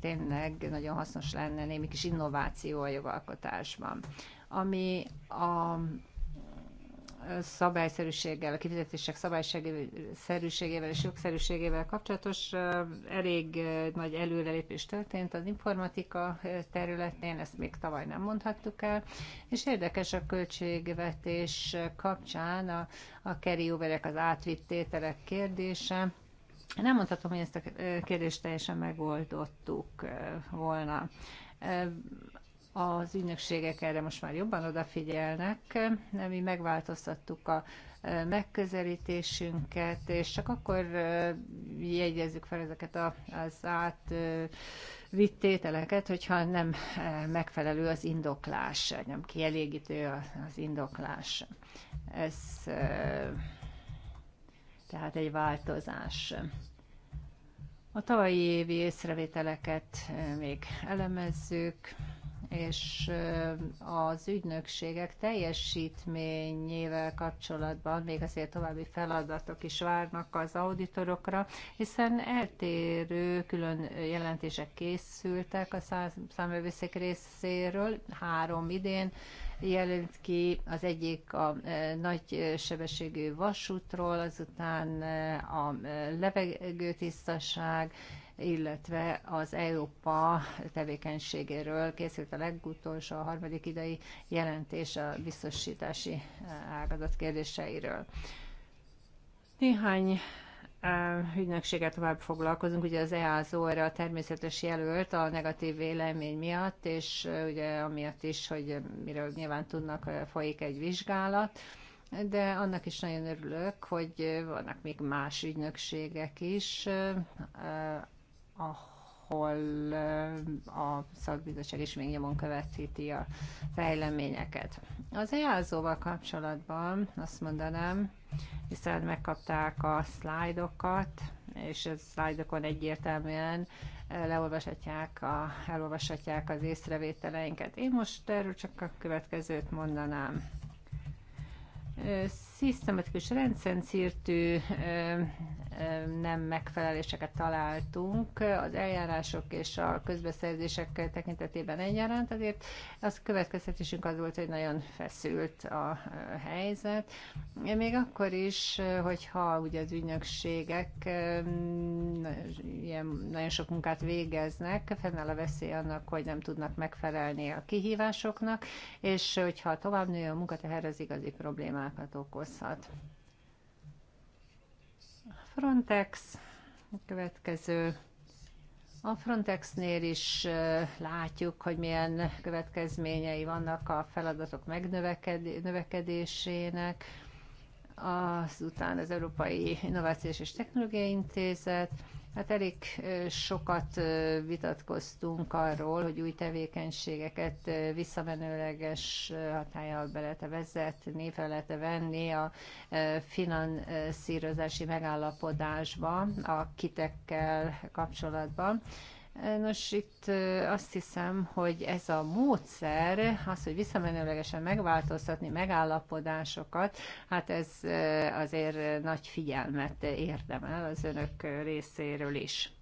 tényleg nagyon hasznos lenne némi kis innováció a jogalkotásban. Ami a szabályszerűséggel, a kifizetések szabályszerűségével és jogszerűségével kapcsolatos elég nagy előrelépés történt az informatika területén, ezt még tavaly nem mondhattuk el, és érdekes a költségvetés kapcsán a, a carryoverek, az átvittételek kérdése. Nem mondhatom, hogy ezt a kérdést teljesen megoldottuk volna az ügynökségek erre most már jobban odafigyelnek, mi megváltoztattuk a e, megközelítésünket, és csak akkor e, jegyezzük fel ezeket az át vittételeket, hogyha nem e, megfelelő az indoklás, nem kielégítő az indoklás. Ez tehát egy változás. A tavalyi évi észrevételeket még elemezzük és az ügynökségek teljesítményével kapcsolatban még azért további feladatok is várnak az auditorokra, hiszen eltérő külön jelentések készültek a számövőszék részéről, három idén jelent ki, az egyik a nagy sebességű vasútról, azután a levegőtisztaság, illetve az Európa tevékenységéről készült a legutolsó, a harmadik idei jelentés a biztosítási eh, ágazat kérdéseiről. Néhány eh, ügynökséget tovább foglalkozunk, ugye az EASO erre a természetes jelölt a negatív vélemény miatt, és eh, ugye amiatt is, hogy miről nyilván tudnak, folyik egy vizsgálat, de annak is nagyon örülök, hogy vannak még más ügynökségek is, ahol a szakbizottság is még nyomon követíti a fejleményeket. Az easo kapcsolatban azt mondanám, hiszen megkapták a szlájdokat, és a szlájdokon egyértelműen leolvashatják, a, elolvashatják az észrevételeinket. Én most erről csak a következőt mondanám szisztematikus rendszerszírtű nem megfeleléseket találtunk az eljárások és a közbeszerzések tekintetében egyaránt, azért az következtetésünk az volt, hogy nagyon feszült a helyzet. Még akkor is, hogyha ugye az ügynökségek ilyen, nagyon sok munkát végeznek, fennáll a veszély annak, hogy nem tudnak megfelelni a kihívásoknak, és hogyha tovább nő a munkateher, az igazi problémákat okoz okozhat. Frontex, a következő. A Frontexnél is látjuk, hogy milyen következményei vannak a feladatok megnövekedésének. Azután az Európai Innovációs és Technológiai Intézet, Hát elég sokat vitatkoztunk arról, hogy új tevékenységeket visszamenőleges hatállal be lehet -e vezetni, fel lehet -e venni a finanszírozási megállapodásba, a kitekkel kapcsolatban. Nos, itt azt hiszem, hogy ez a módszer, az, hogy visszamenőlegesen megváltoztatni megállapodásokat, hát ez azért nagy figyelmet érdemel az önök részéről is.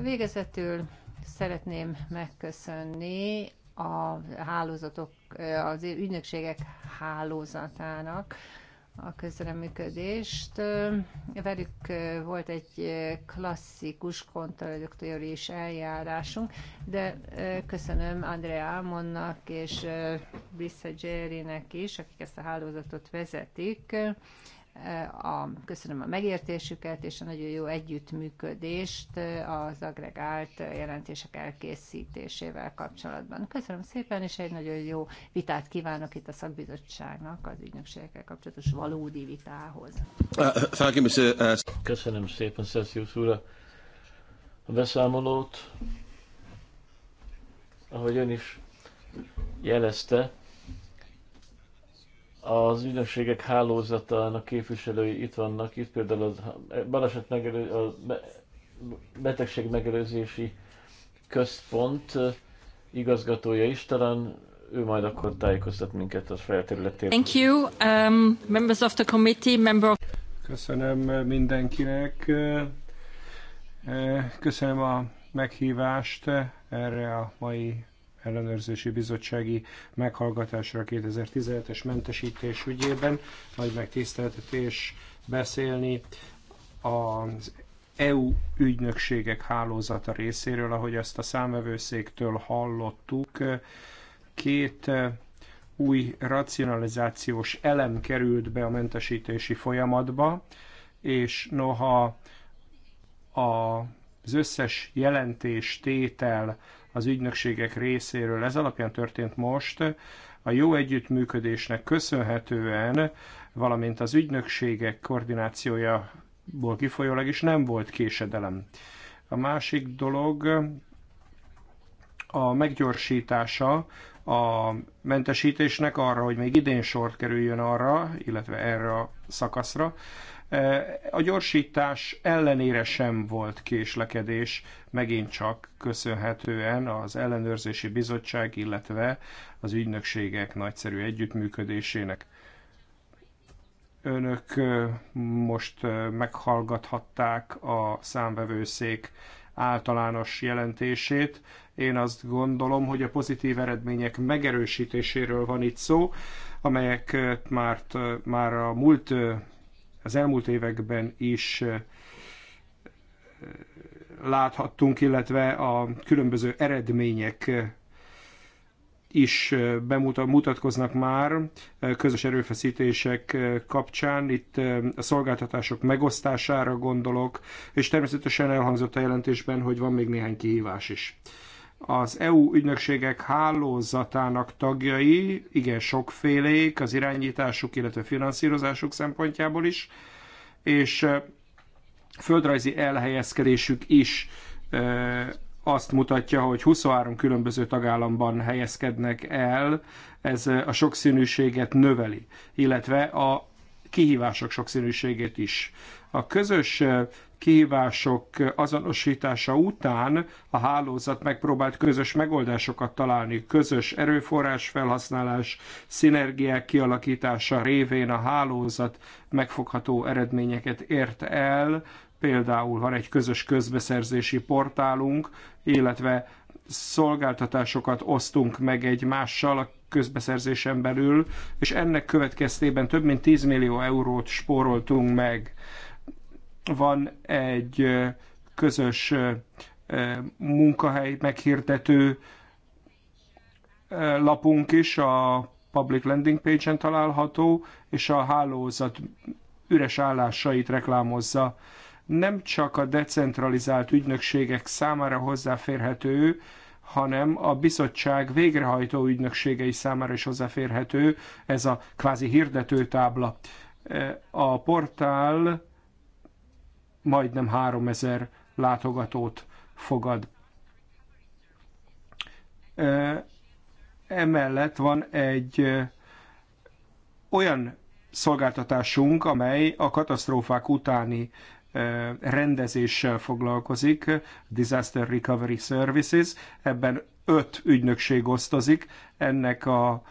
Végezetül szeretném megköszönni a hálózatok, az ügynökségek hálózatának, a közreműködést. Velük volt egy klasszikus kontradiktórius eljárásunk, de köszönöm Andrea Ámonnak és Brissa Jerrynek is, akik ezt a hálózatot vezetik, Eh, a, köszönöm a megértésüket és a nagyon jó együttműködést eh, az agregált eh, jelentések elkészítésével kapcsolatban. Köszönöm szépen, és egy nagyon jó vitát kívánok itt a szakbizottságnak az ügynökségekkel kapcsolatos valódi vitához. Uh, uh, köszönöm szépen, Szesziusz úr, a beszámolót. Ahogy ön is jelezte, az ügynökségek hálózatának képviselői itt vannak, itt például a baleset megelő, a betegség megelőzési központ igazgatója is, talán ő majd akkor tájékoztat minket a saját területén. Thank you, um, members of the committee, member of... Köszönöm mindenkinek. Eh, köszönöm a meghívást erre a mai ellenőrzési bizottsági meghallgatásra 2017-es mentesítés ügyében. Nagy megtiszteltetés beszélni az EU ügynökségek hálózata részéről, ahogy ezt a számvevőszéktől hallottuk. Két új racionalizációs elem került be a mentesítési folyamatba, és noha az összes jelentés tétel az ügynökségek részéről. Ez alapján történt most. A jó együttműködésnek köszönhetően, valamint az ügynökségek koordinációja ból kifolyólag is nem volt késedelem. A másik dolog a meggyorsítása a mentesítésnek arra, hogy még idén sort kerüljön arra, illetve erre a szakaszra, Eh, a gyorsítás ellenére sem volt késlekedés, megint csak köszönhetően az ellenőrzési bizottság, illetve az ügynökségek nagyszerű együttműködésének. Önök eh, most eh, meghallgathatták a számvevőszék általános jelentését. Én azt gondolom, hogy a pozitív eredmények megerősítéséről van itt szó, amelyek már, már a múlt az elmúlt években is láthattunk, illetve a különböző eredmények is bemutatkoznak már közös erőfeszítések kapcsán. Itt a szolgáltatások megosztására gondolok, és természetesen elhangzott a jelentésben, hogy van még néhány kihívás is az EU ügynökségek hálózatának tagjai, igen sokfélék az irányításuk, illetve finanszírozásuk szempontjából is, és földrajzi elhelyezkedésük is azt mutatja, hogy 23 különböző tagállamban helyezkednek el, ez a sokszínűséget növeli, illetve a kihívások sokszínűségét is. A közös kívások azonosítása után a hálózat megpróbált közös megoldásokat találni, közös erőforrás felhasználás, szinergiák kialakítása révén a hálózat megfogható eredményeket ért el, például van egy közös közbeszerzési portálunk, illetve szolgáltatásokat osztunk meg egymással a közbeszerzésen belül, és ennek következtében több mint 10 millió eurót spóroltunk meg van egy közös munkahely meghirdető lapunk is, a public landing page-en található, és a hálózat üres állásait reklámozza. Nem csak a decentralizált ügynökségek számára hozzáférhető, hanem a bizottság végrehajtó ügynökségei számára is hozzáférhető ez a kvázi hirdetőtábla. A portál majdnem 3000 látogatót fogad. Emellett van egy olyan szolgáltatásunk, amely a katasztrófák utáni rendezéssel foglalkozik, Disaster Recovery Services, ebben öt ügynökség osztozik, ennek a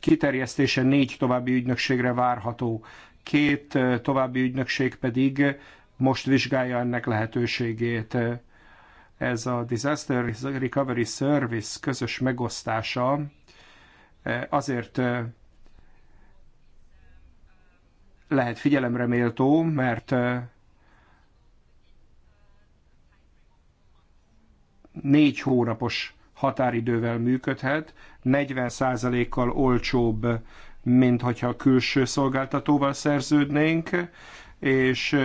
kiterjesztése négy további ügynökségre várható. Két további ügynökség pedig most vizsgálja ennek lehetőségét. Ez a Disaster Recovery Service közös megosztása azért lehet figyelemre méltó, mert négy hónapos határidővel működhet, 40%-kal olcsóbb mint hogyha a külső szolgáltatóval szerződnénk, és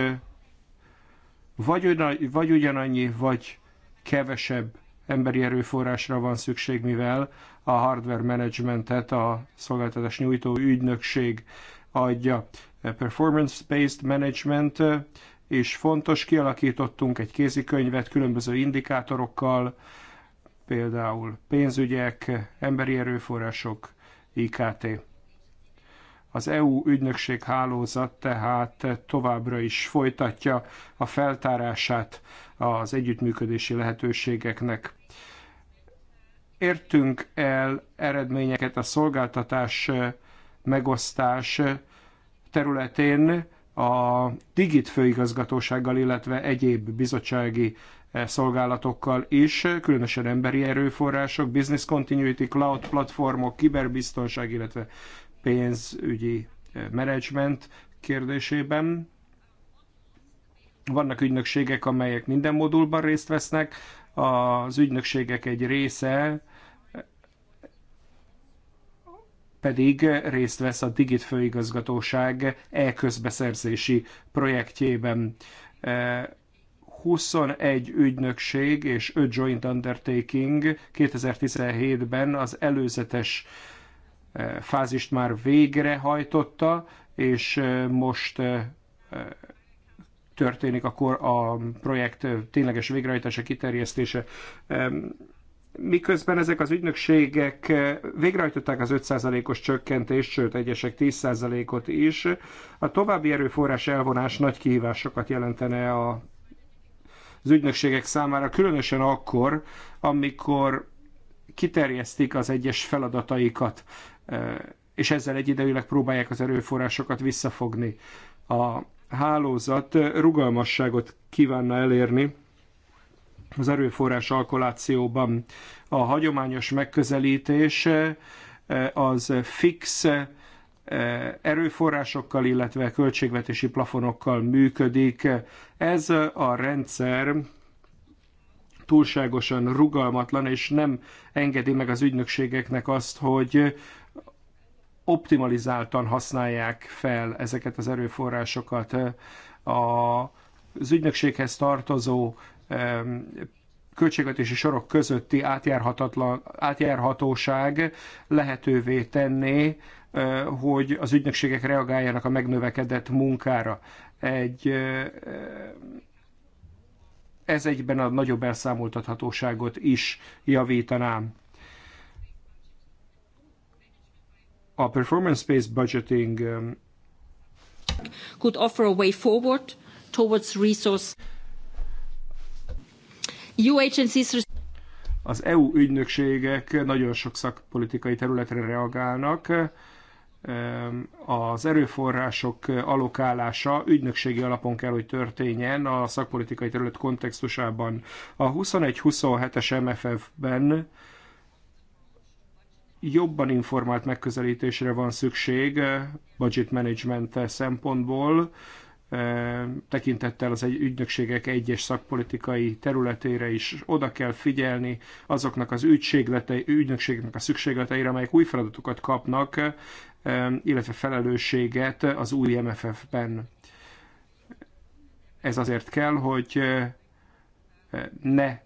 vagy, vagy ugyanannyi, vagy kevesebb emberi erőforrásra van szükség, mivel a hardware managementet a szolgáltatás nyújtó ügynökség adja. Performance-based management és fontos, kialakítottunk egy kézikönyvet különböző indikátorokkal, például pénzügyek, emberi erőforrások, IKT. Az EU ügynökség hálózat tehát továbbra is folytatja a feltárását az együttműködési lehetőségeknek. Értünk el eredményeket a szolgáltatás megosztás területén a Digit főigazgatósággal, illetve egyéb bizottsági szolgálatokkal is, különösen emberi erőforrások, business continuity, cloud platformok, kiberbiztonság, illetve pénzügyi eh, menedzsment kérdésében. Vannak ügynökségek, amelyek minden modulban részt vesznek, az ügynökségek egy része eh, pedig részt vesz a Digit főigazgatóság e-közbeszerzési projektjében. 21 eh, ügynökség és 5 joint undertaking 2017-ben az előzetes fázist már végrehajtotta, és most történik akkor a projekt tényleges végrehajtása, kiterjesztése. Miközben ezek az ügynökségek végrehajtották az 5%-os csökkentést, sőt egyesek 10%-ot is, a további erőforrás elvonás nagy kihívásokat jelentene a, az ügynökségek számára, különösen akkor, amikor kiterjesztik az egyes feladataikat és ezzel egyidejűleg próbálják az erőforrásokat visszafogni. A hálózat rugalmasságot kívánna elérni az erőforrás alkolációban. A hagyományos megközelítés az fix erőforrásokkal, illetve költségvetési plafonokkal működik. Ez a rendszer túlságosan rugalmatlan, és nem engedi meg az ügynökségeknek azt, hogy optimalizáltan használják fel ezeket az erőforrásokat. Az ügynökséghez tartozó költségvetési sorok közötti átjárhatatlan, átjárhatóság lehetővé tenné, hogy az ügynökségek reagáljanak a megnövekedett munkára. Egy, ez egyben a nagyobb elszámoltathatóságot is javítaná. a performance-based budgeting um, could offer a way forward towards resource. EU agencies az EU ügynökségek nagyon sok szakpolitikai területre reagálnak. Um, az erőforrások alokálása ügynökségi alapon kell, hogy történjen a szakpolitikai terület kontextusában. A 21-27-es MFF-ben jobban informált megközelítésre van szükség eh, budget management szempontból, eh, tekintettel az egy ügynökségek egyes szakpolitikai területére is oda kell figyelni azoknak az ügynökségnek a szükségleteire, amelyek új feladatokat kapnak, eh, illetve felelősséget az új MFF-ben. Ez azért kell, hogy ne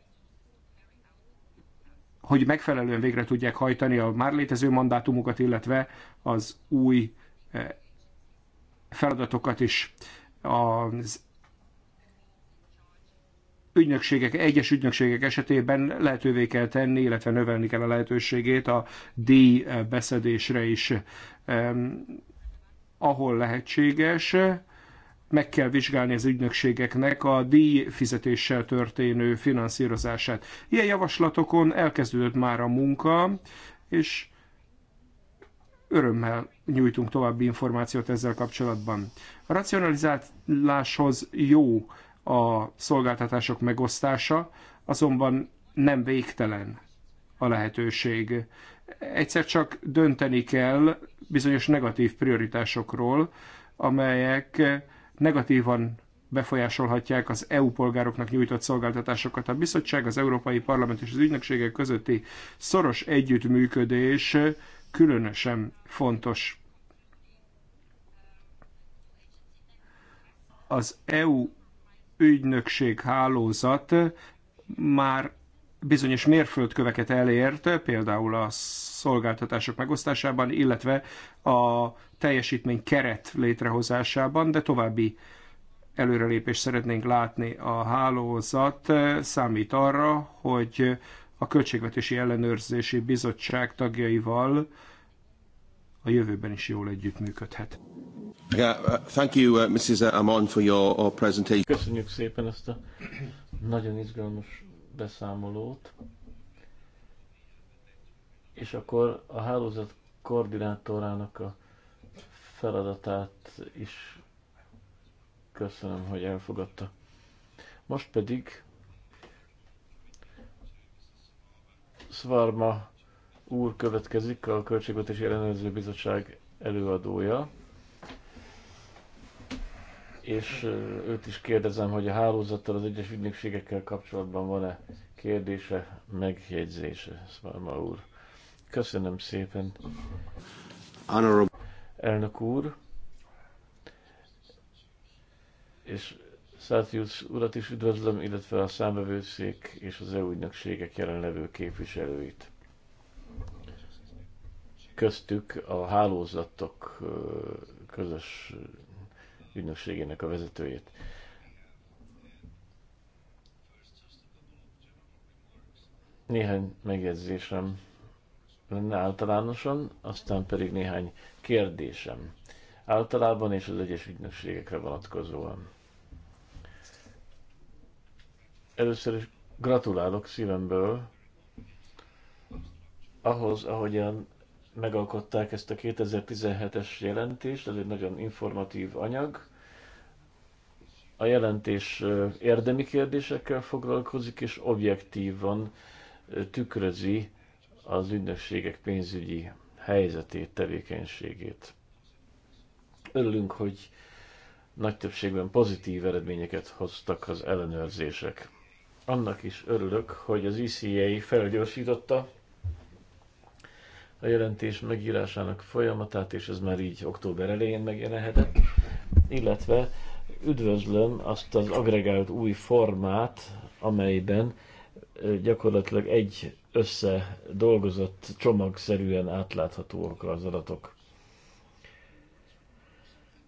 hogy megfelelően végre tudják hajtani a már létező mandátumokat illetve az új eh, feladatokat is. Az ügynökségek, egyes ügynökségek esetében lehetővé kell tenni, illetve növelni kell a lehetőségét a díj eh, beszedésre is, ahol lehetséges meg kell vizsgálni az ügynökségeknek a díjfizetéssel történő finanszírozását. Ilyen javaslatokon elkezdődött már a munka, és örömmel nyújtunk további információt ezzel kapcsolatban. A racionalizáláshoz jó a szolgáltatások megosztása, azonban nem végtelen a lehetőség. Egyszer csak dönteni kell bizonyos negatív prioritásokról, amelyek negatívan befolyásolhatják az EU polgároknak nyújtott szolgáltatásokat. A bizottság, az Európai Parlament és az ügynökségek közötti szoros együttműködés különösen fontos. Az EU ügynökség hálózat már bizonyos mérföldköveket elért, például a szolgáltatások megosztásában, illetve a teljesítmény keret létrehozásában, de további előrelépést szeretnénk látni. A hálózat számít arra, hogy a Költségvetési Ellenőrzési Bizottság tagjaival a jövőben is jól együttműködhet. Uh, thank you, uh, Mrs. for your uh, presentation. Köszönjük szépen ezt a nagyon izgalmas beszámolót, és akkor a hálózat koordinátorának a feladatát is köszönöm, hogy elfogadta. Most pedig Svarma úr következik, a Költségvetési Ellenőrző Bizottság előadója és őt is kérdezem, hogy a hálózattal, az egyes ügynökségekkel kapcsolatban van-e kérdése, megjegyzése, Szvárma úr. Köszönöm szépen. Honorable. Elnök úr, és Szátiusz urat is üdvözlöm, illetve a számövőszék és az EU ügynökségek jelenlevő képviselőit. Köztük a hálózatok közös ügynökségének a vezetőjét. Néhány megjegyzésem lenne általánosan, aztán pedig néhány kérdésem általában és az egyes ügynökségekre vonatkozóan. Először is gratulálok szívemből ahhoz, ahogyan megalkották ezt a 2017-es jelentést, ez egy nagyon informatív anyag. A jelentés érdemi kérdésekkel foglalkozik, és objektívan tükrözi az ügynökségek pénzügyi helyzetét, tevékenységét. Örülünk, hogy nagy többségben pozitív eredményeket hoztak az ellenőrzések. Annak is örülök, hogy az ECA felgyorsította a jelentés megírásának folyamatát, és ez már így október elején megjelenhetett, illetve üdvözlöm azt az agregált új formát, amelyben gyakorlatilag egy össze dolgozott csomagszerűen átláthatóak az adatok.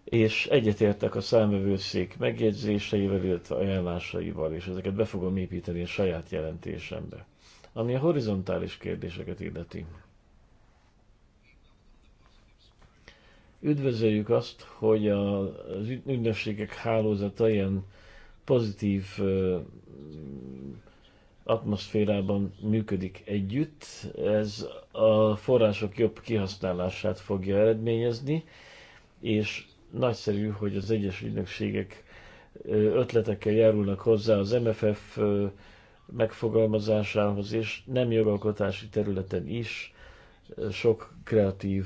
És egyetértek a számvevőszék megjegyzéseivel, illetve ajánlásaival, és ezeket be fogom építeni a saját jelentésembe. Ami a horizontális kérdéseket illeti. Üdvözöljük azt, hogy az ügynökségek hálózata ilyen pozitív atmoszférában működik együtt. Ez a források jobb kihasználását fogja eredményezni, és nagyszerű, hogy az egyes ügynökségek ötletekkel járulnak hozzá az MFF megfogalmazásához, és nem jogalkotási területen is sok kreatív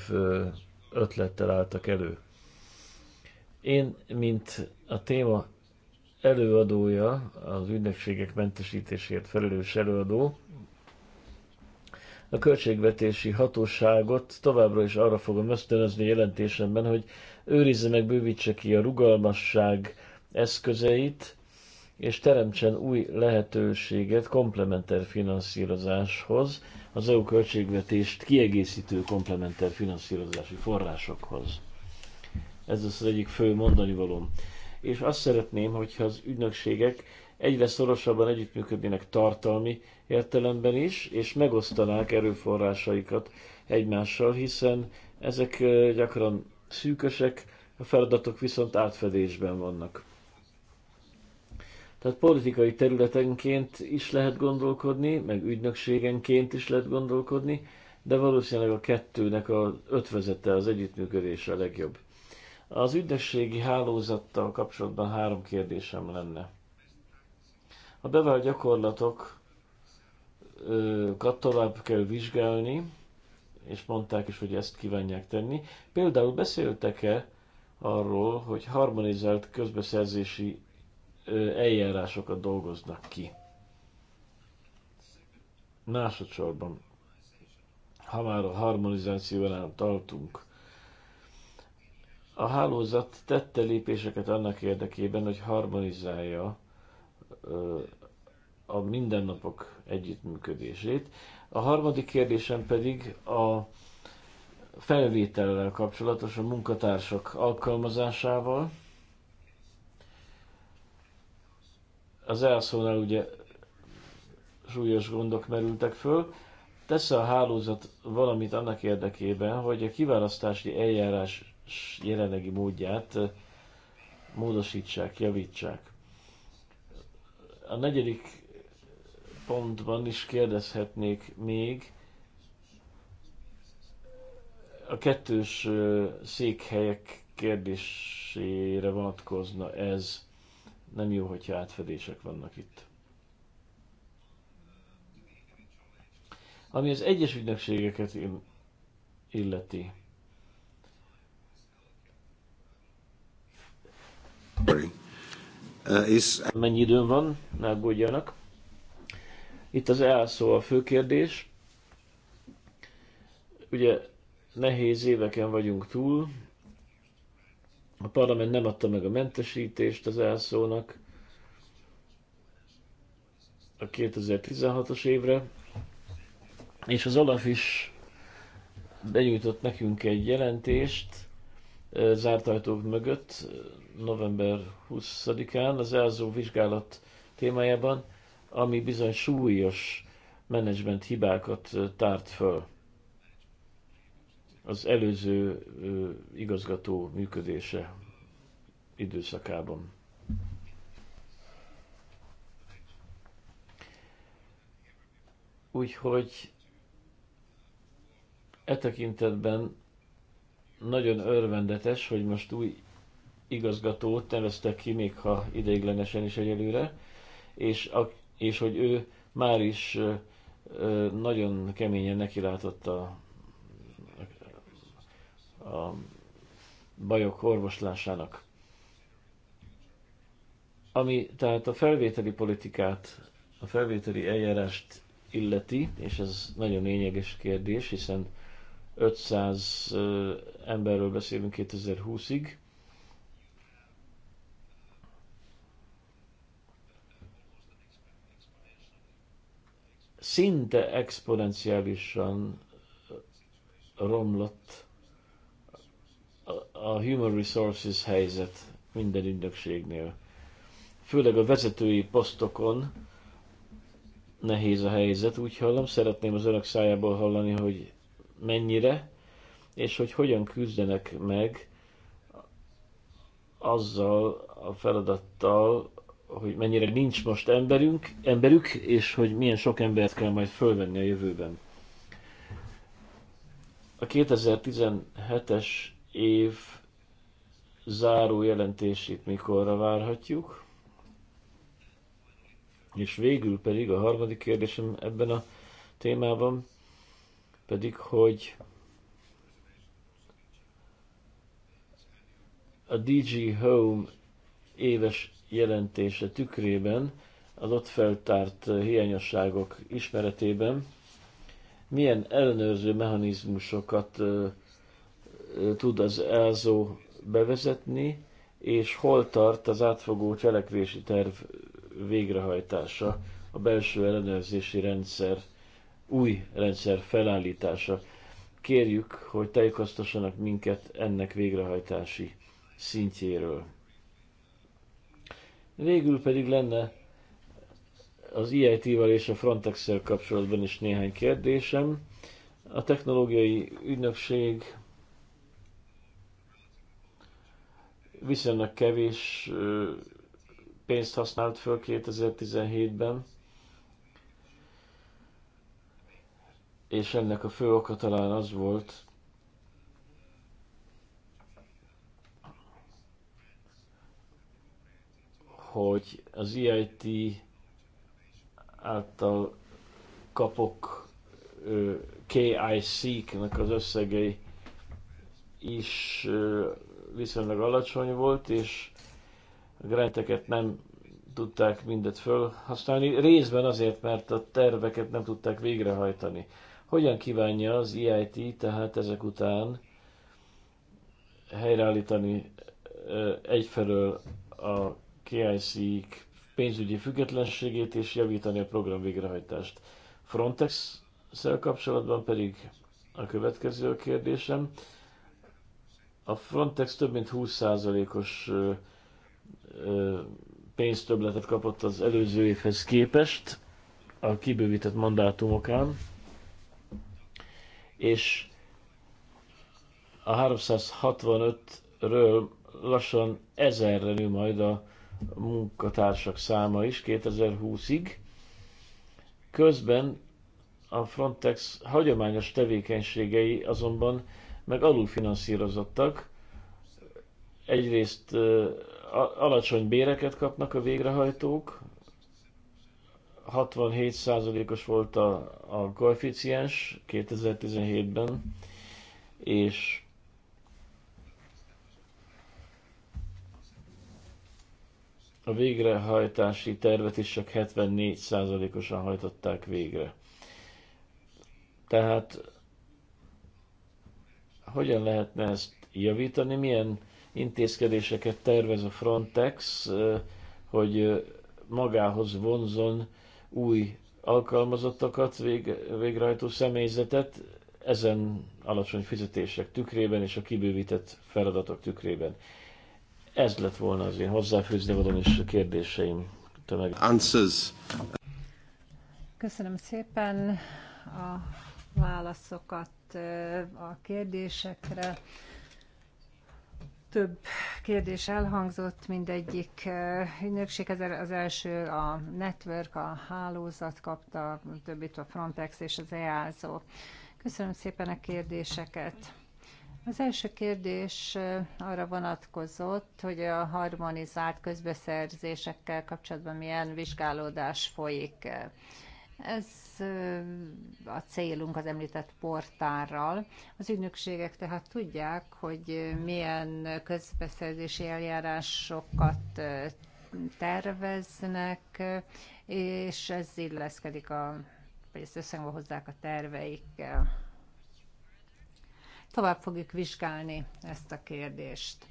ötlettel álltak elő. Én, mint a téma előadója, az ügynökségek mentesítésért felelős előadó, a költségvetési hatóságot továbbra is arra fogom ösztönözni jelentésemben, hogy őrizze meg, bővítse ki a rugalmasság eszközeit, és teremtsen új lehetőséget komplementer finanszírozáshoz, az EU költségvetést kiegészítő komplementer finanszírozási forrásokhoz. Ez az egyik fő mondani valóm. És azt szeretném, hogyha az ügynökségek egyre szorosabban együttműködnének tartalmi értelemben is, és megosztanák erőforrásaikat egymással, hiszen ezek gyakran szűkösek, a feladatok viszont átfedésben vannak. Tehát politikai területenként is lehet gondolkodni, meg ügynökségenként is lehet gondolkodni, de valószínűleg a kettőnek az ötvezete, az együttműködés a legjobb. Az ügynökségi hálózattal kapcsolatban három kérdésem lenne. A bevált gyakorlatokat tovább kell vizsgálni, és mondták is, hogy ezt kívánják tenni. Például beszéltek-e arról, hogy harmonizált közbeszerzési eljárásokat dolgoznak ki. Másodszorban, ha már a harmonizációnál tartunk, a hálózat tette lépéseket annak érdekében, hogy harmonizálja a mindennapok együttműködését. A harmadik kérdésem pedig a felvétellel kapcsolatos a munkatársak alkalmazásával. az elszónál ugye súlyos gondok merültek föl, tesz a hálózat valamit annak érdekében, hogy a kiválasztási eljárás jelenlegi módját eh, módosítsák, javítsák. A negyedik pontban is kérdezhetnék még a kettős eh, székhelyek kérdésére vonatkozna ez. Nem jó, hogyha átfedések vannak itt. Ami az egyes ügynökségeket illeti. Uh, Mennyi időn van? Ne aggódjanak. Itt az elszó a fő kérdés. Ugye nehéz éveken vagyunk túl, a parlament nem adta meg a mentesítést az elszónak a 2016-os évre, és az Olaf is benyújtott nekünk egy jelentést zárt ajtók mögött november 20-án az elzó vizsgálat témájában, ami bizony súlyos menedzsment hibákat tárt föl az előző igazgató működése időszakában. Úgyhogy e tekintetben nagyon örvendetes, hogy most új igazgatót neveztek ki, még ha ideiglenesen is egyelőre, és, a, és hogy ő már is nagyon keményen nekilátott a a bajok orvoslásának. Ami tehát a felvételi politikát, a felvételi eljárást illeti, és ez nagyon lényeges kérdés, hiszen 500 emberről beszélünk 2020-ig, szinte exponenciálisan romlott a Human Resources helyzet minden ügynökségnél. Főleg a vezetői posztokon nehéz a helyzet, úgy hallom, szeretném az önök szájából hallani, hogy mennyire, és hogy hogyan küzdenek meg azzal a feladattal, hogy mennyire nincs most emberünk, emberük, és hogy milyen sok embert kell majd fölvenni a jövőben. A 2017-es év záró jelentését mikorra várhatjuk. És végül pedig a harmadik kérdésem ebben a témában pedig, hogy a DG Home éves jelentése tükrében, az ott feltárt hiányosságok ismeretében milyen ellenőrző mechanizmusokat tud az elzó bevezetni, és hol tart az átfogó cselekvési terv végrehajtása, a belső ellenőrzési rendszer, új rendszer felállítása. Kérjük, hogy tájékoztassanak minket ennek végrehajtási szintjéről. Végül pedig lenne az iit val és a Frontex-szel kapcsolatban is néhány kérdésem. A technológiai ügynökség viszonylag kevés pénzt használt föl 2017-ben, és ennek a fő oka talán az volt, hogy az EIT által kapok KIC-nek az összegei is viszonylag alacsony volt, és a granteket nem tudták mindet felhasználni, részben azért, mert a terveket nem tudták végrehajtani. Hogyan kívánja az EIT tehát ezek után helyreállítani egyfelől a kic pénzügyi függetlenségét és javítani a program végrehajtást. Frontex-szel kapcsolatban pedig a következő a kérdésem. A Frontex több mint 20%-os pénztöbletet kapott az előző évhez képest a kibővített mandátumokán, és a 365-ről lassan ezerre nő majd a munkatársak száma is 2020-ig. Közben a Frontex hagyományos tevékenységei azonban meg alulfinanszírozottak. Egyrészt alacsony béreket kapnak a végrehajtók, 67%-os volt a, a koeficiens 2017-ben, és a végrehajtási tervet is csak 74%-osan hajtották végre. Tehát hogyan lehetne ezt javítani, milyen intézkedéseket tervez a Frontex, hogy magához vonzon új alkalmazottakat, vég, végrehajtó személyzetet ezen alacsony fizetések tükrében és a kibővített feladatok tükrében. Ez lett volna az én hozzáfűzni valam és a kérdéseim tömeg. Answers. Köszönöm szépen a válaszokat a kérdésekre. Több kérdés elhangzott, mindegyik ügynökség, ez az első a network, a hálózat kapta, a többit a Frontex és az EASO. Köszönöm szépen a kérdéseket. Az első kérdés arra vonatkozott, hogy a harmonizált közbeszerzésekkel kapcsolatban milyen vizsgálódás folyik. Ez a célunk az említett portárral. Az ügynökségek tehát tudják, hogy milyen közbeszerzési eljárásokat terveznek, és ez illeszkedik a, vagy ezt összhangba hozzák a terveikkel. Tovább fogjuk vizsgálni ezt a kérdést.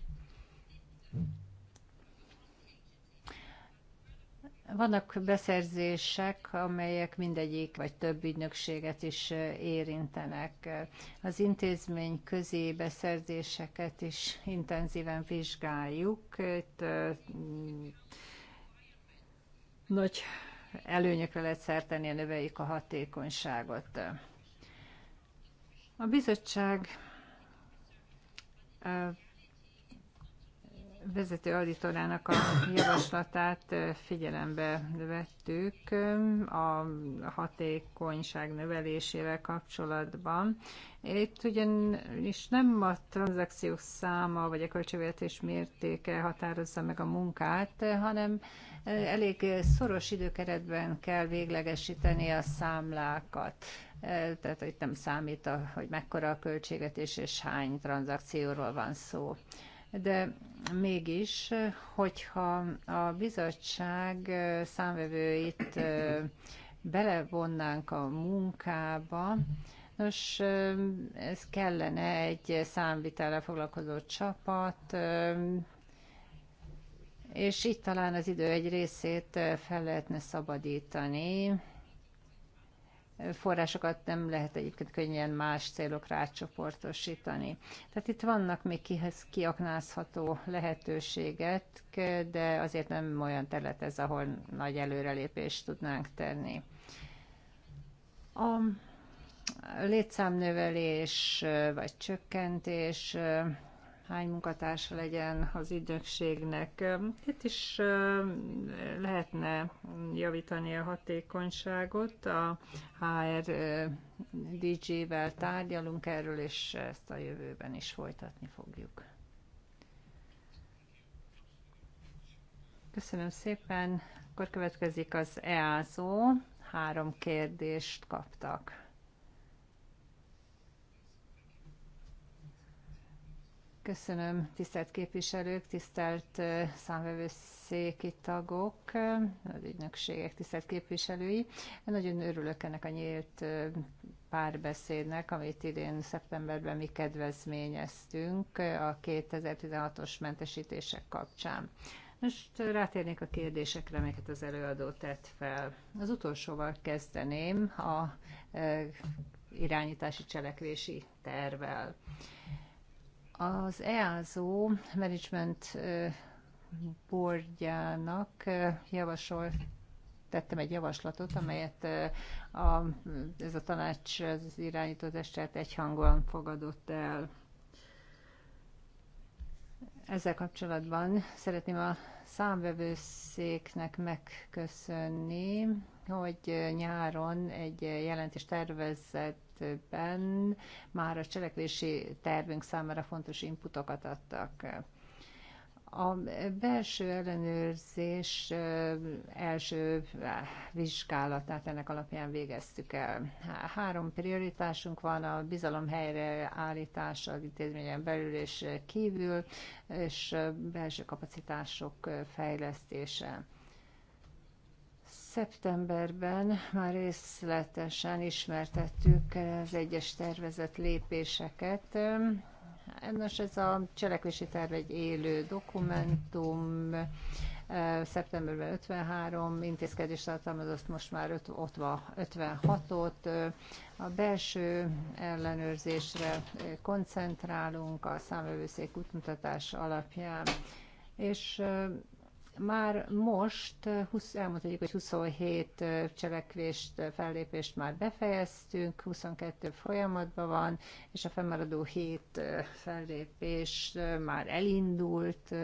Vannak beszerzések, amelyek mindegyik vagy több ügynökséget is érintenek. Az intézmény közé beszerzéseket is intenzíven vizsgáljuk. Itt nagy előnyökre lehet szerteni, a növeljük a hatékonyságot. A bizottság vezető auditorának a javaslatát figyelembe vettük a hatékonyság növelésével kapcsolatban. Itt ugyanis nem a tranzakciók száma vagy a költségvetés mértéke határozza meg a munkát, hanem elég szoros időkeretben kell véglegesíteni a számlákat tehát itt nem számít, hogy mekkora a költségvetés és hány tranzakcióról van szó de mégis, hogyha a bizottság számvevőit belevonnánk a munkába, Nos, ez kellene egy számvitelre foglalkozó csapat, és itt talán az idő egy részét fel lehetne szabadítani forrásokat nem lehet egyébként könnyen más célokra átcsoportosítani. Tehát itt vannak még kihez kiaknázható lehetőséget, de azért nem olyan terület ez, ahol nagy előrelépést tudnánk tenni. A létszámnövelés vagy csökkentés hány munkatársa legyen az ügynökségnek. Itt is lehetne javítani a hatékonyságot. A HR DJ-vel tárgyalunk erről, és ezt a jövőben is folytatni fogjuk. Köszönöm szépen. Akkor következik az EASO. Három kérdést kaptak. Köszönöm, tisztelt képviselők, tisztelt számvevőszéki tagok, az ügynökségek tisztelt képviselői. Nagyon örülök ennek a nyílt párbeszédnek, amit idén szeptemberben mi kedvezményeztünk a 2016-os mentesítések kapcsán. Most rátérnék a kérdésekre, amelyeket az előadó tett fel. Az utolsóval kezdeném a irányítási cselekvési tervel. Az EASO Management Boardjának javasol tettem egy javaslatot, amelyet a, ez a tanács az irányító testet egyhangúan fogadott el. Ezzel kapcsolatban szeretném a számvevőszéknek megköszönni, hogy nyáron egy jelentés tervezett 2022 már a cselekvési tervünk számára fontos inputokat adtak. A belső ellenőrzés eh, első eh, vizsgálatát ennek alapján végeztük el. Három prioritásunk van, a bizalom helyreállítása az intézményen belül és kívül, és eh, belső kapacitások fejlesztése. Szeptemberben már részletesen ismertettük az egyes tervezett lépéseket. Nos, ez a cselekvési terv egy élő dokumentum, szeptemberben 53 intézkedést tartalmazott, most már 56-ot. A belső ellenőrzésre koncentrálunk a számövőszék útmutatás alapján, és már most, 20, elmondhatjuk, hogy 27 cselekvést, fellépést már befejeztünk, 22 folyamatban van, és a fennmaradó 7 fellépés már elindult,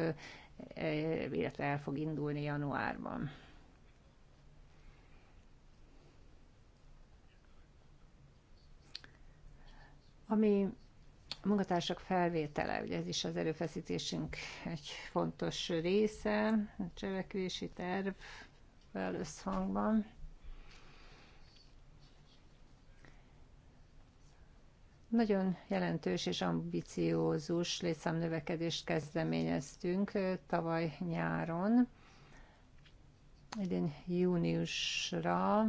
illetve el fog indulni januárban. Ami munkatársak felvétele, ugye ez is az erőfeszítésünk egy fontos része, a cselekvési tervvel összhangban. Nagyon jelentős és ambiciózus létszámnövekedést kezdeményeztünk tavaly nyáron idén júniusra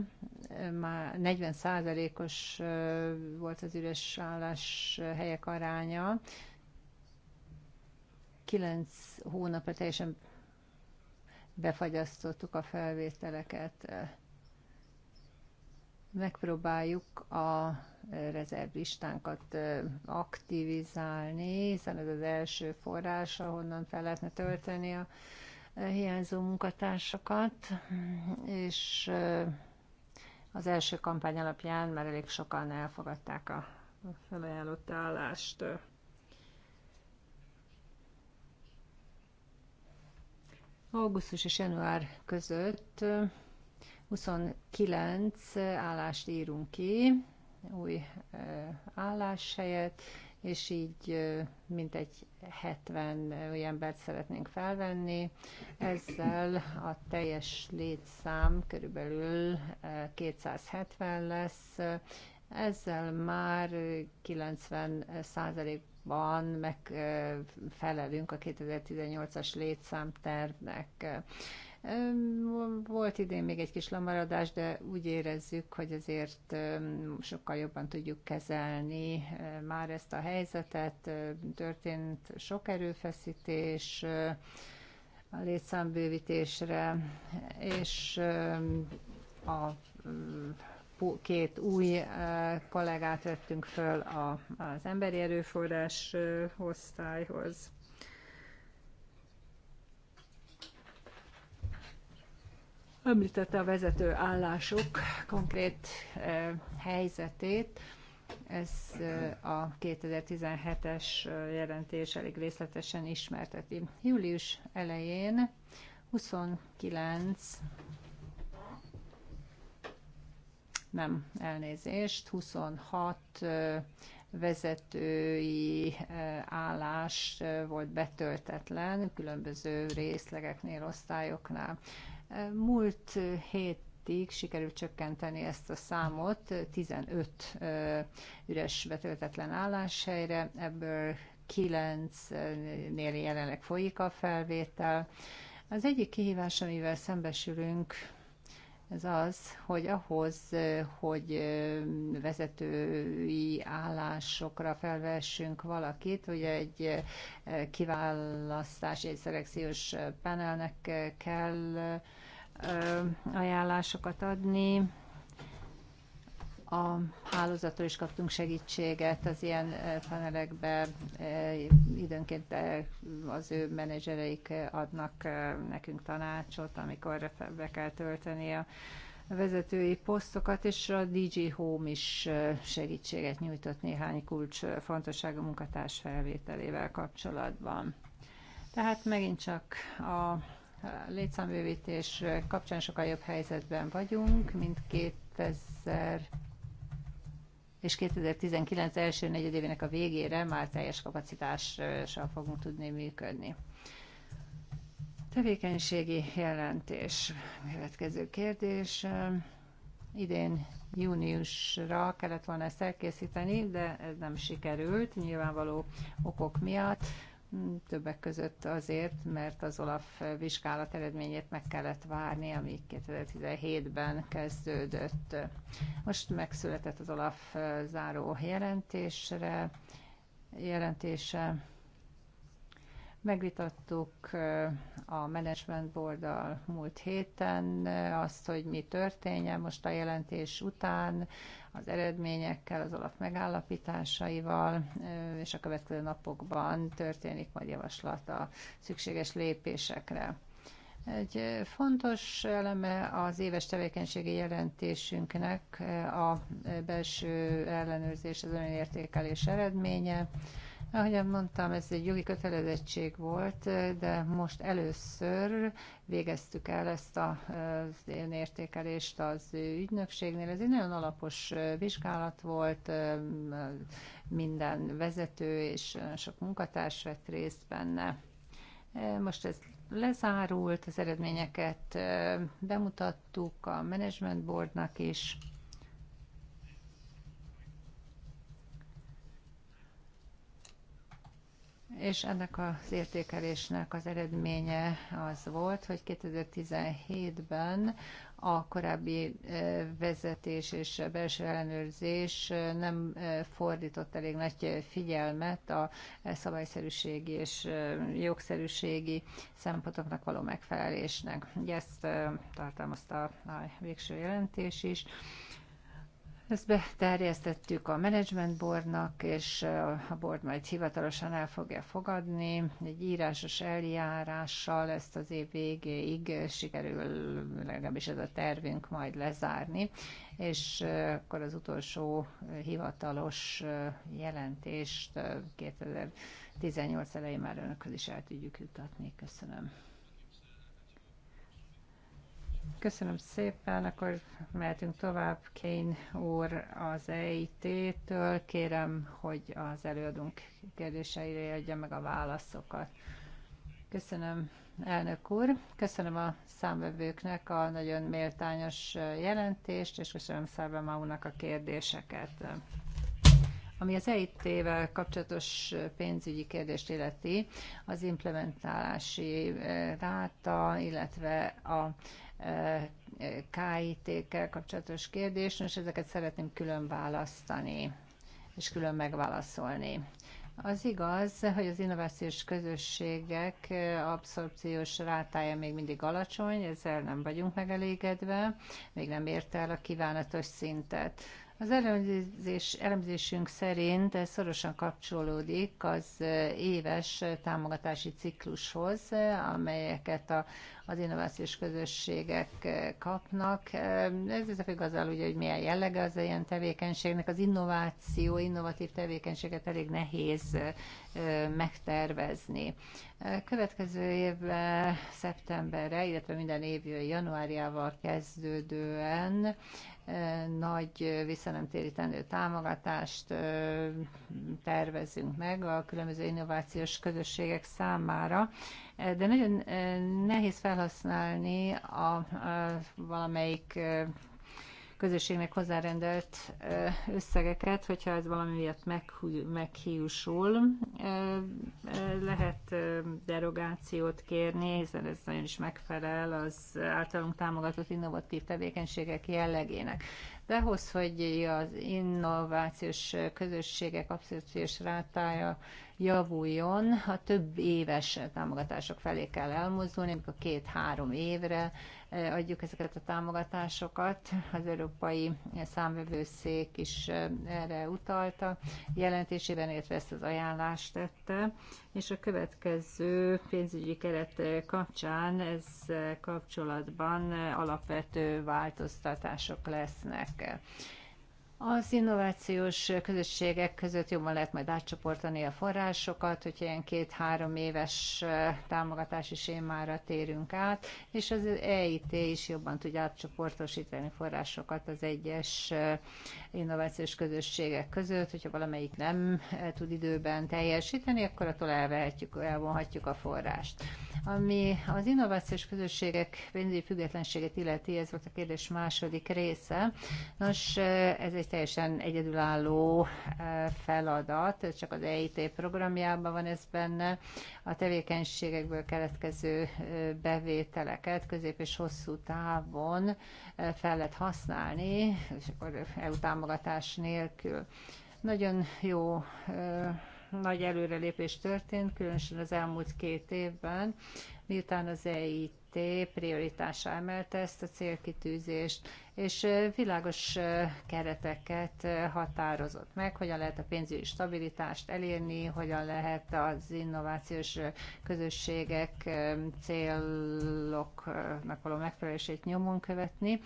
már 40 os volt az üres állás helyek aránya. 9 hónapra teljesen befagyasztottuk a felvételeket. Megpróbáljuk a rezervistánkat aktivizálni, hiszen ez az első forrás, ahonnan fel lehetne tölteni a hiányzó munkatársakat, és az első kampány alapján már elég sokan elfogadták a felajánlott állást. Augusztus és január között 29 állást írunk ki, új álláshelyet, és így mintegy 70 embert szeretnénk felvenni. Ezzel a teljes létszám körülbelül 270 lesz, ezzel már 90 ban megfelelünk a 2018-as létszámtervnek. Volt idén még egy kis lemaradás, de úgy érezzük, hogy azért sokkal jobban tudjuk kezelni már ezt a helyzetet. Történt sok erőfeszítés a létszámbővítésre, és a két új kollégát vettünk föl az emberi erőforrás osztályhoz. Említette a vezető állások konkrét eh, helyzetét. Ez eh, a 2017-es eh, jelentés elég részletesen ismerteti. Július elején 29 nem elnézést, 26 vezetői állás volt betöltetlen különböző részlegeknél, osztályoknál. Múlt hétig sikerült csökkenteni ezt a számot 15 üres betöltetlen álláshelyre, ebből 9-nél jelenleg folyik a felvétel. Az egyik kihívás, amivel szembesülünk, ez az, hogy ahhoz, hogy vezetői állásokra felvessünk valakit, ugye egy kiválasztás, egy szelekciós panelnek kell ajánlásokat adni, a hálózattól is kaptunk segítséget az ilyen eh, panelekbe, eh, időnként eh, az ő menedzsereik adnak nekünk tanácsot, amikor be kell tölteni a vezetői posztokat, és a DG Home is segítséget nyújtott néhány kulcs fontosságú munkatárs felvételével kapcsolatban. Tehát megint csak a létszámbővítés kapcsán sokkal jobb helyzetben vagyunk, mint 2000 és 2019 első negyedévének a végére már teljes kapacitással fogunk tudni működni. Tevékenységi jelentés. Következő kérdés. Idén júniusra kellett volna ezt elkészíteni, de ez nem sikerült, nyilvánvaló okok miatt. Hmm, többek között azért, mert az Olaf vizsgálat eredményét meg kellett várni, ami 2017-ben kezdődött. Most megszületett az Olaf záró jelentésre, jelentése, Megvitattuk a Management board múlt héten azt, hogy mi történjen most a jelentés után, az eredményekkel, az alap megállapításaival, és a következő napokban történik majd javaslat a szükséges lépésekre. Egy fontos eleme az éves tevékenységi jelentésünknek a belső ellenőrzés, az önértékelés eredménye. Ahogyan mondtam, ez egy jogi kötelezettség volt, de most először végeztük el ezt a értékelést az ügynökségnél. Ez egy nagyon alapos vizsgálat volt, minden vezető és sok munkatárs vett részt benne. Most ez lezárult, az eredményeket bemutattuk a Management Boardnak is. és ennek az értékelésnek az eredménye az volt, hogy 2017-ben a korábbi e, vezetés és belső ellenőrzés e, nem e, fordított elég nagy figyelmet a szabályszerűségi és jogszerűségi szempontoknak való megfelelésnek. Ugye ezt tartalmazta a végső jelentés is. Ezt beterjesztettük a Management Boardnak, és a board majd hivatalosan el fogja fogadni. Egy írásos eljárással ezt az év végéig sikerül, legalábbis ez a tervünk majd lezárni, és akkor az utolsó hivatalos jelentést 2018 elején már önökhöz is el tudjuk jutatni. Köszönöm. Köszönöm szépen, akkor mehetünk tovább. Kane úr az EIT-től. Kérem, hogy az előadunk kérdéseire adja meg a válaszokat. Köszönöm, elnök úr. Köszönöm a számvevőknek a nagyon méltányos jelentést, és köszönöm Szába Maunak a kérdéseket. Ami az EIT-vel kapcsolatos pénzügyi kérdést illeti, az implementálási eh, ráta, illetve a kit kel kapcsolatos kérdés, és ezeket szeretném külön választani és külön megválaszolni. Az igaz, hogy az innovációs közösségek abszorpciós rátája még mindig alacsony, ezzel nem vagyunk megelégedve, még nem érte el a kívánatos szintet. Az elemzés, elemzésünk szerint ez szorosan kapcsolódik az éves támogatási ciklushoz, amelyeket a, az innovációs közösségek kapnak. Ez összefügg azzal, ugye, hogy milyen jellege az ilyen tevékenységnek. Az innováció, innovatív tevékenységet elég nehéz megtervezni. Következő év szeptemberre, illetve minden év januárjával kezdődően nagy visszanemtérítendő támogatást tervezünk meg a különböző innovációs közösségek számára, de nagyon nehéz felhasználni a, a valamelyik közösségnek hozzárendelt összegeket, hogyha ez valami miatt meghiúsul. Lehet derogációt kérni, hiszen ez nagyon is megfelel az általunk támogatott innovatív tevékenységek jellegének. De ahhoz, hogy az innovációs közösségek abszorpciós rátája javuljon, a több éves támogatások felé kell elmozdulni, amikor két-három évre eh, adjuk ezeket a támogatásokat. Az Európai Számvevőszék is eh, erre utalta jelentésében, illetve ezt az ajánlást tette, és a következő pénzügyi keret eh, kapcsán ez kapcsolatban alapvető változtatások lesznek. Az innovációs közösségek között jobban lehet majd átcsoportani a forrásokat, hogyha ilyen két-három éves támogatási sémára térünk át, és az EIT is jobban tudja átcsoportosítani forrásokat az egyes innovációs közösségek között, hogyha valamelyik nem tud időben teljesíteni, akkor attól elvehetjük, elvonhatjuk a forrást. Ami az innovációs közösségek pénzügyi függetlenséget illeti, ez volt a kérdés második része. Nos, ez egy egy teljesen egyedülálló eh, feladat, csak az EIT programjában van ez benne. A tevékenységekből keletkező eh, bevételeket közép és hosszú távon eh, fel lehet használni, és akkor EU támogatás nélkül. Nagyon jó nagy előrelépés történt, különösen az elmúlt két évben, miután az EIT EIT prioritásá emelte ezt a célkitűzést, és világos kereteket határozott meg, hogyan lehet a pénzügyi stabilitást elérni, hogyan lehet az innovációs közösségek céloknak való megfelelését nyomon követni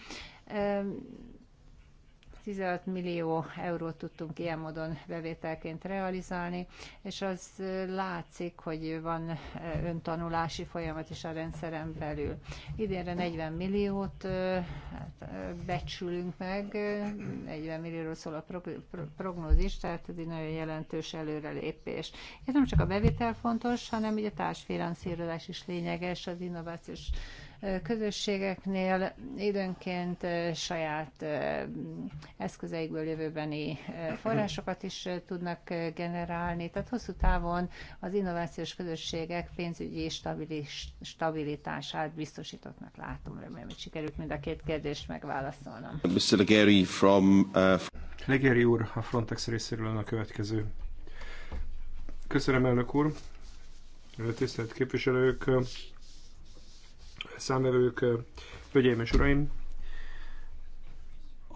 16 millió eurót tudtunk ilyen módon bevételként realizálni, és az látszik, hogy van eh, öntanulási folyamat is a rendszeren belül. Idénre 40 milliót eh, hát, eh, becsülünk meg, 40 millióról szól a prognózis, tehát ez egy nagyon jelentős előrelépés. Ez nem csak a bevétel fontos, hanem ugye a társfinanszírozás is lényeges az innovációs közösségeknél időnként saját eszközeikből jövőbeni forrásokat is tudnak generálni. Tehát hosszú távon az innovációs közösségek pénzügyi stabilitását biztosítottnak látom. Remélem, hogy sikerült mind a két kérdést megválaszolnom. Mr. Legeri from... Uh... Legeri úr, a Frontex részéről a következő. Köszönöm, elnök úr! Tisztelt képviselők! számvevők, hölgyeim és uraim!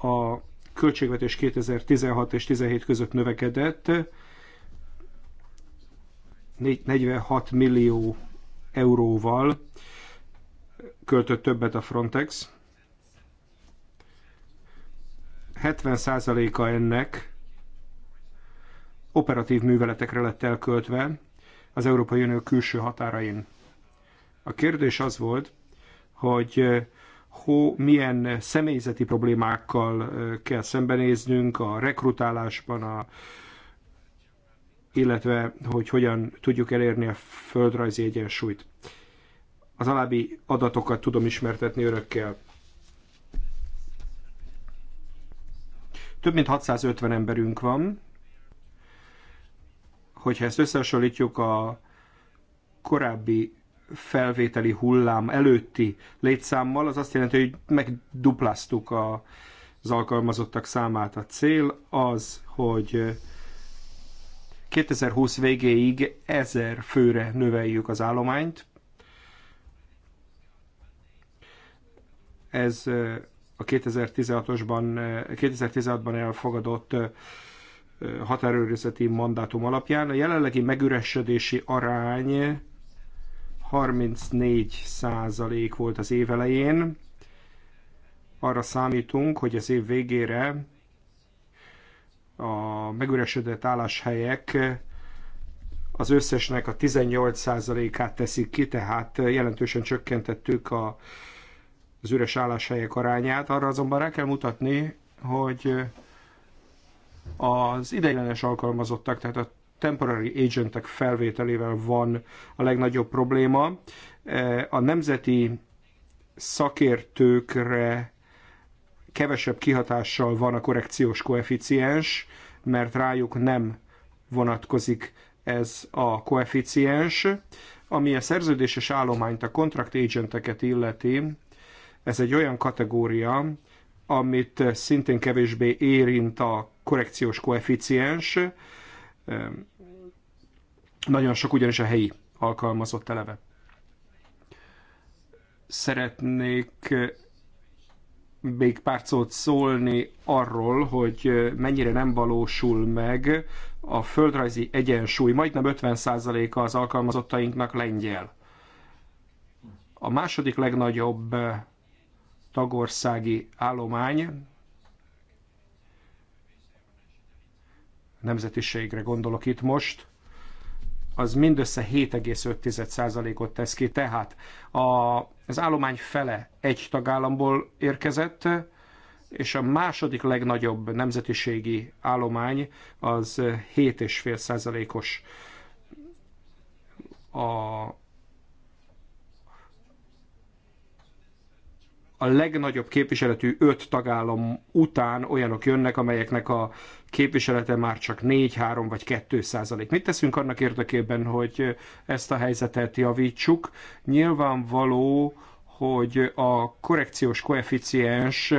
A költségvetés 2016 és 17 között növekedett 46 millió euróval költött többet a Frontex. 70%-a ennek operatív műveletekre lett elköltve az Európai Unió külső határain. A kérdés az volt, hogy hó, milyen személyzeti problémákkal kell szembenéznünk a rekrutálásban, a, illetve hogy hogyan tudjuk elérni a földrajzi egyensúlyt. Az alábbi adatokat tudom ismertetni örökkel. Több mint 650 emberünk van. Hogyha ezt összehasonlítjuk a korábbi felvételi hullám előtti létszámmal, az azt jelenti, hogy megdupláztuk a, az alkalmazottak számát. A cél az, hogy 2020 végéig 1000 főre növeljük az állományt. Ez a 2016-osban, 2016-ban elfogadott határőrizeti mandátum alapján. A jelenlegi megüresedési arány 34 százalék volt az év elején. Arra számítunk, hogy az év végére a megüresedett álláshelyek az összesnek a 18 százalékát teszik ki, tehát jelentősen csökkentettük a, az üres álláshelyek arányát. Arra azonban rá kell mutatni, hogy az ideiglenes alkalmazottak, tehát a temporary agentek felvételével van a legnagyobb probléma. E, a nemzeti szakértőkre kevesebb kihatással van a korrekciós koeficiens, mert rájuk nem vonatkozik ez a koeficiens. Ami a szerződéses állományt, a contract agenteket illeti, ez egy olyan kategória, amit szintén kevésbé érint a korrekciós koeficiens, nagyon sok ugyanis a helyi alkalmazott eleve. Szeretnék még pár szót szólni arról, hogy mennyire nem valósul meg a földrajzi egyensúly. Majdnem 50%-a az alkalmazottainknak lengyel. A második legnagyobb tagországi állomány nemzetiségre gondolok itt most, az mindössze 7,5%-ot tesz ki. Tehát a, az állomány fele egy tagállamból érkezett, és a második legnagyobb nemzetiségi állomány az 7,5%-os a a legnagyobb képviseletű öt tagállam után olyanok jönnek, amelyeknek a képviselete már csak 4, 3 vagy 2 százalék. Mit teszünk annak érdekében, hogy ezt a helyzetet javítsuk? Nyilvánvaló, hogy a korrekciós koeficiens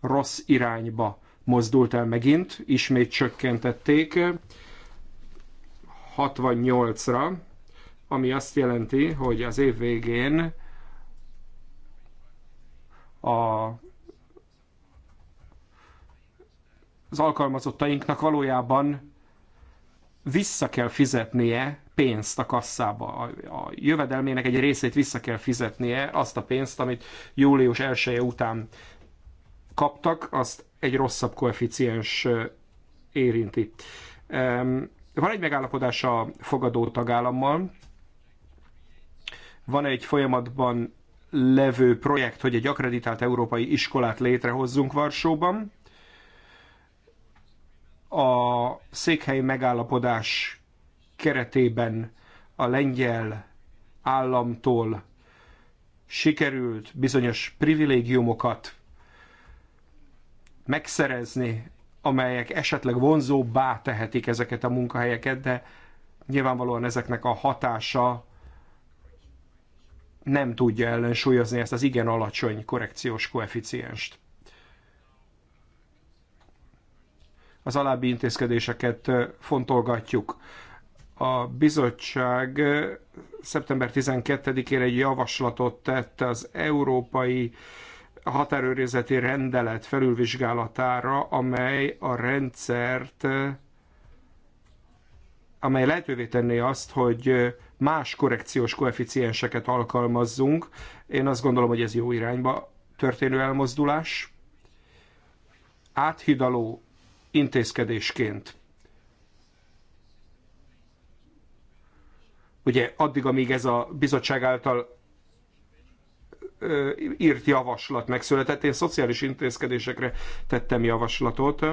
rossz irányba mozdult el megint, ismét csökkentették 68-ra, ami azt jelenti, hogy az év végén a az alkalmazottainknak valójában vissza kell fizetnie pénzt a kasszába. A, jövedelmének egy részét vissza kell fizetnie, azt a pénzt, amit július 1 -e után kaptak, azt egy rosszabb koeficiens érinti. Van egy megállapodás a fogadó tagállammal, van egy folyamatban levő projekt, hogy egy akreditált európai iskolát létrehozzunk Varsóban. A székhelyi megállapodás keretében a lengyel államtól sikerült bizonyos privilégiumokat megszerezni, amelyek esetleg vonzóbbá tehetik ezeket a munkahelyeket, de nyilvánvalóan ezeknek a hatása nem tudja ellensúlyozni ezt az igen alacsony korrekciós koeficienst. Az alábbi intézkedéseket fontolgatjuk. A bizottság szeptember 12-ére egy javaslatot tett az európai határőrizeti rendelet felülvizsgálatára, amely a rendszert, amely lehetővé tenné azt, hogy más korrekciós koeficienseket alkalmazzunk. Én azt gondolom, hogy ez jó irányba történő elmozdulás. Áthidaló intézkedésként ugye addig, amíg ez a bizottság által írt javaslat megszületett, én szociális intézkedésekre tettem javaslatot.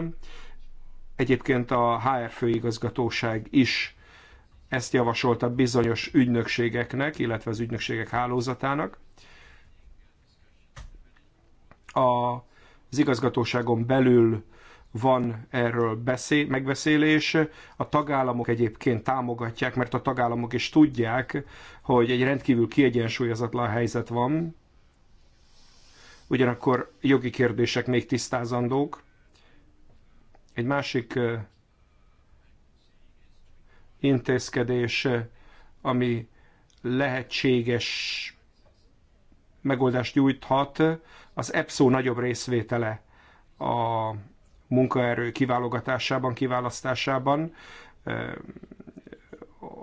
Egyébként a HR főigazgatóság is ezt javasolta bizonyos ügynökségeknek, illetve az ügynökségek hálózatának. Az igazgatóságon belül van erről beszél, megbeszélés. A tagállamok egyébként támogatják, mert a tagállamok is tudják, hogy egy rendkívül kiegyensúlyozatlan helyzet van. Ugyanakkor jogi kérdések még tisztázandók. Egy másik intézkedés, ami lehetséges megoldást nyújthat, az EPSZO nagyobb részvétele a munkaerő kiválogatásában, kiválasztásában.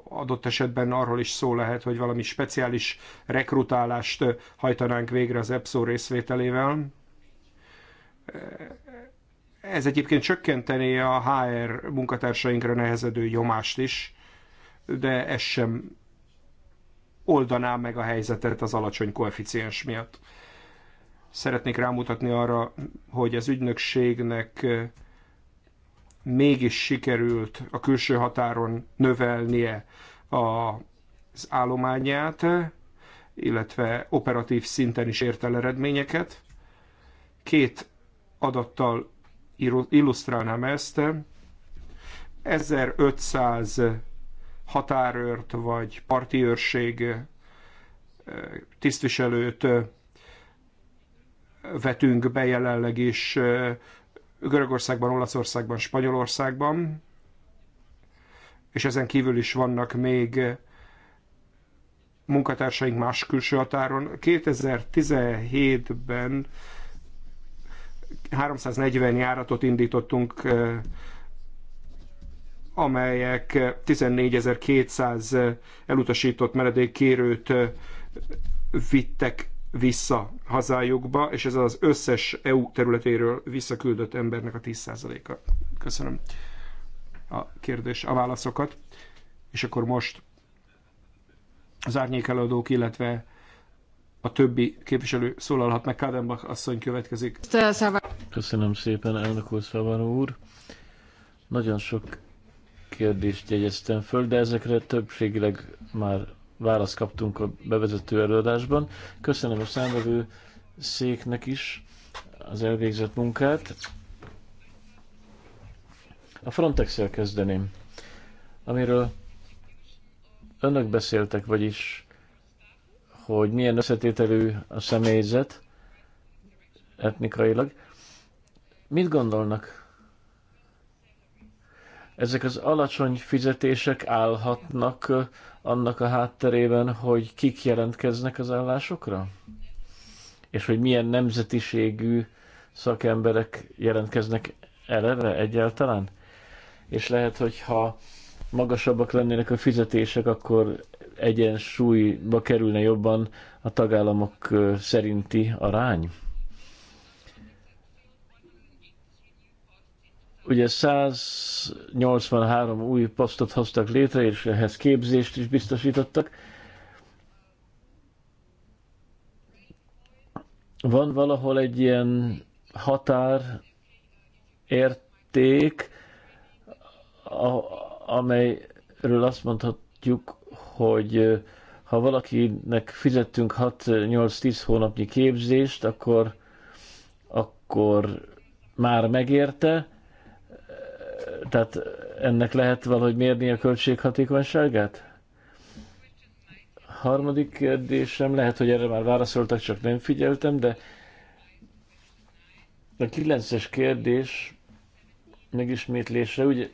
Adott esetben arról is szó lehet, hogy valami speciális rekrutálást hajtanánk végre az EPSZO részvételével. Ez egyébként csökkenteni a HR munkatársainkra nehezedő nyomást is, de ez sem oldaná meg a helyzetet az alacsony koeficiens miatt. Szeretnék rámutatni arra, hogy az ügynökségnek mégis sikerült a külső határon növelnie az állományát, illetve operatív szinten is ért el eredményeket. Két adattal illusztrálnám ezt, 1500 határőrt vagy parti őrség tisztviselőt vetünk be jelenleg is Görögországban, Olaszországban, Spanyolországban, és ezen kívül is vannak még munkatársaink más külső határon. 2017-ben 340 járatot indítottunk, amelyek 14.200 elutasított menedékkérőt vittek vissza hazájukba, és ez az összes EU területéről visszaküldött embernek a 10%-a. Köszönöm a kérdés, a válaszokat. És akkor most az árnyék illetve a többi képviselő szólalhat meg. Kádenbach asszony következik. Köszönöm szépen, elnök úr, Szavaró úr. Nagyon sok kérdést jegyeztem föl, de ezekre többségileg már választ kaptunk a bevezető előadásban. Köszönöm a számvevő széknek is az elvégzett munkát. A frontex kezdeném, amiről önök beszéltek, vagyis hogy milyen összetételű a személyzet etnikailag. Mit gondolnak? Ezek az alacsony fizetések állhatnak annak a hátterében, hogy kik jelentkeznek az állásokra? És hogy milyen nemzetiségű szakemberek jelentkeznek eleve egyáltalán? És lehet, hogy ha magasabbak lennének a fizetések, akkor egyensúlyba kerülne jobban a tagállamok szerinti arány? Ugye 183 új posztot hoztak létre, és ehhez képzést is biztosítottak. Van valahol egy ilyen határ érték, amelyről azt mondhatjuk, hogy ha valakinek fizettünk 6-8-10 hónapnyi képzést, akkor, akkor már megérte, tehát ennek lehet valahogy mérni a költséghatékonyságát? Harmadik kérdésem, lehet, hogy erre már válaszoltak, csak nem figyeltem, de a kilences kérdés megismétlése, ugye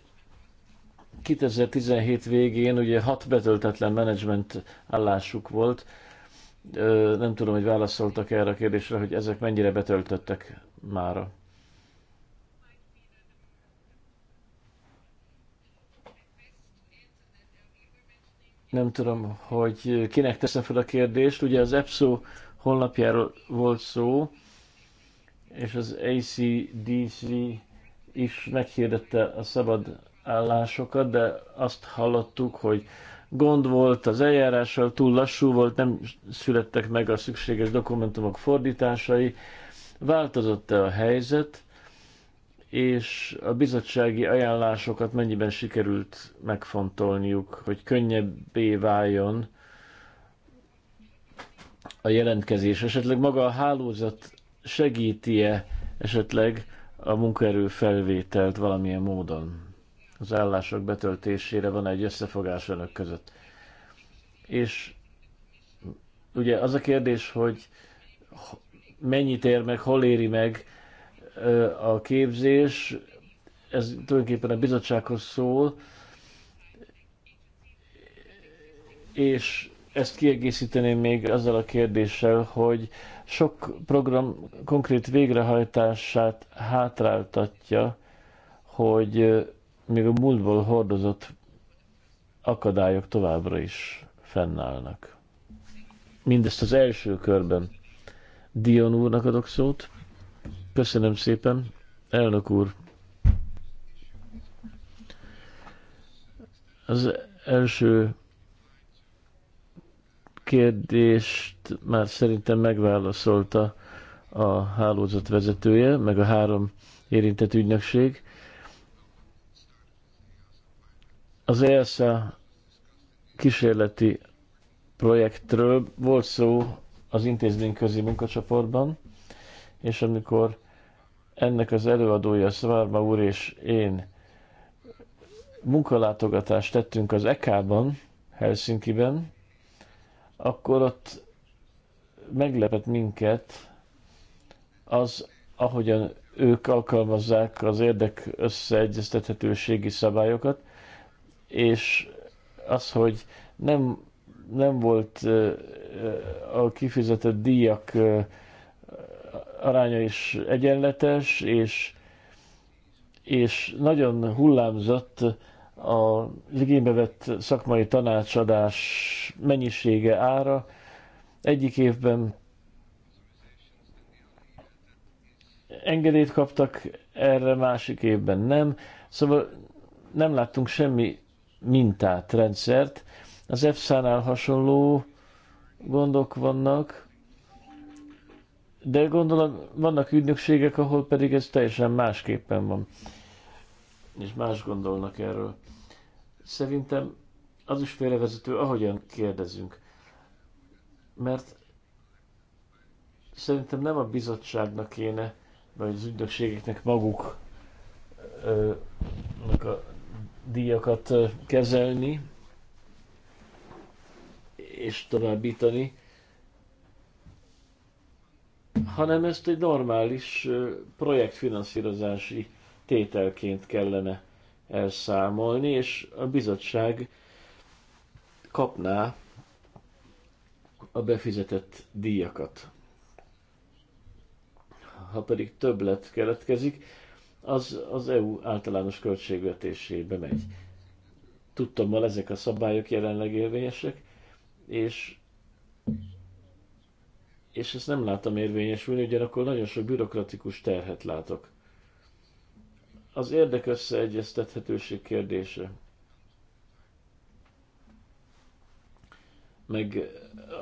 2017 végén ugye hat betöltetlen menedzsment állásuk volt. Nem tudom, hogy válaszoltak -e erre a kérdésre, hogy ezek mennyire betöltöttek mára. nem tudom, hogy kinek teszem fel a kérdést. Ugye az EPSO honlapjáról volt szó, és az ACDC is meghirdette a szabad állásokat, de azt hallottuk, hogy gond volt az eljárással, túl lassú volt, nem születtek meg a szükséges dokumentumok fordításai. Változott-e a helyzet, és a bizottsági ajánlásokat mennyiben sikerült megfontolniuk, hogy könnyebbé váljon a jelentkezés? Esetleg maga a hálózat segíti-e esetleg a munkaerő felvételt valamilyen módon? az állások betöltésére van egy összefogás önök között. És ugye az a kérdés, hogy mennyit ér meg, hol éri meg a képzés, ez tulajdonképpen a bizottsághoz szól, és ezt kiegészíteném még azzal a kérdéssel, hogy sok program konkrét végrehajtását hátráltatja, hogy még a múltból hordozott akadályok továbbra is fennállnak. Mindezt az első körben. Dion úrnak adok szót. Köszönöm szépen. Elnök úr. Az első kérdést már szerintem megválaszolta a hálózat vezetője, meg a három érintett ügynökség. Az ESA kísérleti projektről volt szó az intézmény közi munkacsoportban, és amikor ennek az előadója Szvárma úr és én munkalátogatást tettünk az EK-ban, Helsinki-ben, akkor ott meglepett minket az, ahogyan ők alkalmazzák az érdek összeegyeztethetőségi szabályokat, és az, hogy nem, nem volt a kifizetett díjak aránya is egyenletes, és, és nagyon hullámzott a igénybe vett szakmai tanácsadás mennyisége ára. Egyik évben engedélyt kaptak erre, másik évben nem. Szóval nem láttunk semmi mintát, rendszert. Az EFSA-nál hasonló gondok vannak, de gondolom vannak ügynökségek, ahol pedig ez teljesen másképpen van, és más gondolnak erről. Szerintem az is félrevezető, ahogyan kérdezünk, mert szerintem nem a bizottságnak kéne, vagy az ügynökségeknek maguknak a díjakat kezelni és továbbítani, hanem ezt egy normális projektfinanszírozási tételként kellene elszámolni, és a bizottság kapná a befizetett díjakat. Ha pedig többlet keletkezik, az az EU általános költségvetésébe megy. Tudtommal ezek a szabályok jelenleg érvényesek, és, és ezt nem látom érvényesülni, ugyanakkor nagyon sok bürokratikus terhet látok. Az érdek összeegyeztethetőség kérdése. Meg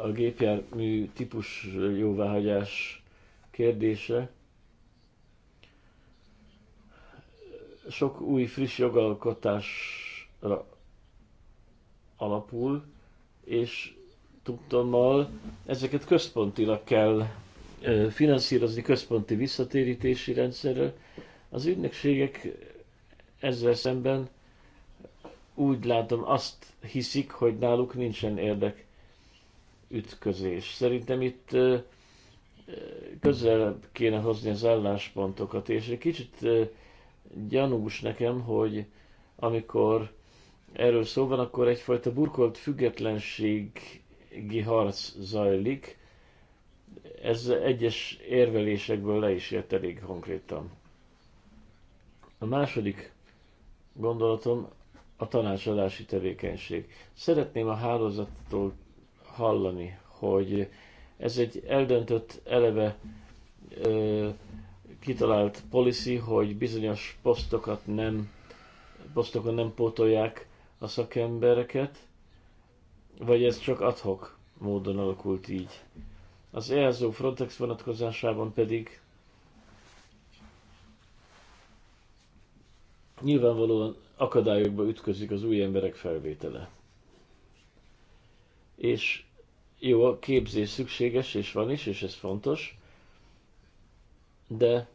a gépjármű típus jóváhagyás kérdése sok új, friss jogalkotásra alapul, és tudtommal ezeket központilag kell finanszírozni központi visszatérítési rendszerrel. Az ügynökségek ezzel szemben úgy látom azt hiszik, hogy náluk nincsen érdek ütközés. Szerintem itt közelebb kéne hozni az álláspontokat, és egy kicsit gyanús nekem, hogy amikor erről szó van, akkor egyfajta burkolt függetlenségi harc zajlik. Ez egyes érvelésekből le is jött elég konkrétan. A második gondolatom a tanácsadási tevékenység. Szeretném a hálózattól hallani, hogy ez egy eldöntött eleve ö, kitalált policy, hogy bizonyos posztokat nem, posztokon nem pótolják a szakembereket, vagy ez csak adhok módon alakult így. Az EASO Frontex vonatkozásában pedig nyilvánvalóan akadályokba ütközik az új emberek felvétele. És jó, a képzés szükséges, és van is, és ez fontos, de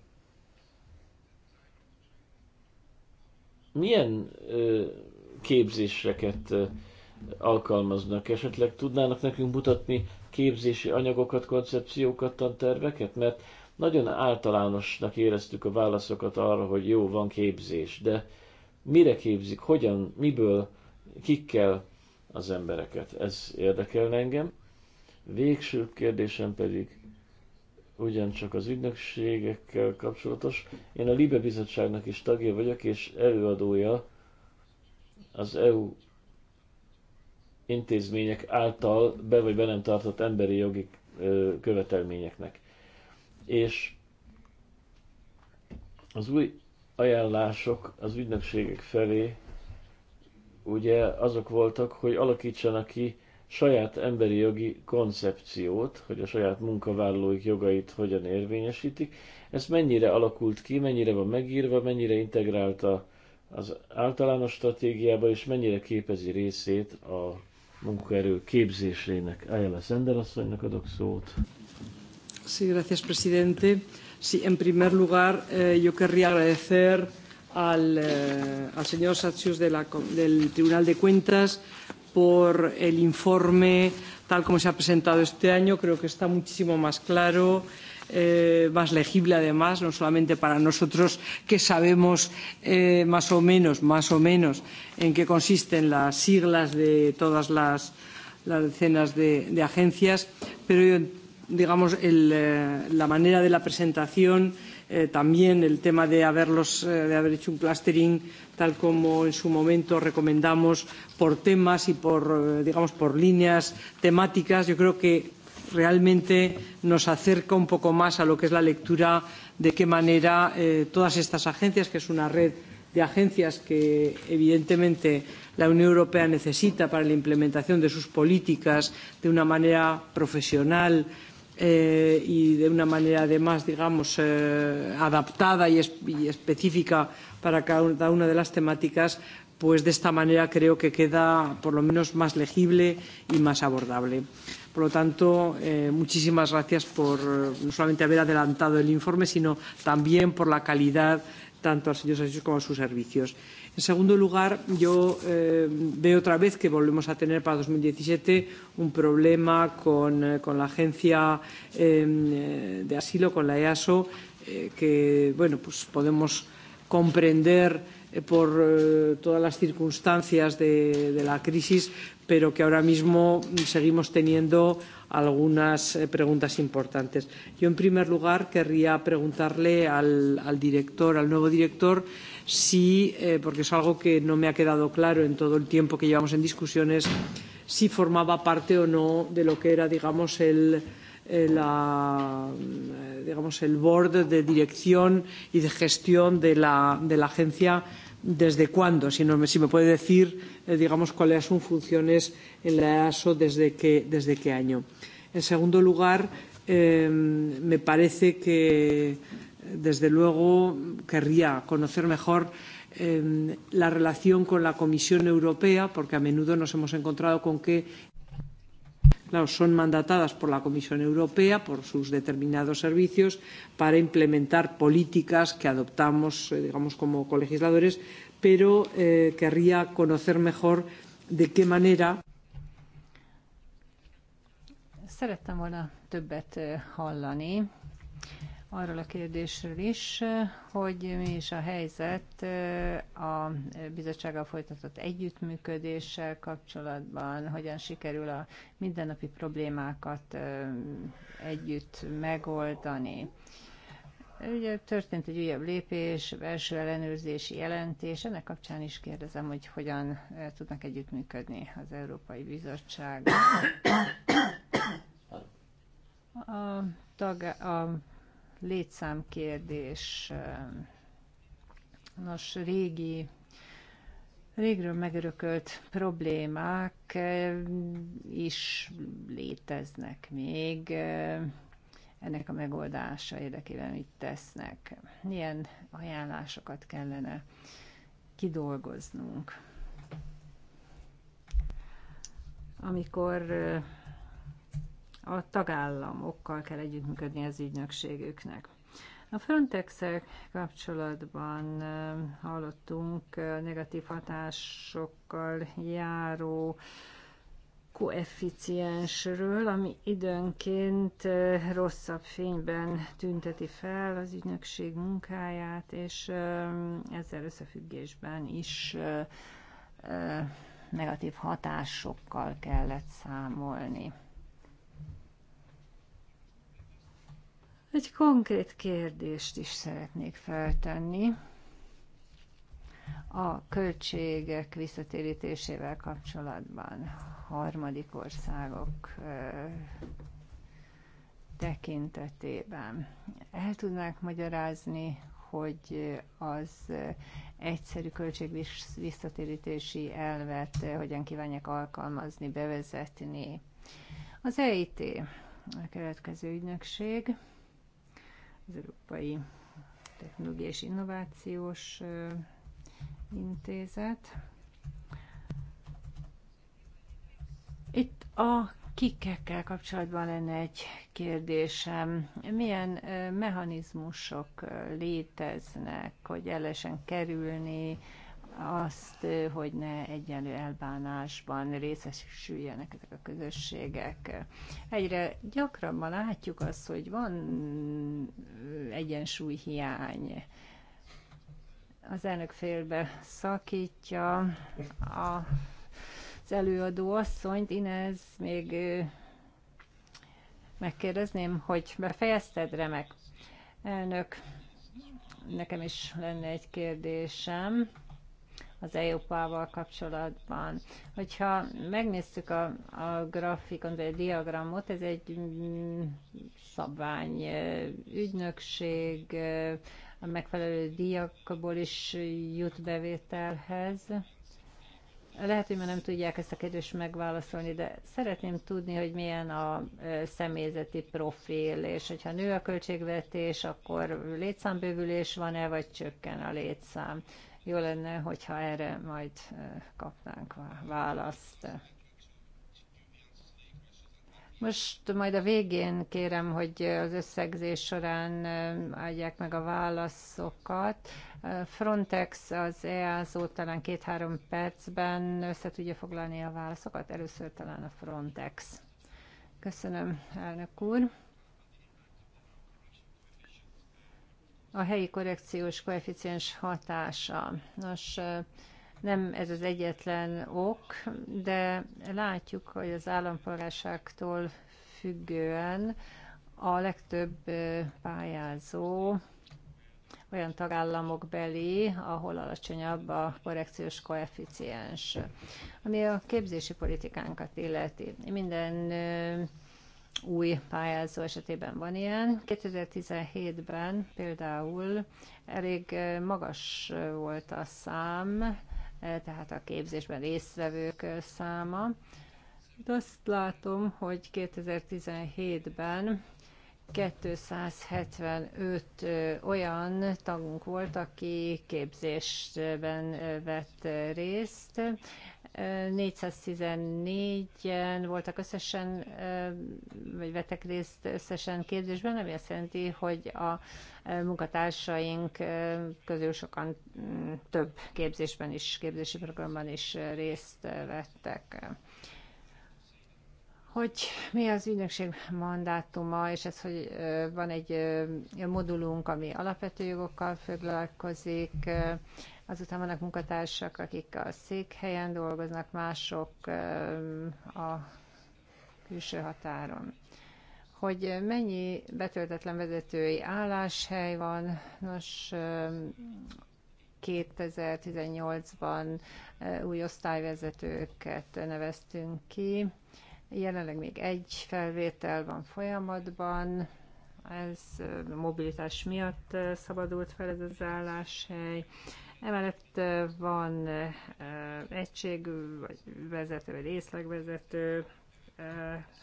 milyen ö, képzéseket ö, alkalmaznak? Esetleg tudnának nekünk mutatni képzési anyagokat, koncepciókat, tanterveket? Mert nagyon általánosnak éreztük a válaszokat arra, hogy jó, van képzés, de mire képzik, hogyan, miből, kikkel az embereket? Ez érdekel engem. Végső kérdésem pedig ugyancsak az ügynökségekkel kapcsolatos. Én a Libe Bizottságnak is tagja vagyok, és előadója az EU intézmények által be vagy be nem tartott emberi jogi követelményeknek. És az új ajánlások az ügynökségek felé ugye azok voltak, hogy alakítsanak ki saját emberi jogi koncepciót, hogy a saját munkavállalóik jogait hogyan érvényesítik. Ez mennyire alakult ki, mennyire van megírva, mennyire integrálta az általános stratégiába, és mennyire képezi részét a munkaerő képzésének. a Szender asszonynak adok szót. Sí, gracias, presidente. Sí, en primer lugar, eh, yo querría agradecer al, eh, al señor Satsius de la, del Tribunal de Cuentas por el informe tal como se ha presentado este año. Creo que está muchísimo más claro. Eh, más legible además, no solamente para nosotros que sabemos eh, más o menos, más o menos en qué consisten las siglas de todas las, las decenas de, de agencias, pero digamos el, eh, la manera de la presentación eh, Eh, también el tema de, haberlos, eh, de haber hecho un clustering tal como en su momento recomendamos por temas y por, eh, digamos, por líneas temáticas. Yo creo que realmente nos acerca un poco más a lo que es la lectura de qué manera eh, todas estas agencias, que es una red de agencias que evidentemente la Unión Europea necesita para la implementación de sus políticas de una manera profesional, eh, y de una manera además, digamos, eh, adaptada y, es, y específica para cada una de las temáticas, pues de esta manera creo que queda por lo menos más legible y más abordable. Por lo tanto, eh, muchísimas gracias por no solamente haber adelantado el informe, sino también por la calidad tanto al señor Sánchez como a sus servicios. En segundo lugar, yo eh, veo otra vez que volvemos a tener para 2017 un problema con, eh, con la agencia eh, de asilo, con la EASO, eh, que bueno, pues podemos comprender eh, por eh, todas las circunstancias de, de la crisis, pero que ahora mismo seguimos teniendo algunas eh, preguntas importantes. Yo, en primer lugar, querría preguntarle al, al director, al nuevo director, si, eh, porque es algo que no me ha quedado claro en todo el tiempo que llevamos en discusiones, si formaba parte o no de lo que era, digamos, el, eh, la, eh, digamos, el board de dirección y de gestión de la, de la agencia desde cuándo, si, no, si me puede decir, eh, digamos, cuáles son funciones en la EASO desde qué, desde qué año. En segundo lugar, eh, me parece que desde luego, querría conocer mejor eh, la relación con la Comisión Europea, porque a menudo nos hemos encontrado con que claro, son mandatadas por la Comisión Europea, por sus determinados servicios, para implementar políticas que adoptamos, eh, digamos, como colegisladores, pero eh, querría conocer mejor de qué manera. Szerettem volna többet eh, hallani arról a kérdésről is, hogy mi is a helyzet eh, a bizottsággal folytatott együttműködéssel kapcsolatban, hogyan sikerül a mindennapi problémákat eh, együtt megoldani. Ugye történt egy újabb lépés, belső ellenőrzési jelentés, ennek kapcsán is kérdezem, hogy hogyan eh, tudnak együttműködni az Európai Bizottság. A, tag, a létszámkérdés. Nos, régi régről megörökölt problémák is léteznek még, ennek a megoldása érdekében mit tesznek. Milyen ajánlásokat kellene kidolgoznunk. Amikor a tagállamokkal kell együttműködni az ügynökségüknek. A frontex kapcsolatban eh, hallottunk eh, negatív hatásokkal járó koefficiensről, ami időnként eh, rosszabb fényben tünteti fel az ügynökség munkáját, és ezzel összefüggésben is negatív hatásokkal kellett számolni. Egy konkrét kérdést is szeretnék feltenni a költségek visszatérítésével kapcsolatban harmadik országok tekintetében. El tudnák magyarázni, hogy az egyszerű költség visszatérítési elvet hogyan kívánják alkalmazni, bevezetni. Az EIT, a következő ügynökség, az Európai Technológiai és Innovációs Intézet. Itt a kikekkel kapcsolatban lenne egy kérdésem. Milyen mechanizmusok léteznek, hogy ellesen kerülni azt, hogy ne egyenlő elbánásban részesüljenek ezek a közösségek. Egyre gyakrabban látjuk azt, hogy van egyensúlyhiány. Az elnök félbe szakítja a, az előadó asszonyt, Inez még megkérdezném, hogy befejezted remek. Elnök, nekem is lenne egy kérdésem az EUPA-val kapcsolatban. Hogyha megnéztük a, a grafikon, vagy a diagramot, ez egy mm, szabvány ügynökség, a megfelelő díjakból is jut bevételhez. Lehet, hogy már nem tudják ezt a kérdést megválaszolni, de szeretném tudni, hogy milyen a személyzeti profil, és hogyha nő a költségvetés, akkor létszámbővülés van-e, vagy csökken a létszám. Jó lenne, hogyha erre majd kapnánk választ. Most majd a végén kérem, hogy az összegzés során adják meg a válaszokat. Frontex az EASO talán két-három percben össze tudja foglalni a válaszokat. Először talán a Frontex. Köszönöm, elnök úr. a helyi korrekciós koeficiens hatása. Nos, nem ez az egyetlen ok, de látjuk, hogy az állampolgárságtól függően a legtöbb pályázó olyan tagállamok belé, ahol alacsonyabb a korrekciós koeficiens, ami a képzési politikánkat illeti. Minden új pályázó esetében van ilyen. 2017-ben például elég eh, magas volt a szám, eh, tehát a képzésben résztvevők eh, száma. De azt látom, hogy 2017-ben 275 olyan tagunk volt, aki képzésben vett részt. 414-en voltak összesen, vagy vettek részt összesen képzésben, ami azt jelenti, hogy a munkatársaink közül sokan mm, több képzésben is, képzési programban is részt vettek hogy mi az ügynökség mandátuma, és ez, hogy van egy modulunk, ami alapvető jogokkal foglalkozik, Azután vannak munkatársak, akik a székhelyen dolgoznak, mások a külső határon. Hogy mennyi betöltetlen vezetői álláshely van, nos, 2018-ban új osztályvezetőket neveztünk ki. Jelenleg még egy felvétel van folyamatban, ez mobilitás miatt szabadult fel ez az álláshely. Emellett van egység, vagy vezető, vagy észlegvezető,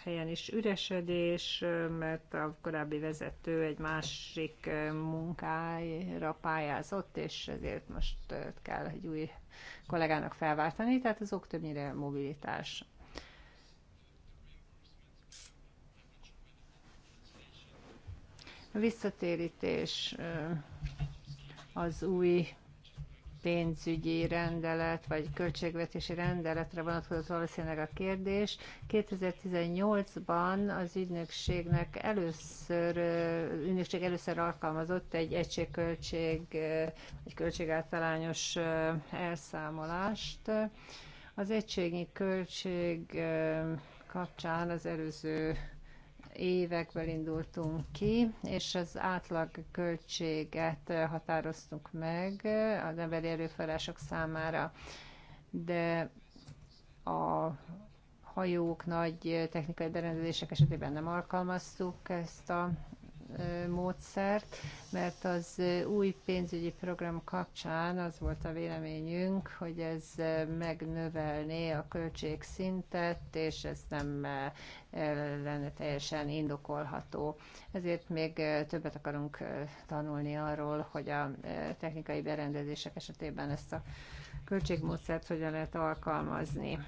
helyen is üresedés, mert a korábbi vezető egy másik munkára pályázott, és ezért most kell egy új kollégának felváltani, tehát azok többnyire mobilitás. A visszatérítés az új pénzügyi rendelet vagy költségvetési rendeletre vonatkozott valószínűleg a kérdés. 2018-ban az ügynökségnek először, ügynökség először alkalmazott egy egységköltség, egy költségáltalányos elszámolást. Az egységnyi költség kapcsán az előző évekből indultunk ki, és az átlag költséget határoztunk meg a emberi erőforrások számára, de a hajók, nagy technikai berendezések esetében nem alkalmaztuk ezt a módszert, mert az új pénzügyi program kapcsán az volt a véleményünk, hogy ez megnövelné a költségszintet, és ez nem lenne teljesen indokolható. Ezért még többet akarunk tanulni arról, hogy a technikai berendezések esetében ezt a költségmódszert hogyan lehet alkalmazni.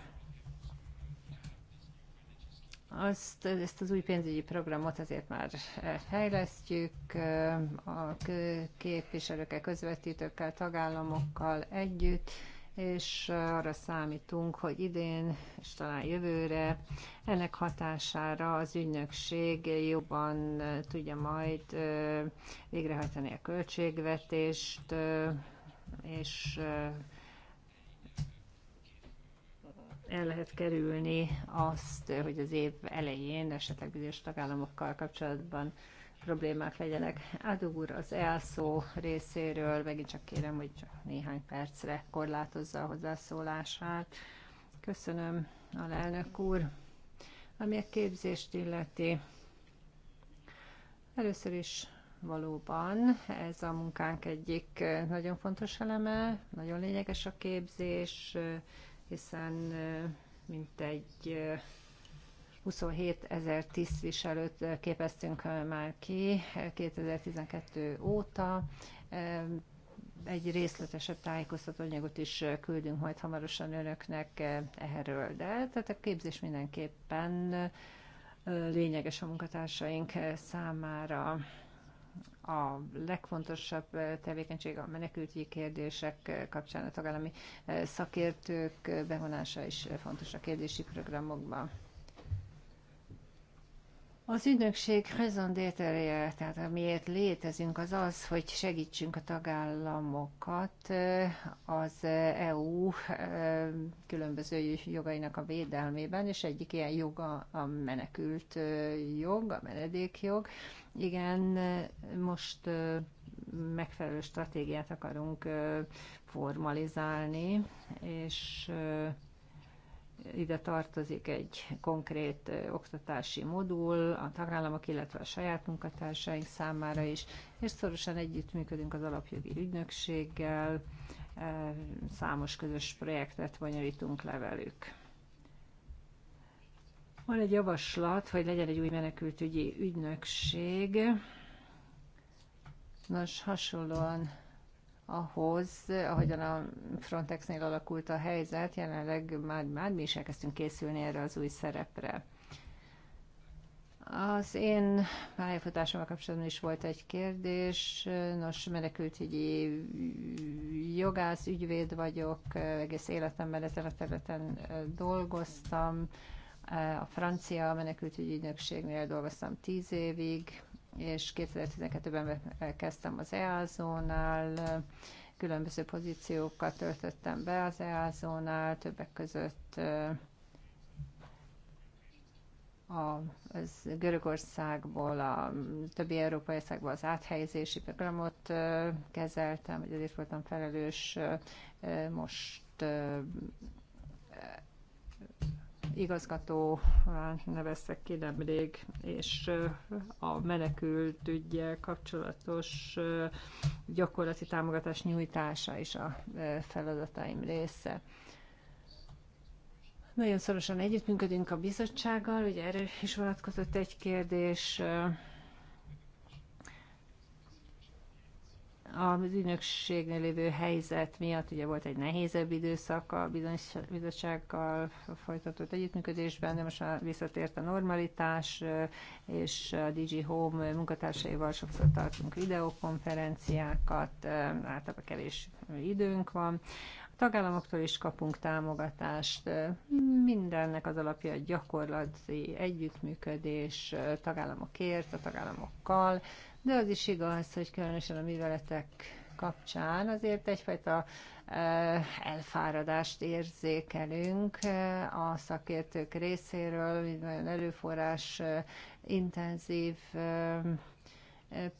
Azt, ezt az új pénzügyi programot azért már fejlesztjük a képviselőkkel, közvetítőkkel, tagállamokkal együtt, és arra számítunk, hogy idén és talán jövőre ennek hatására az ügynökség jobban tudja majd végrehajtani a költségvetést, és el lehet kerülni azt, hogy az év elején esetleg bizonyos tagállamokkal kapcsolatban problémák legyenek. Ádó úr, az elszó részéről megint csak kérem, hogy csak néhány percre korlátozza a hozzászólását. Köszönöm, lelnök úr. Ami a képzést illeti, először is valóban ez a munkánk egyik nagyon fontos eleme, nagyon lényeges a képzés, hiszen egy 27 ezer tisztviselőt képeztünk már ki 2012 óta. Egy részletesebb tájékoztató anyagot is küldünk majd hamarosan önöknek erről, de tehát a képzés mindenképpen lényeges a munkatársaink számára a legfontosabb eh, tevékenység a menekültügyi kérdések eh, kapcsán a tagállami eh, szakértők bevonása is fontos a kérdési programokban. Az ügynökség raison tehát amiért létezünk, az az, hogy segítsünk a tagállamokat az EU különböző jogainak a védelmében, és egyik ilyen joga a menekült jog, a menedékjog. Igen, most megfelelő stratégiát akarunk formalizálni, és ide tartozik egy konkrét oktatási modul a tagállamok, illetve a saját munkatársaink számára is, és szorosan együttműködünk az alapjogi ügynökséggel, számos közös projektet bonyolítunk le velük. Van egy javaslat, hogy legyen egy új menekültügyi ügynökség. Nos, hasonlóan ahhoz, ahogyan a Frontexnél alakult a helyzet, jelenleg már, már mi is elkezdtünk készülni erre az új szerepre. Az én pályafutásommal kapcsolatban is volt egy kérdés. Nos, menekültügyi jogász, ügyvéd vagyok, egész életemben ezen a területen dolgoztam. A francia menekültügyi ügynökségnél dolgoztam tíz évig, és 2012-ben eh, kezdtem az EASO-nál, eh, különböző pozíciókat töltöttem be az EASO-nál, többek között eh, a, az Görögországból, a többi európai országból az áthelyezési programot kezeltem, vagy azért voltam felelős most igazgató neveztek ki nemrég, és a menekült ügyel kapcsolatos gyakorlati támogatás nyújtása is a feladataim része. Nagyon szorosan együttműködünk a bizottsággal, ugye erre is vonatkozott egy kérdés, az ügynökségnél lévő helyzet miatt ugye volt egy nehézebb időszak a bizottsággal folytatott együttműködésben, de most már visszatért a normalitás, és a DG Home munkatársaival sokszor tartunk videokonferenciákat, általában kevés időnk van. A tagállamoktól is kapunk támogatást. Mindennek az alapja a gyakorlati együttműködés tagállamokért, a tagállamokkal, de az is igaz, hogy különösen a műveletek kapcsán azért egyfajta elfáradást érzékelünk a szakértők részéről, nagyon előforrás intenzív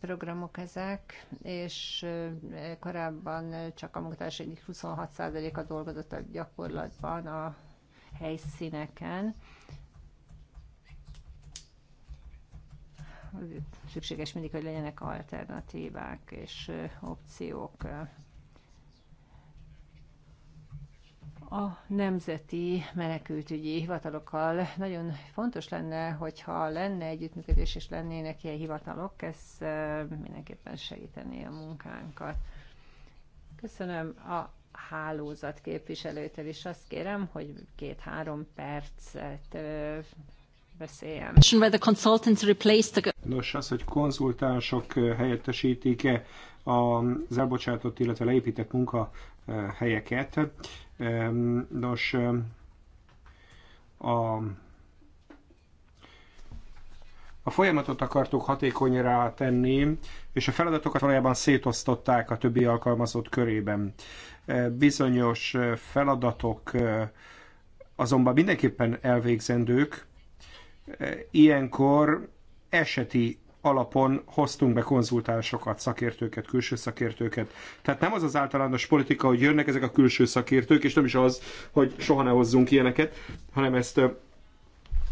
programok ezek, és korábban csak a munkatárs egyik 26%-a dolgozott a gyakorlatban a helyszíneken. azért szükséges mindig, hogy legyenek alternatívák és opciók. A nemzeti menekültügyi hivatalokkal nagyon fontos lenne, hogyha lenne együttműködés és lennének ilyen hivatalok, ez mindenképpen segíteni a munkánkat. Köszönöm a hálózat képviselőtől is azt kérem, hogy két-három percet veszélyen. Nos, az, hogy konzultánsok eh, helyettesítik -e az elbocsátott, illetve leépített munkahelyeket. Eh, nos, a a folyamatot akartuk hatékonyra tenni, és a feladatokat valójában szétosztották a többi alkalmazott körében. Eh, bizonyos feladatok azonban mindenképpen elvégzendők, Ilyenkor eseti alapon hoztunk be konzultánsokat, szakértőket, külső szakértőket. Tehát nem az az általános politika, hogy jönnek ezek a külső szakértők, és nem is az, hogy soha ne hozzunk ilyeneket, hanem ezt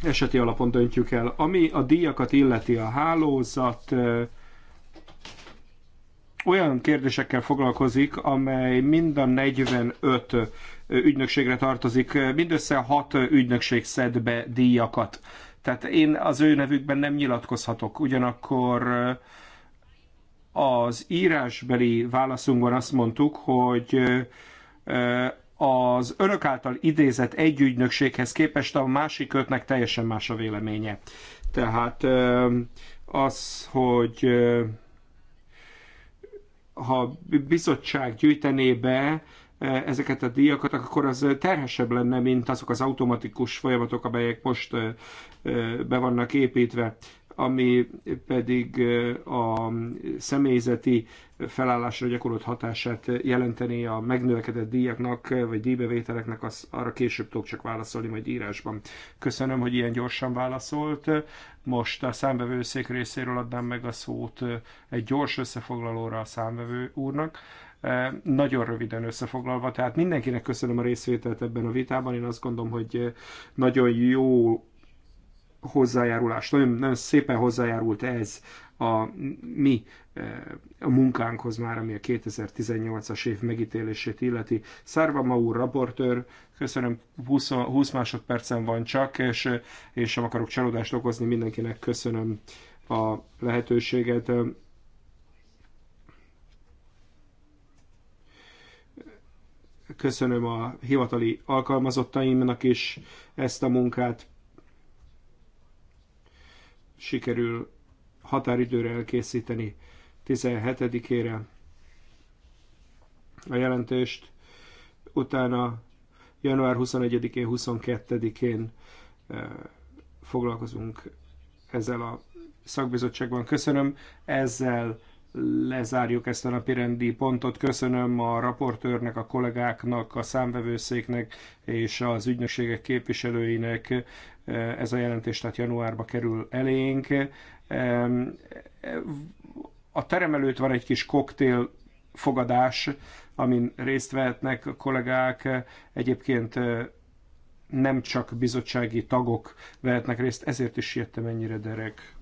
eseti alapon döntjük el. Ami a díjakat illeti, a hálózat olyan kérdésekkel foglalkozik, amely mind a 45 ügynökségre tartozik, mindössze 6 ügynökség szed be díjakat tehát én az ő nevükben nem nyilatkozhatok. Ugyanakkor az írásbeli válaszunkban azt mondtuk, hogy az önök által idézett egy ügynökséghez képest a másik ötnek teljesen más a véleménye. Tehát az, hogy ha bizottság gyűjtené be ezeket a díjakat, akkor az terhesebb lenne, mint azok az automatikus folyamatok, amelyek most be vannak építve ami pedig a személyzeti felállásra gyakorolt hatását jelenteni a megnövekedett díjaknak, vagy díjbevételeknek, az arra később tudok csak válaszolni majd írásban. Köszönöm, hogy ilyen gyorsan válaszolt. Most a számvevőszék részéről adnám meg a szót egy gyors összefoglalóra a számvevő úrnak. Nagyon röviden összefoglalva, tehát mindenkinek köszönöm a részvételt ebben a vitában. Én azt gondolom, hogy nagyon jó hozzájárulás, nagyon, nagyon szépen hozzájárult ez a mi a munkánkhoz már, ami a 2018-as év megítélését illeti. Szárva Maur raportőr, köszönöm, 20, 20 másodpercen van csak, és, és sem akarok csalódást okozni mindenkinek, köszönöm a lehetőséget. köszönöm a hivatali alkalmazottaimnak is ezt a munkát. Sikerül határidőre elkészíteni 17-ére a jelentést, utána január 21-én, 22-én eh, foglalkozunk ezzel a szakbizottságban. Köszönöm, ezzel lezárjuk ezt a napi rendi pontot. Köszönöm a raportőrnek, a kollégáknak, a számvevőszéknek és az ügynökségek képviselőinek. Ez a jelentés tehát januárba kerül elénk. A terem előtt van egy kis koktél fogadás, amin részt vehetnek a kollégák. Egyébként eh, nem csak bizottsági tagok vehetnek részt, ezért is siettem ennyire derek.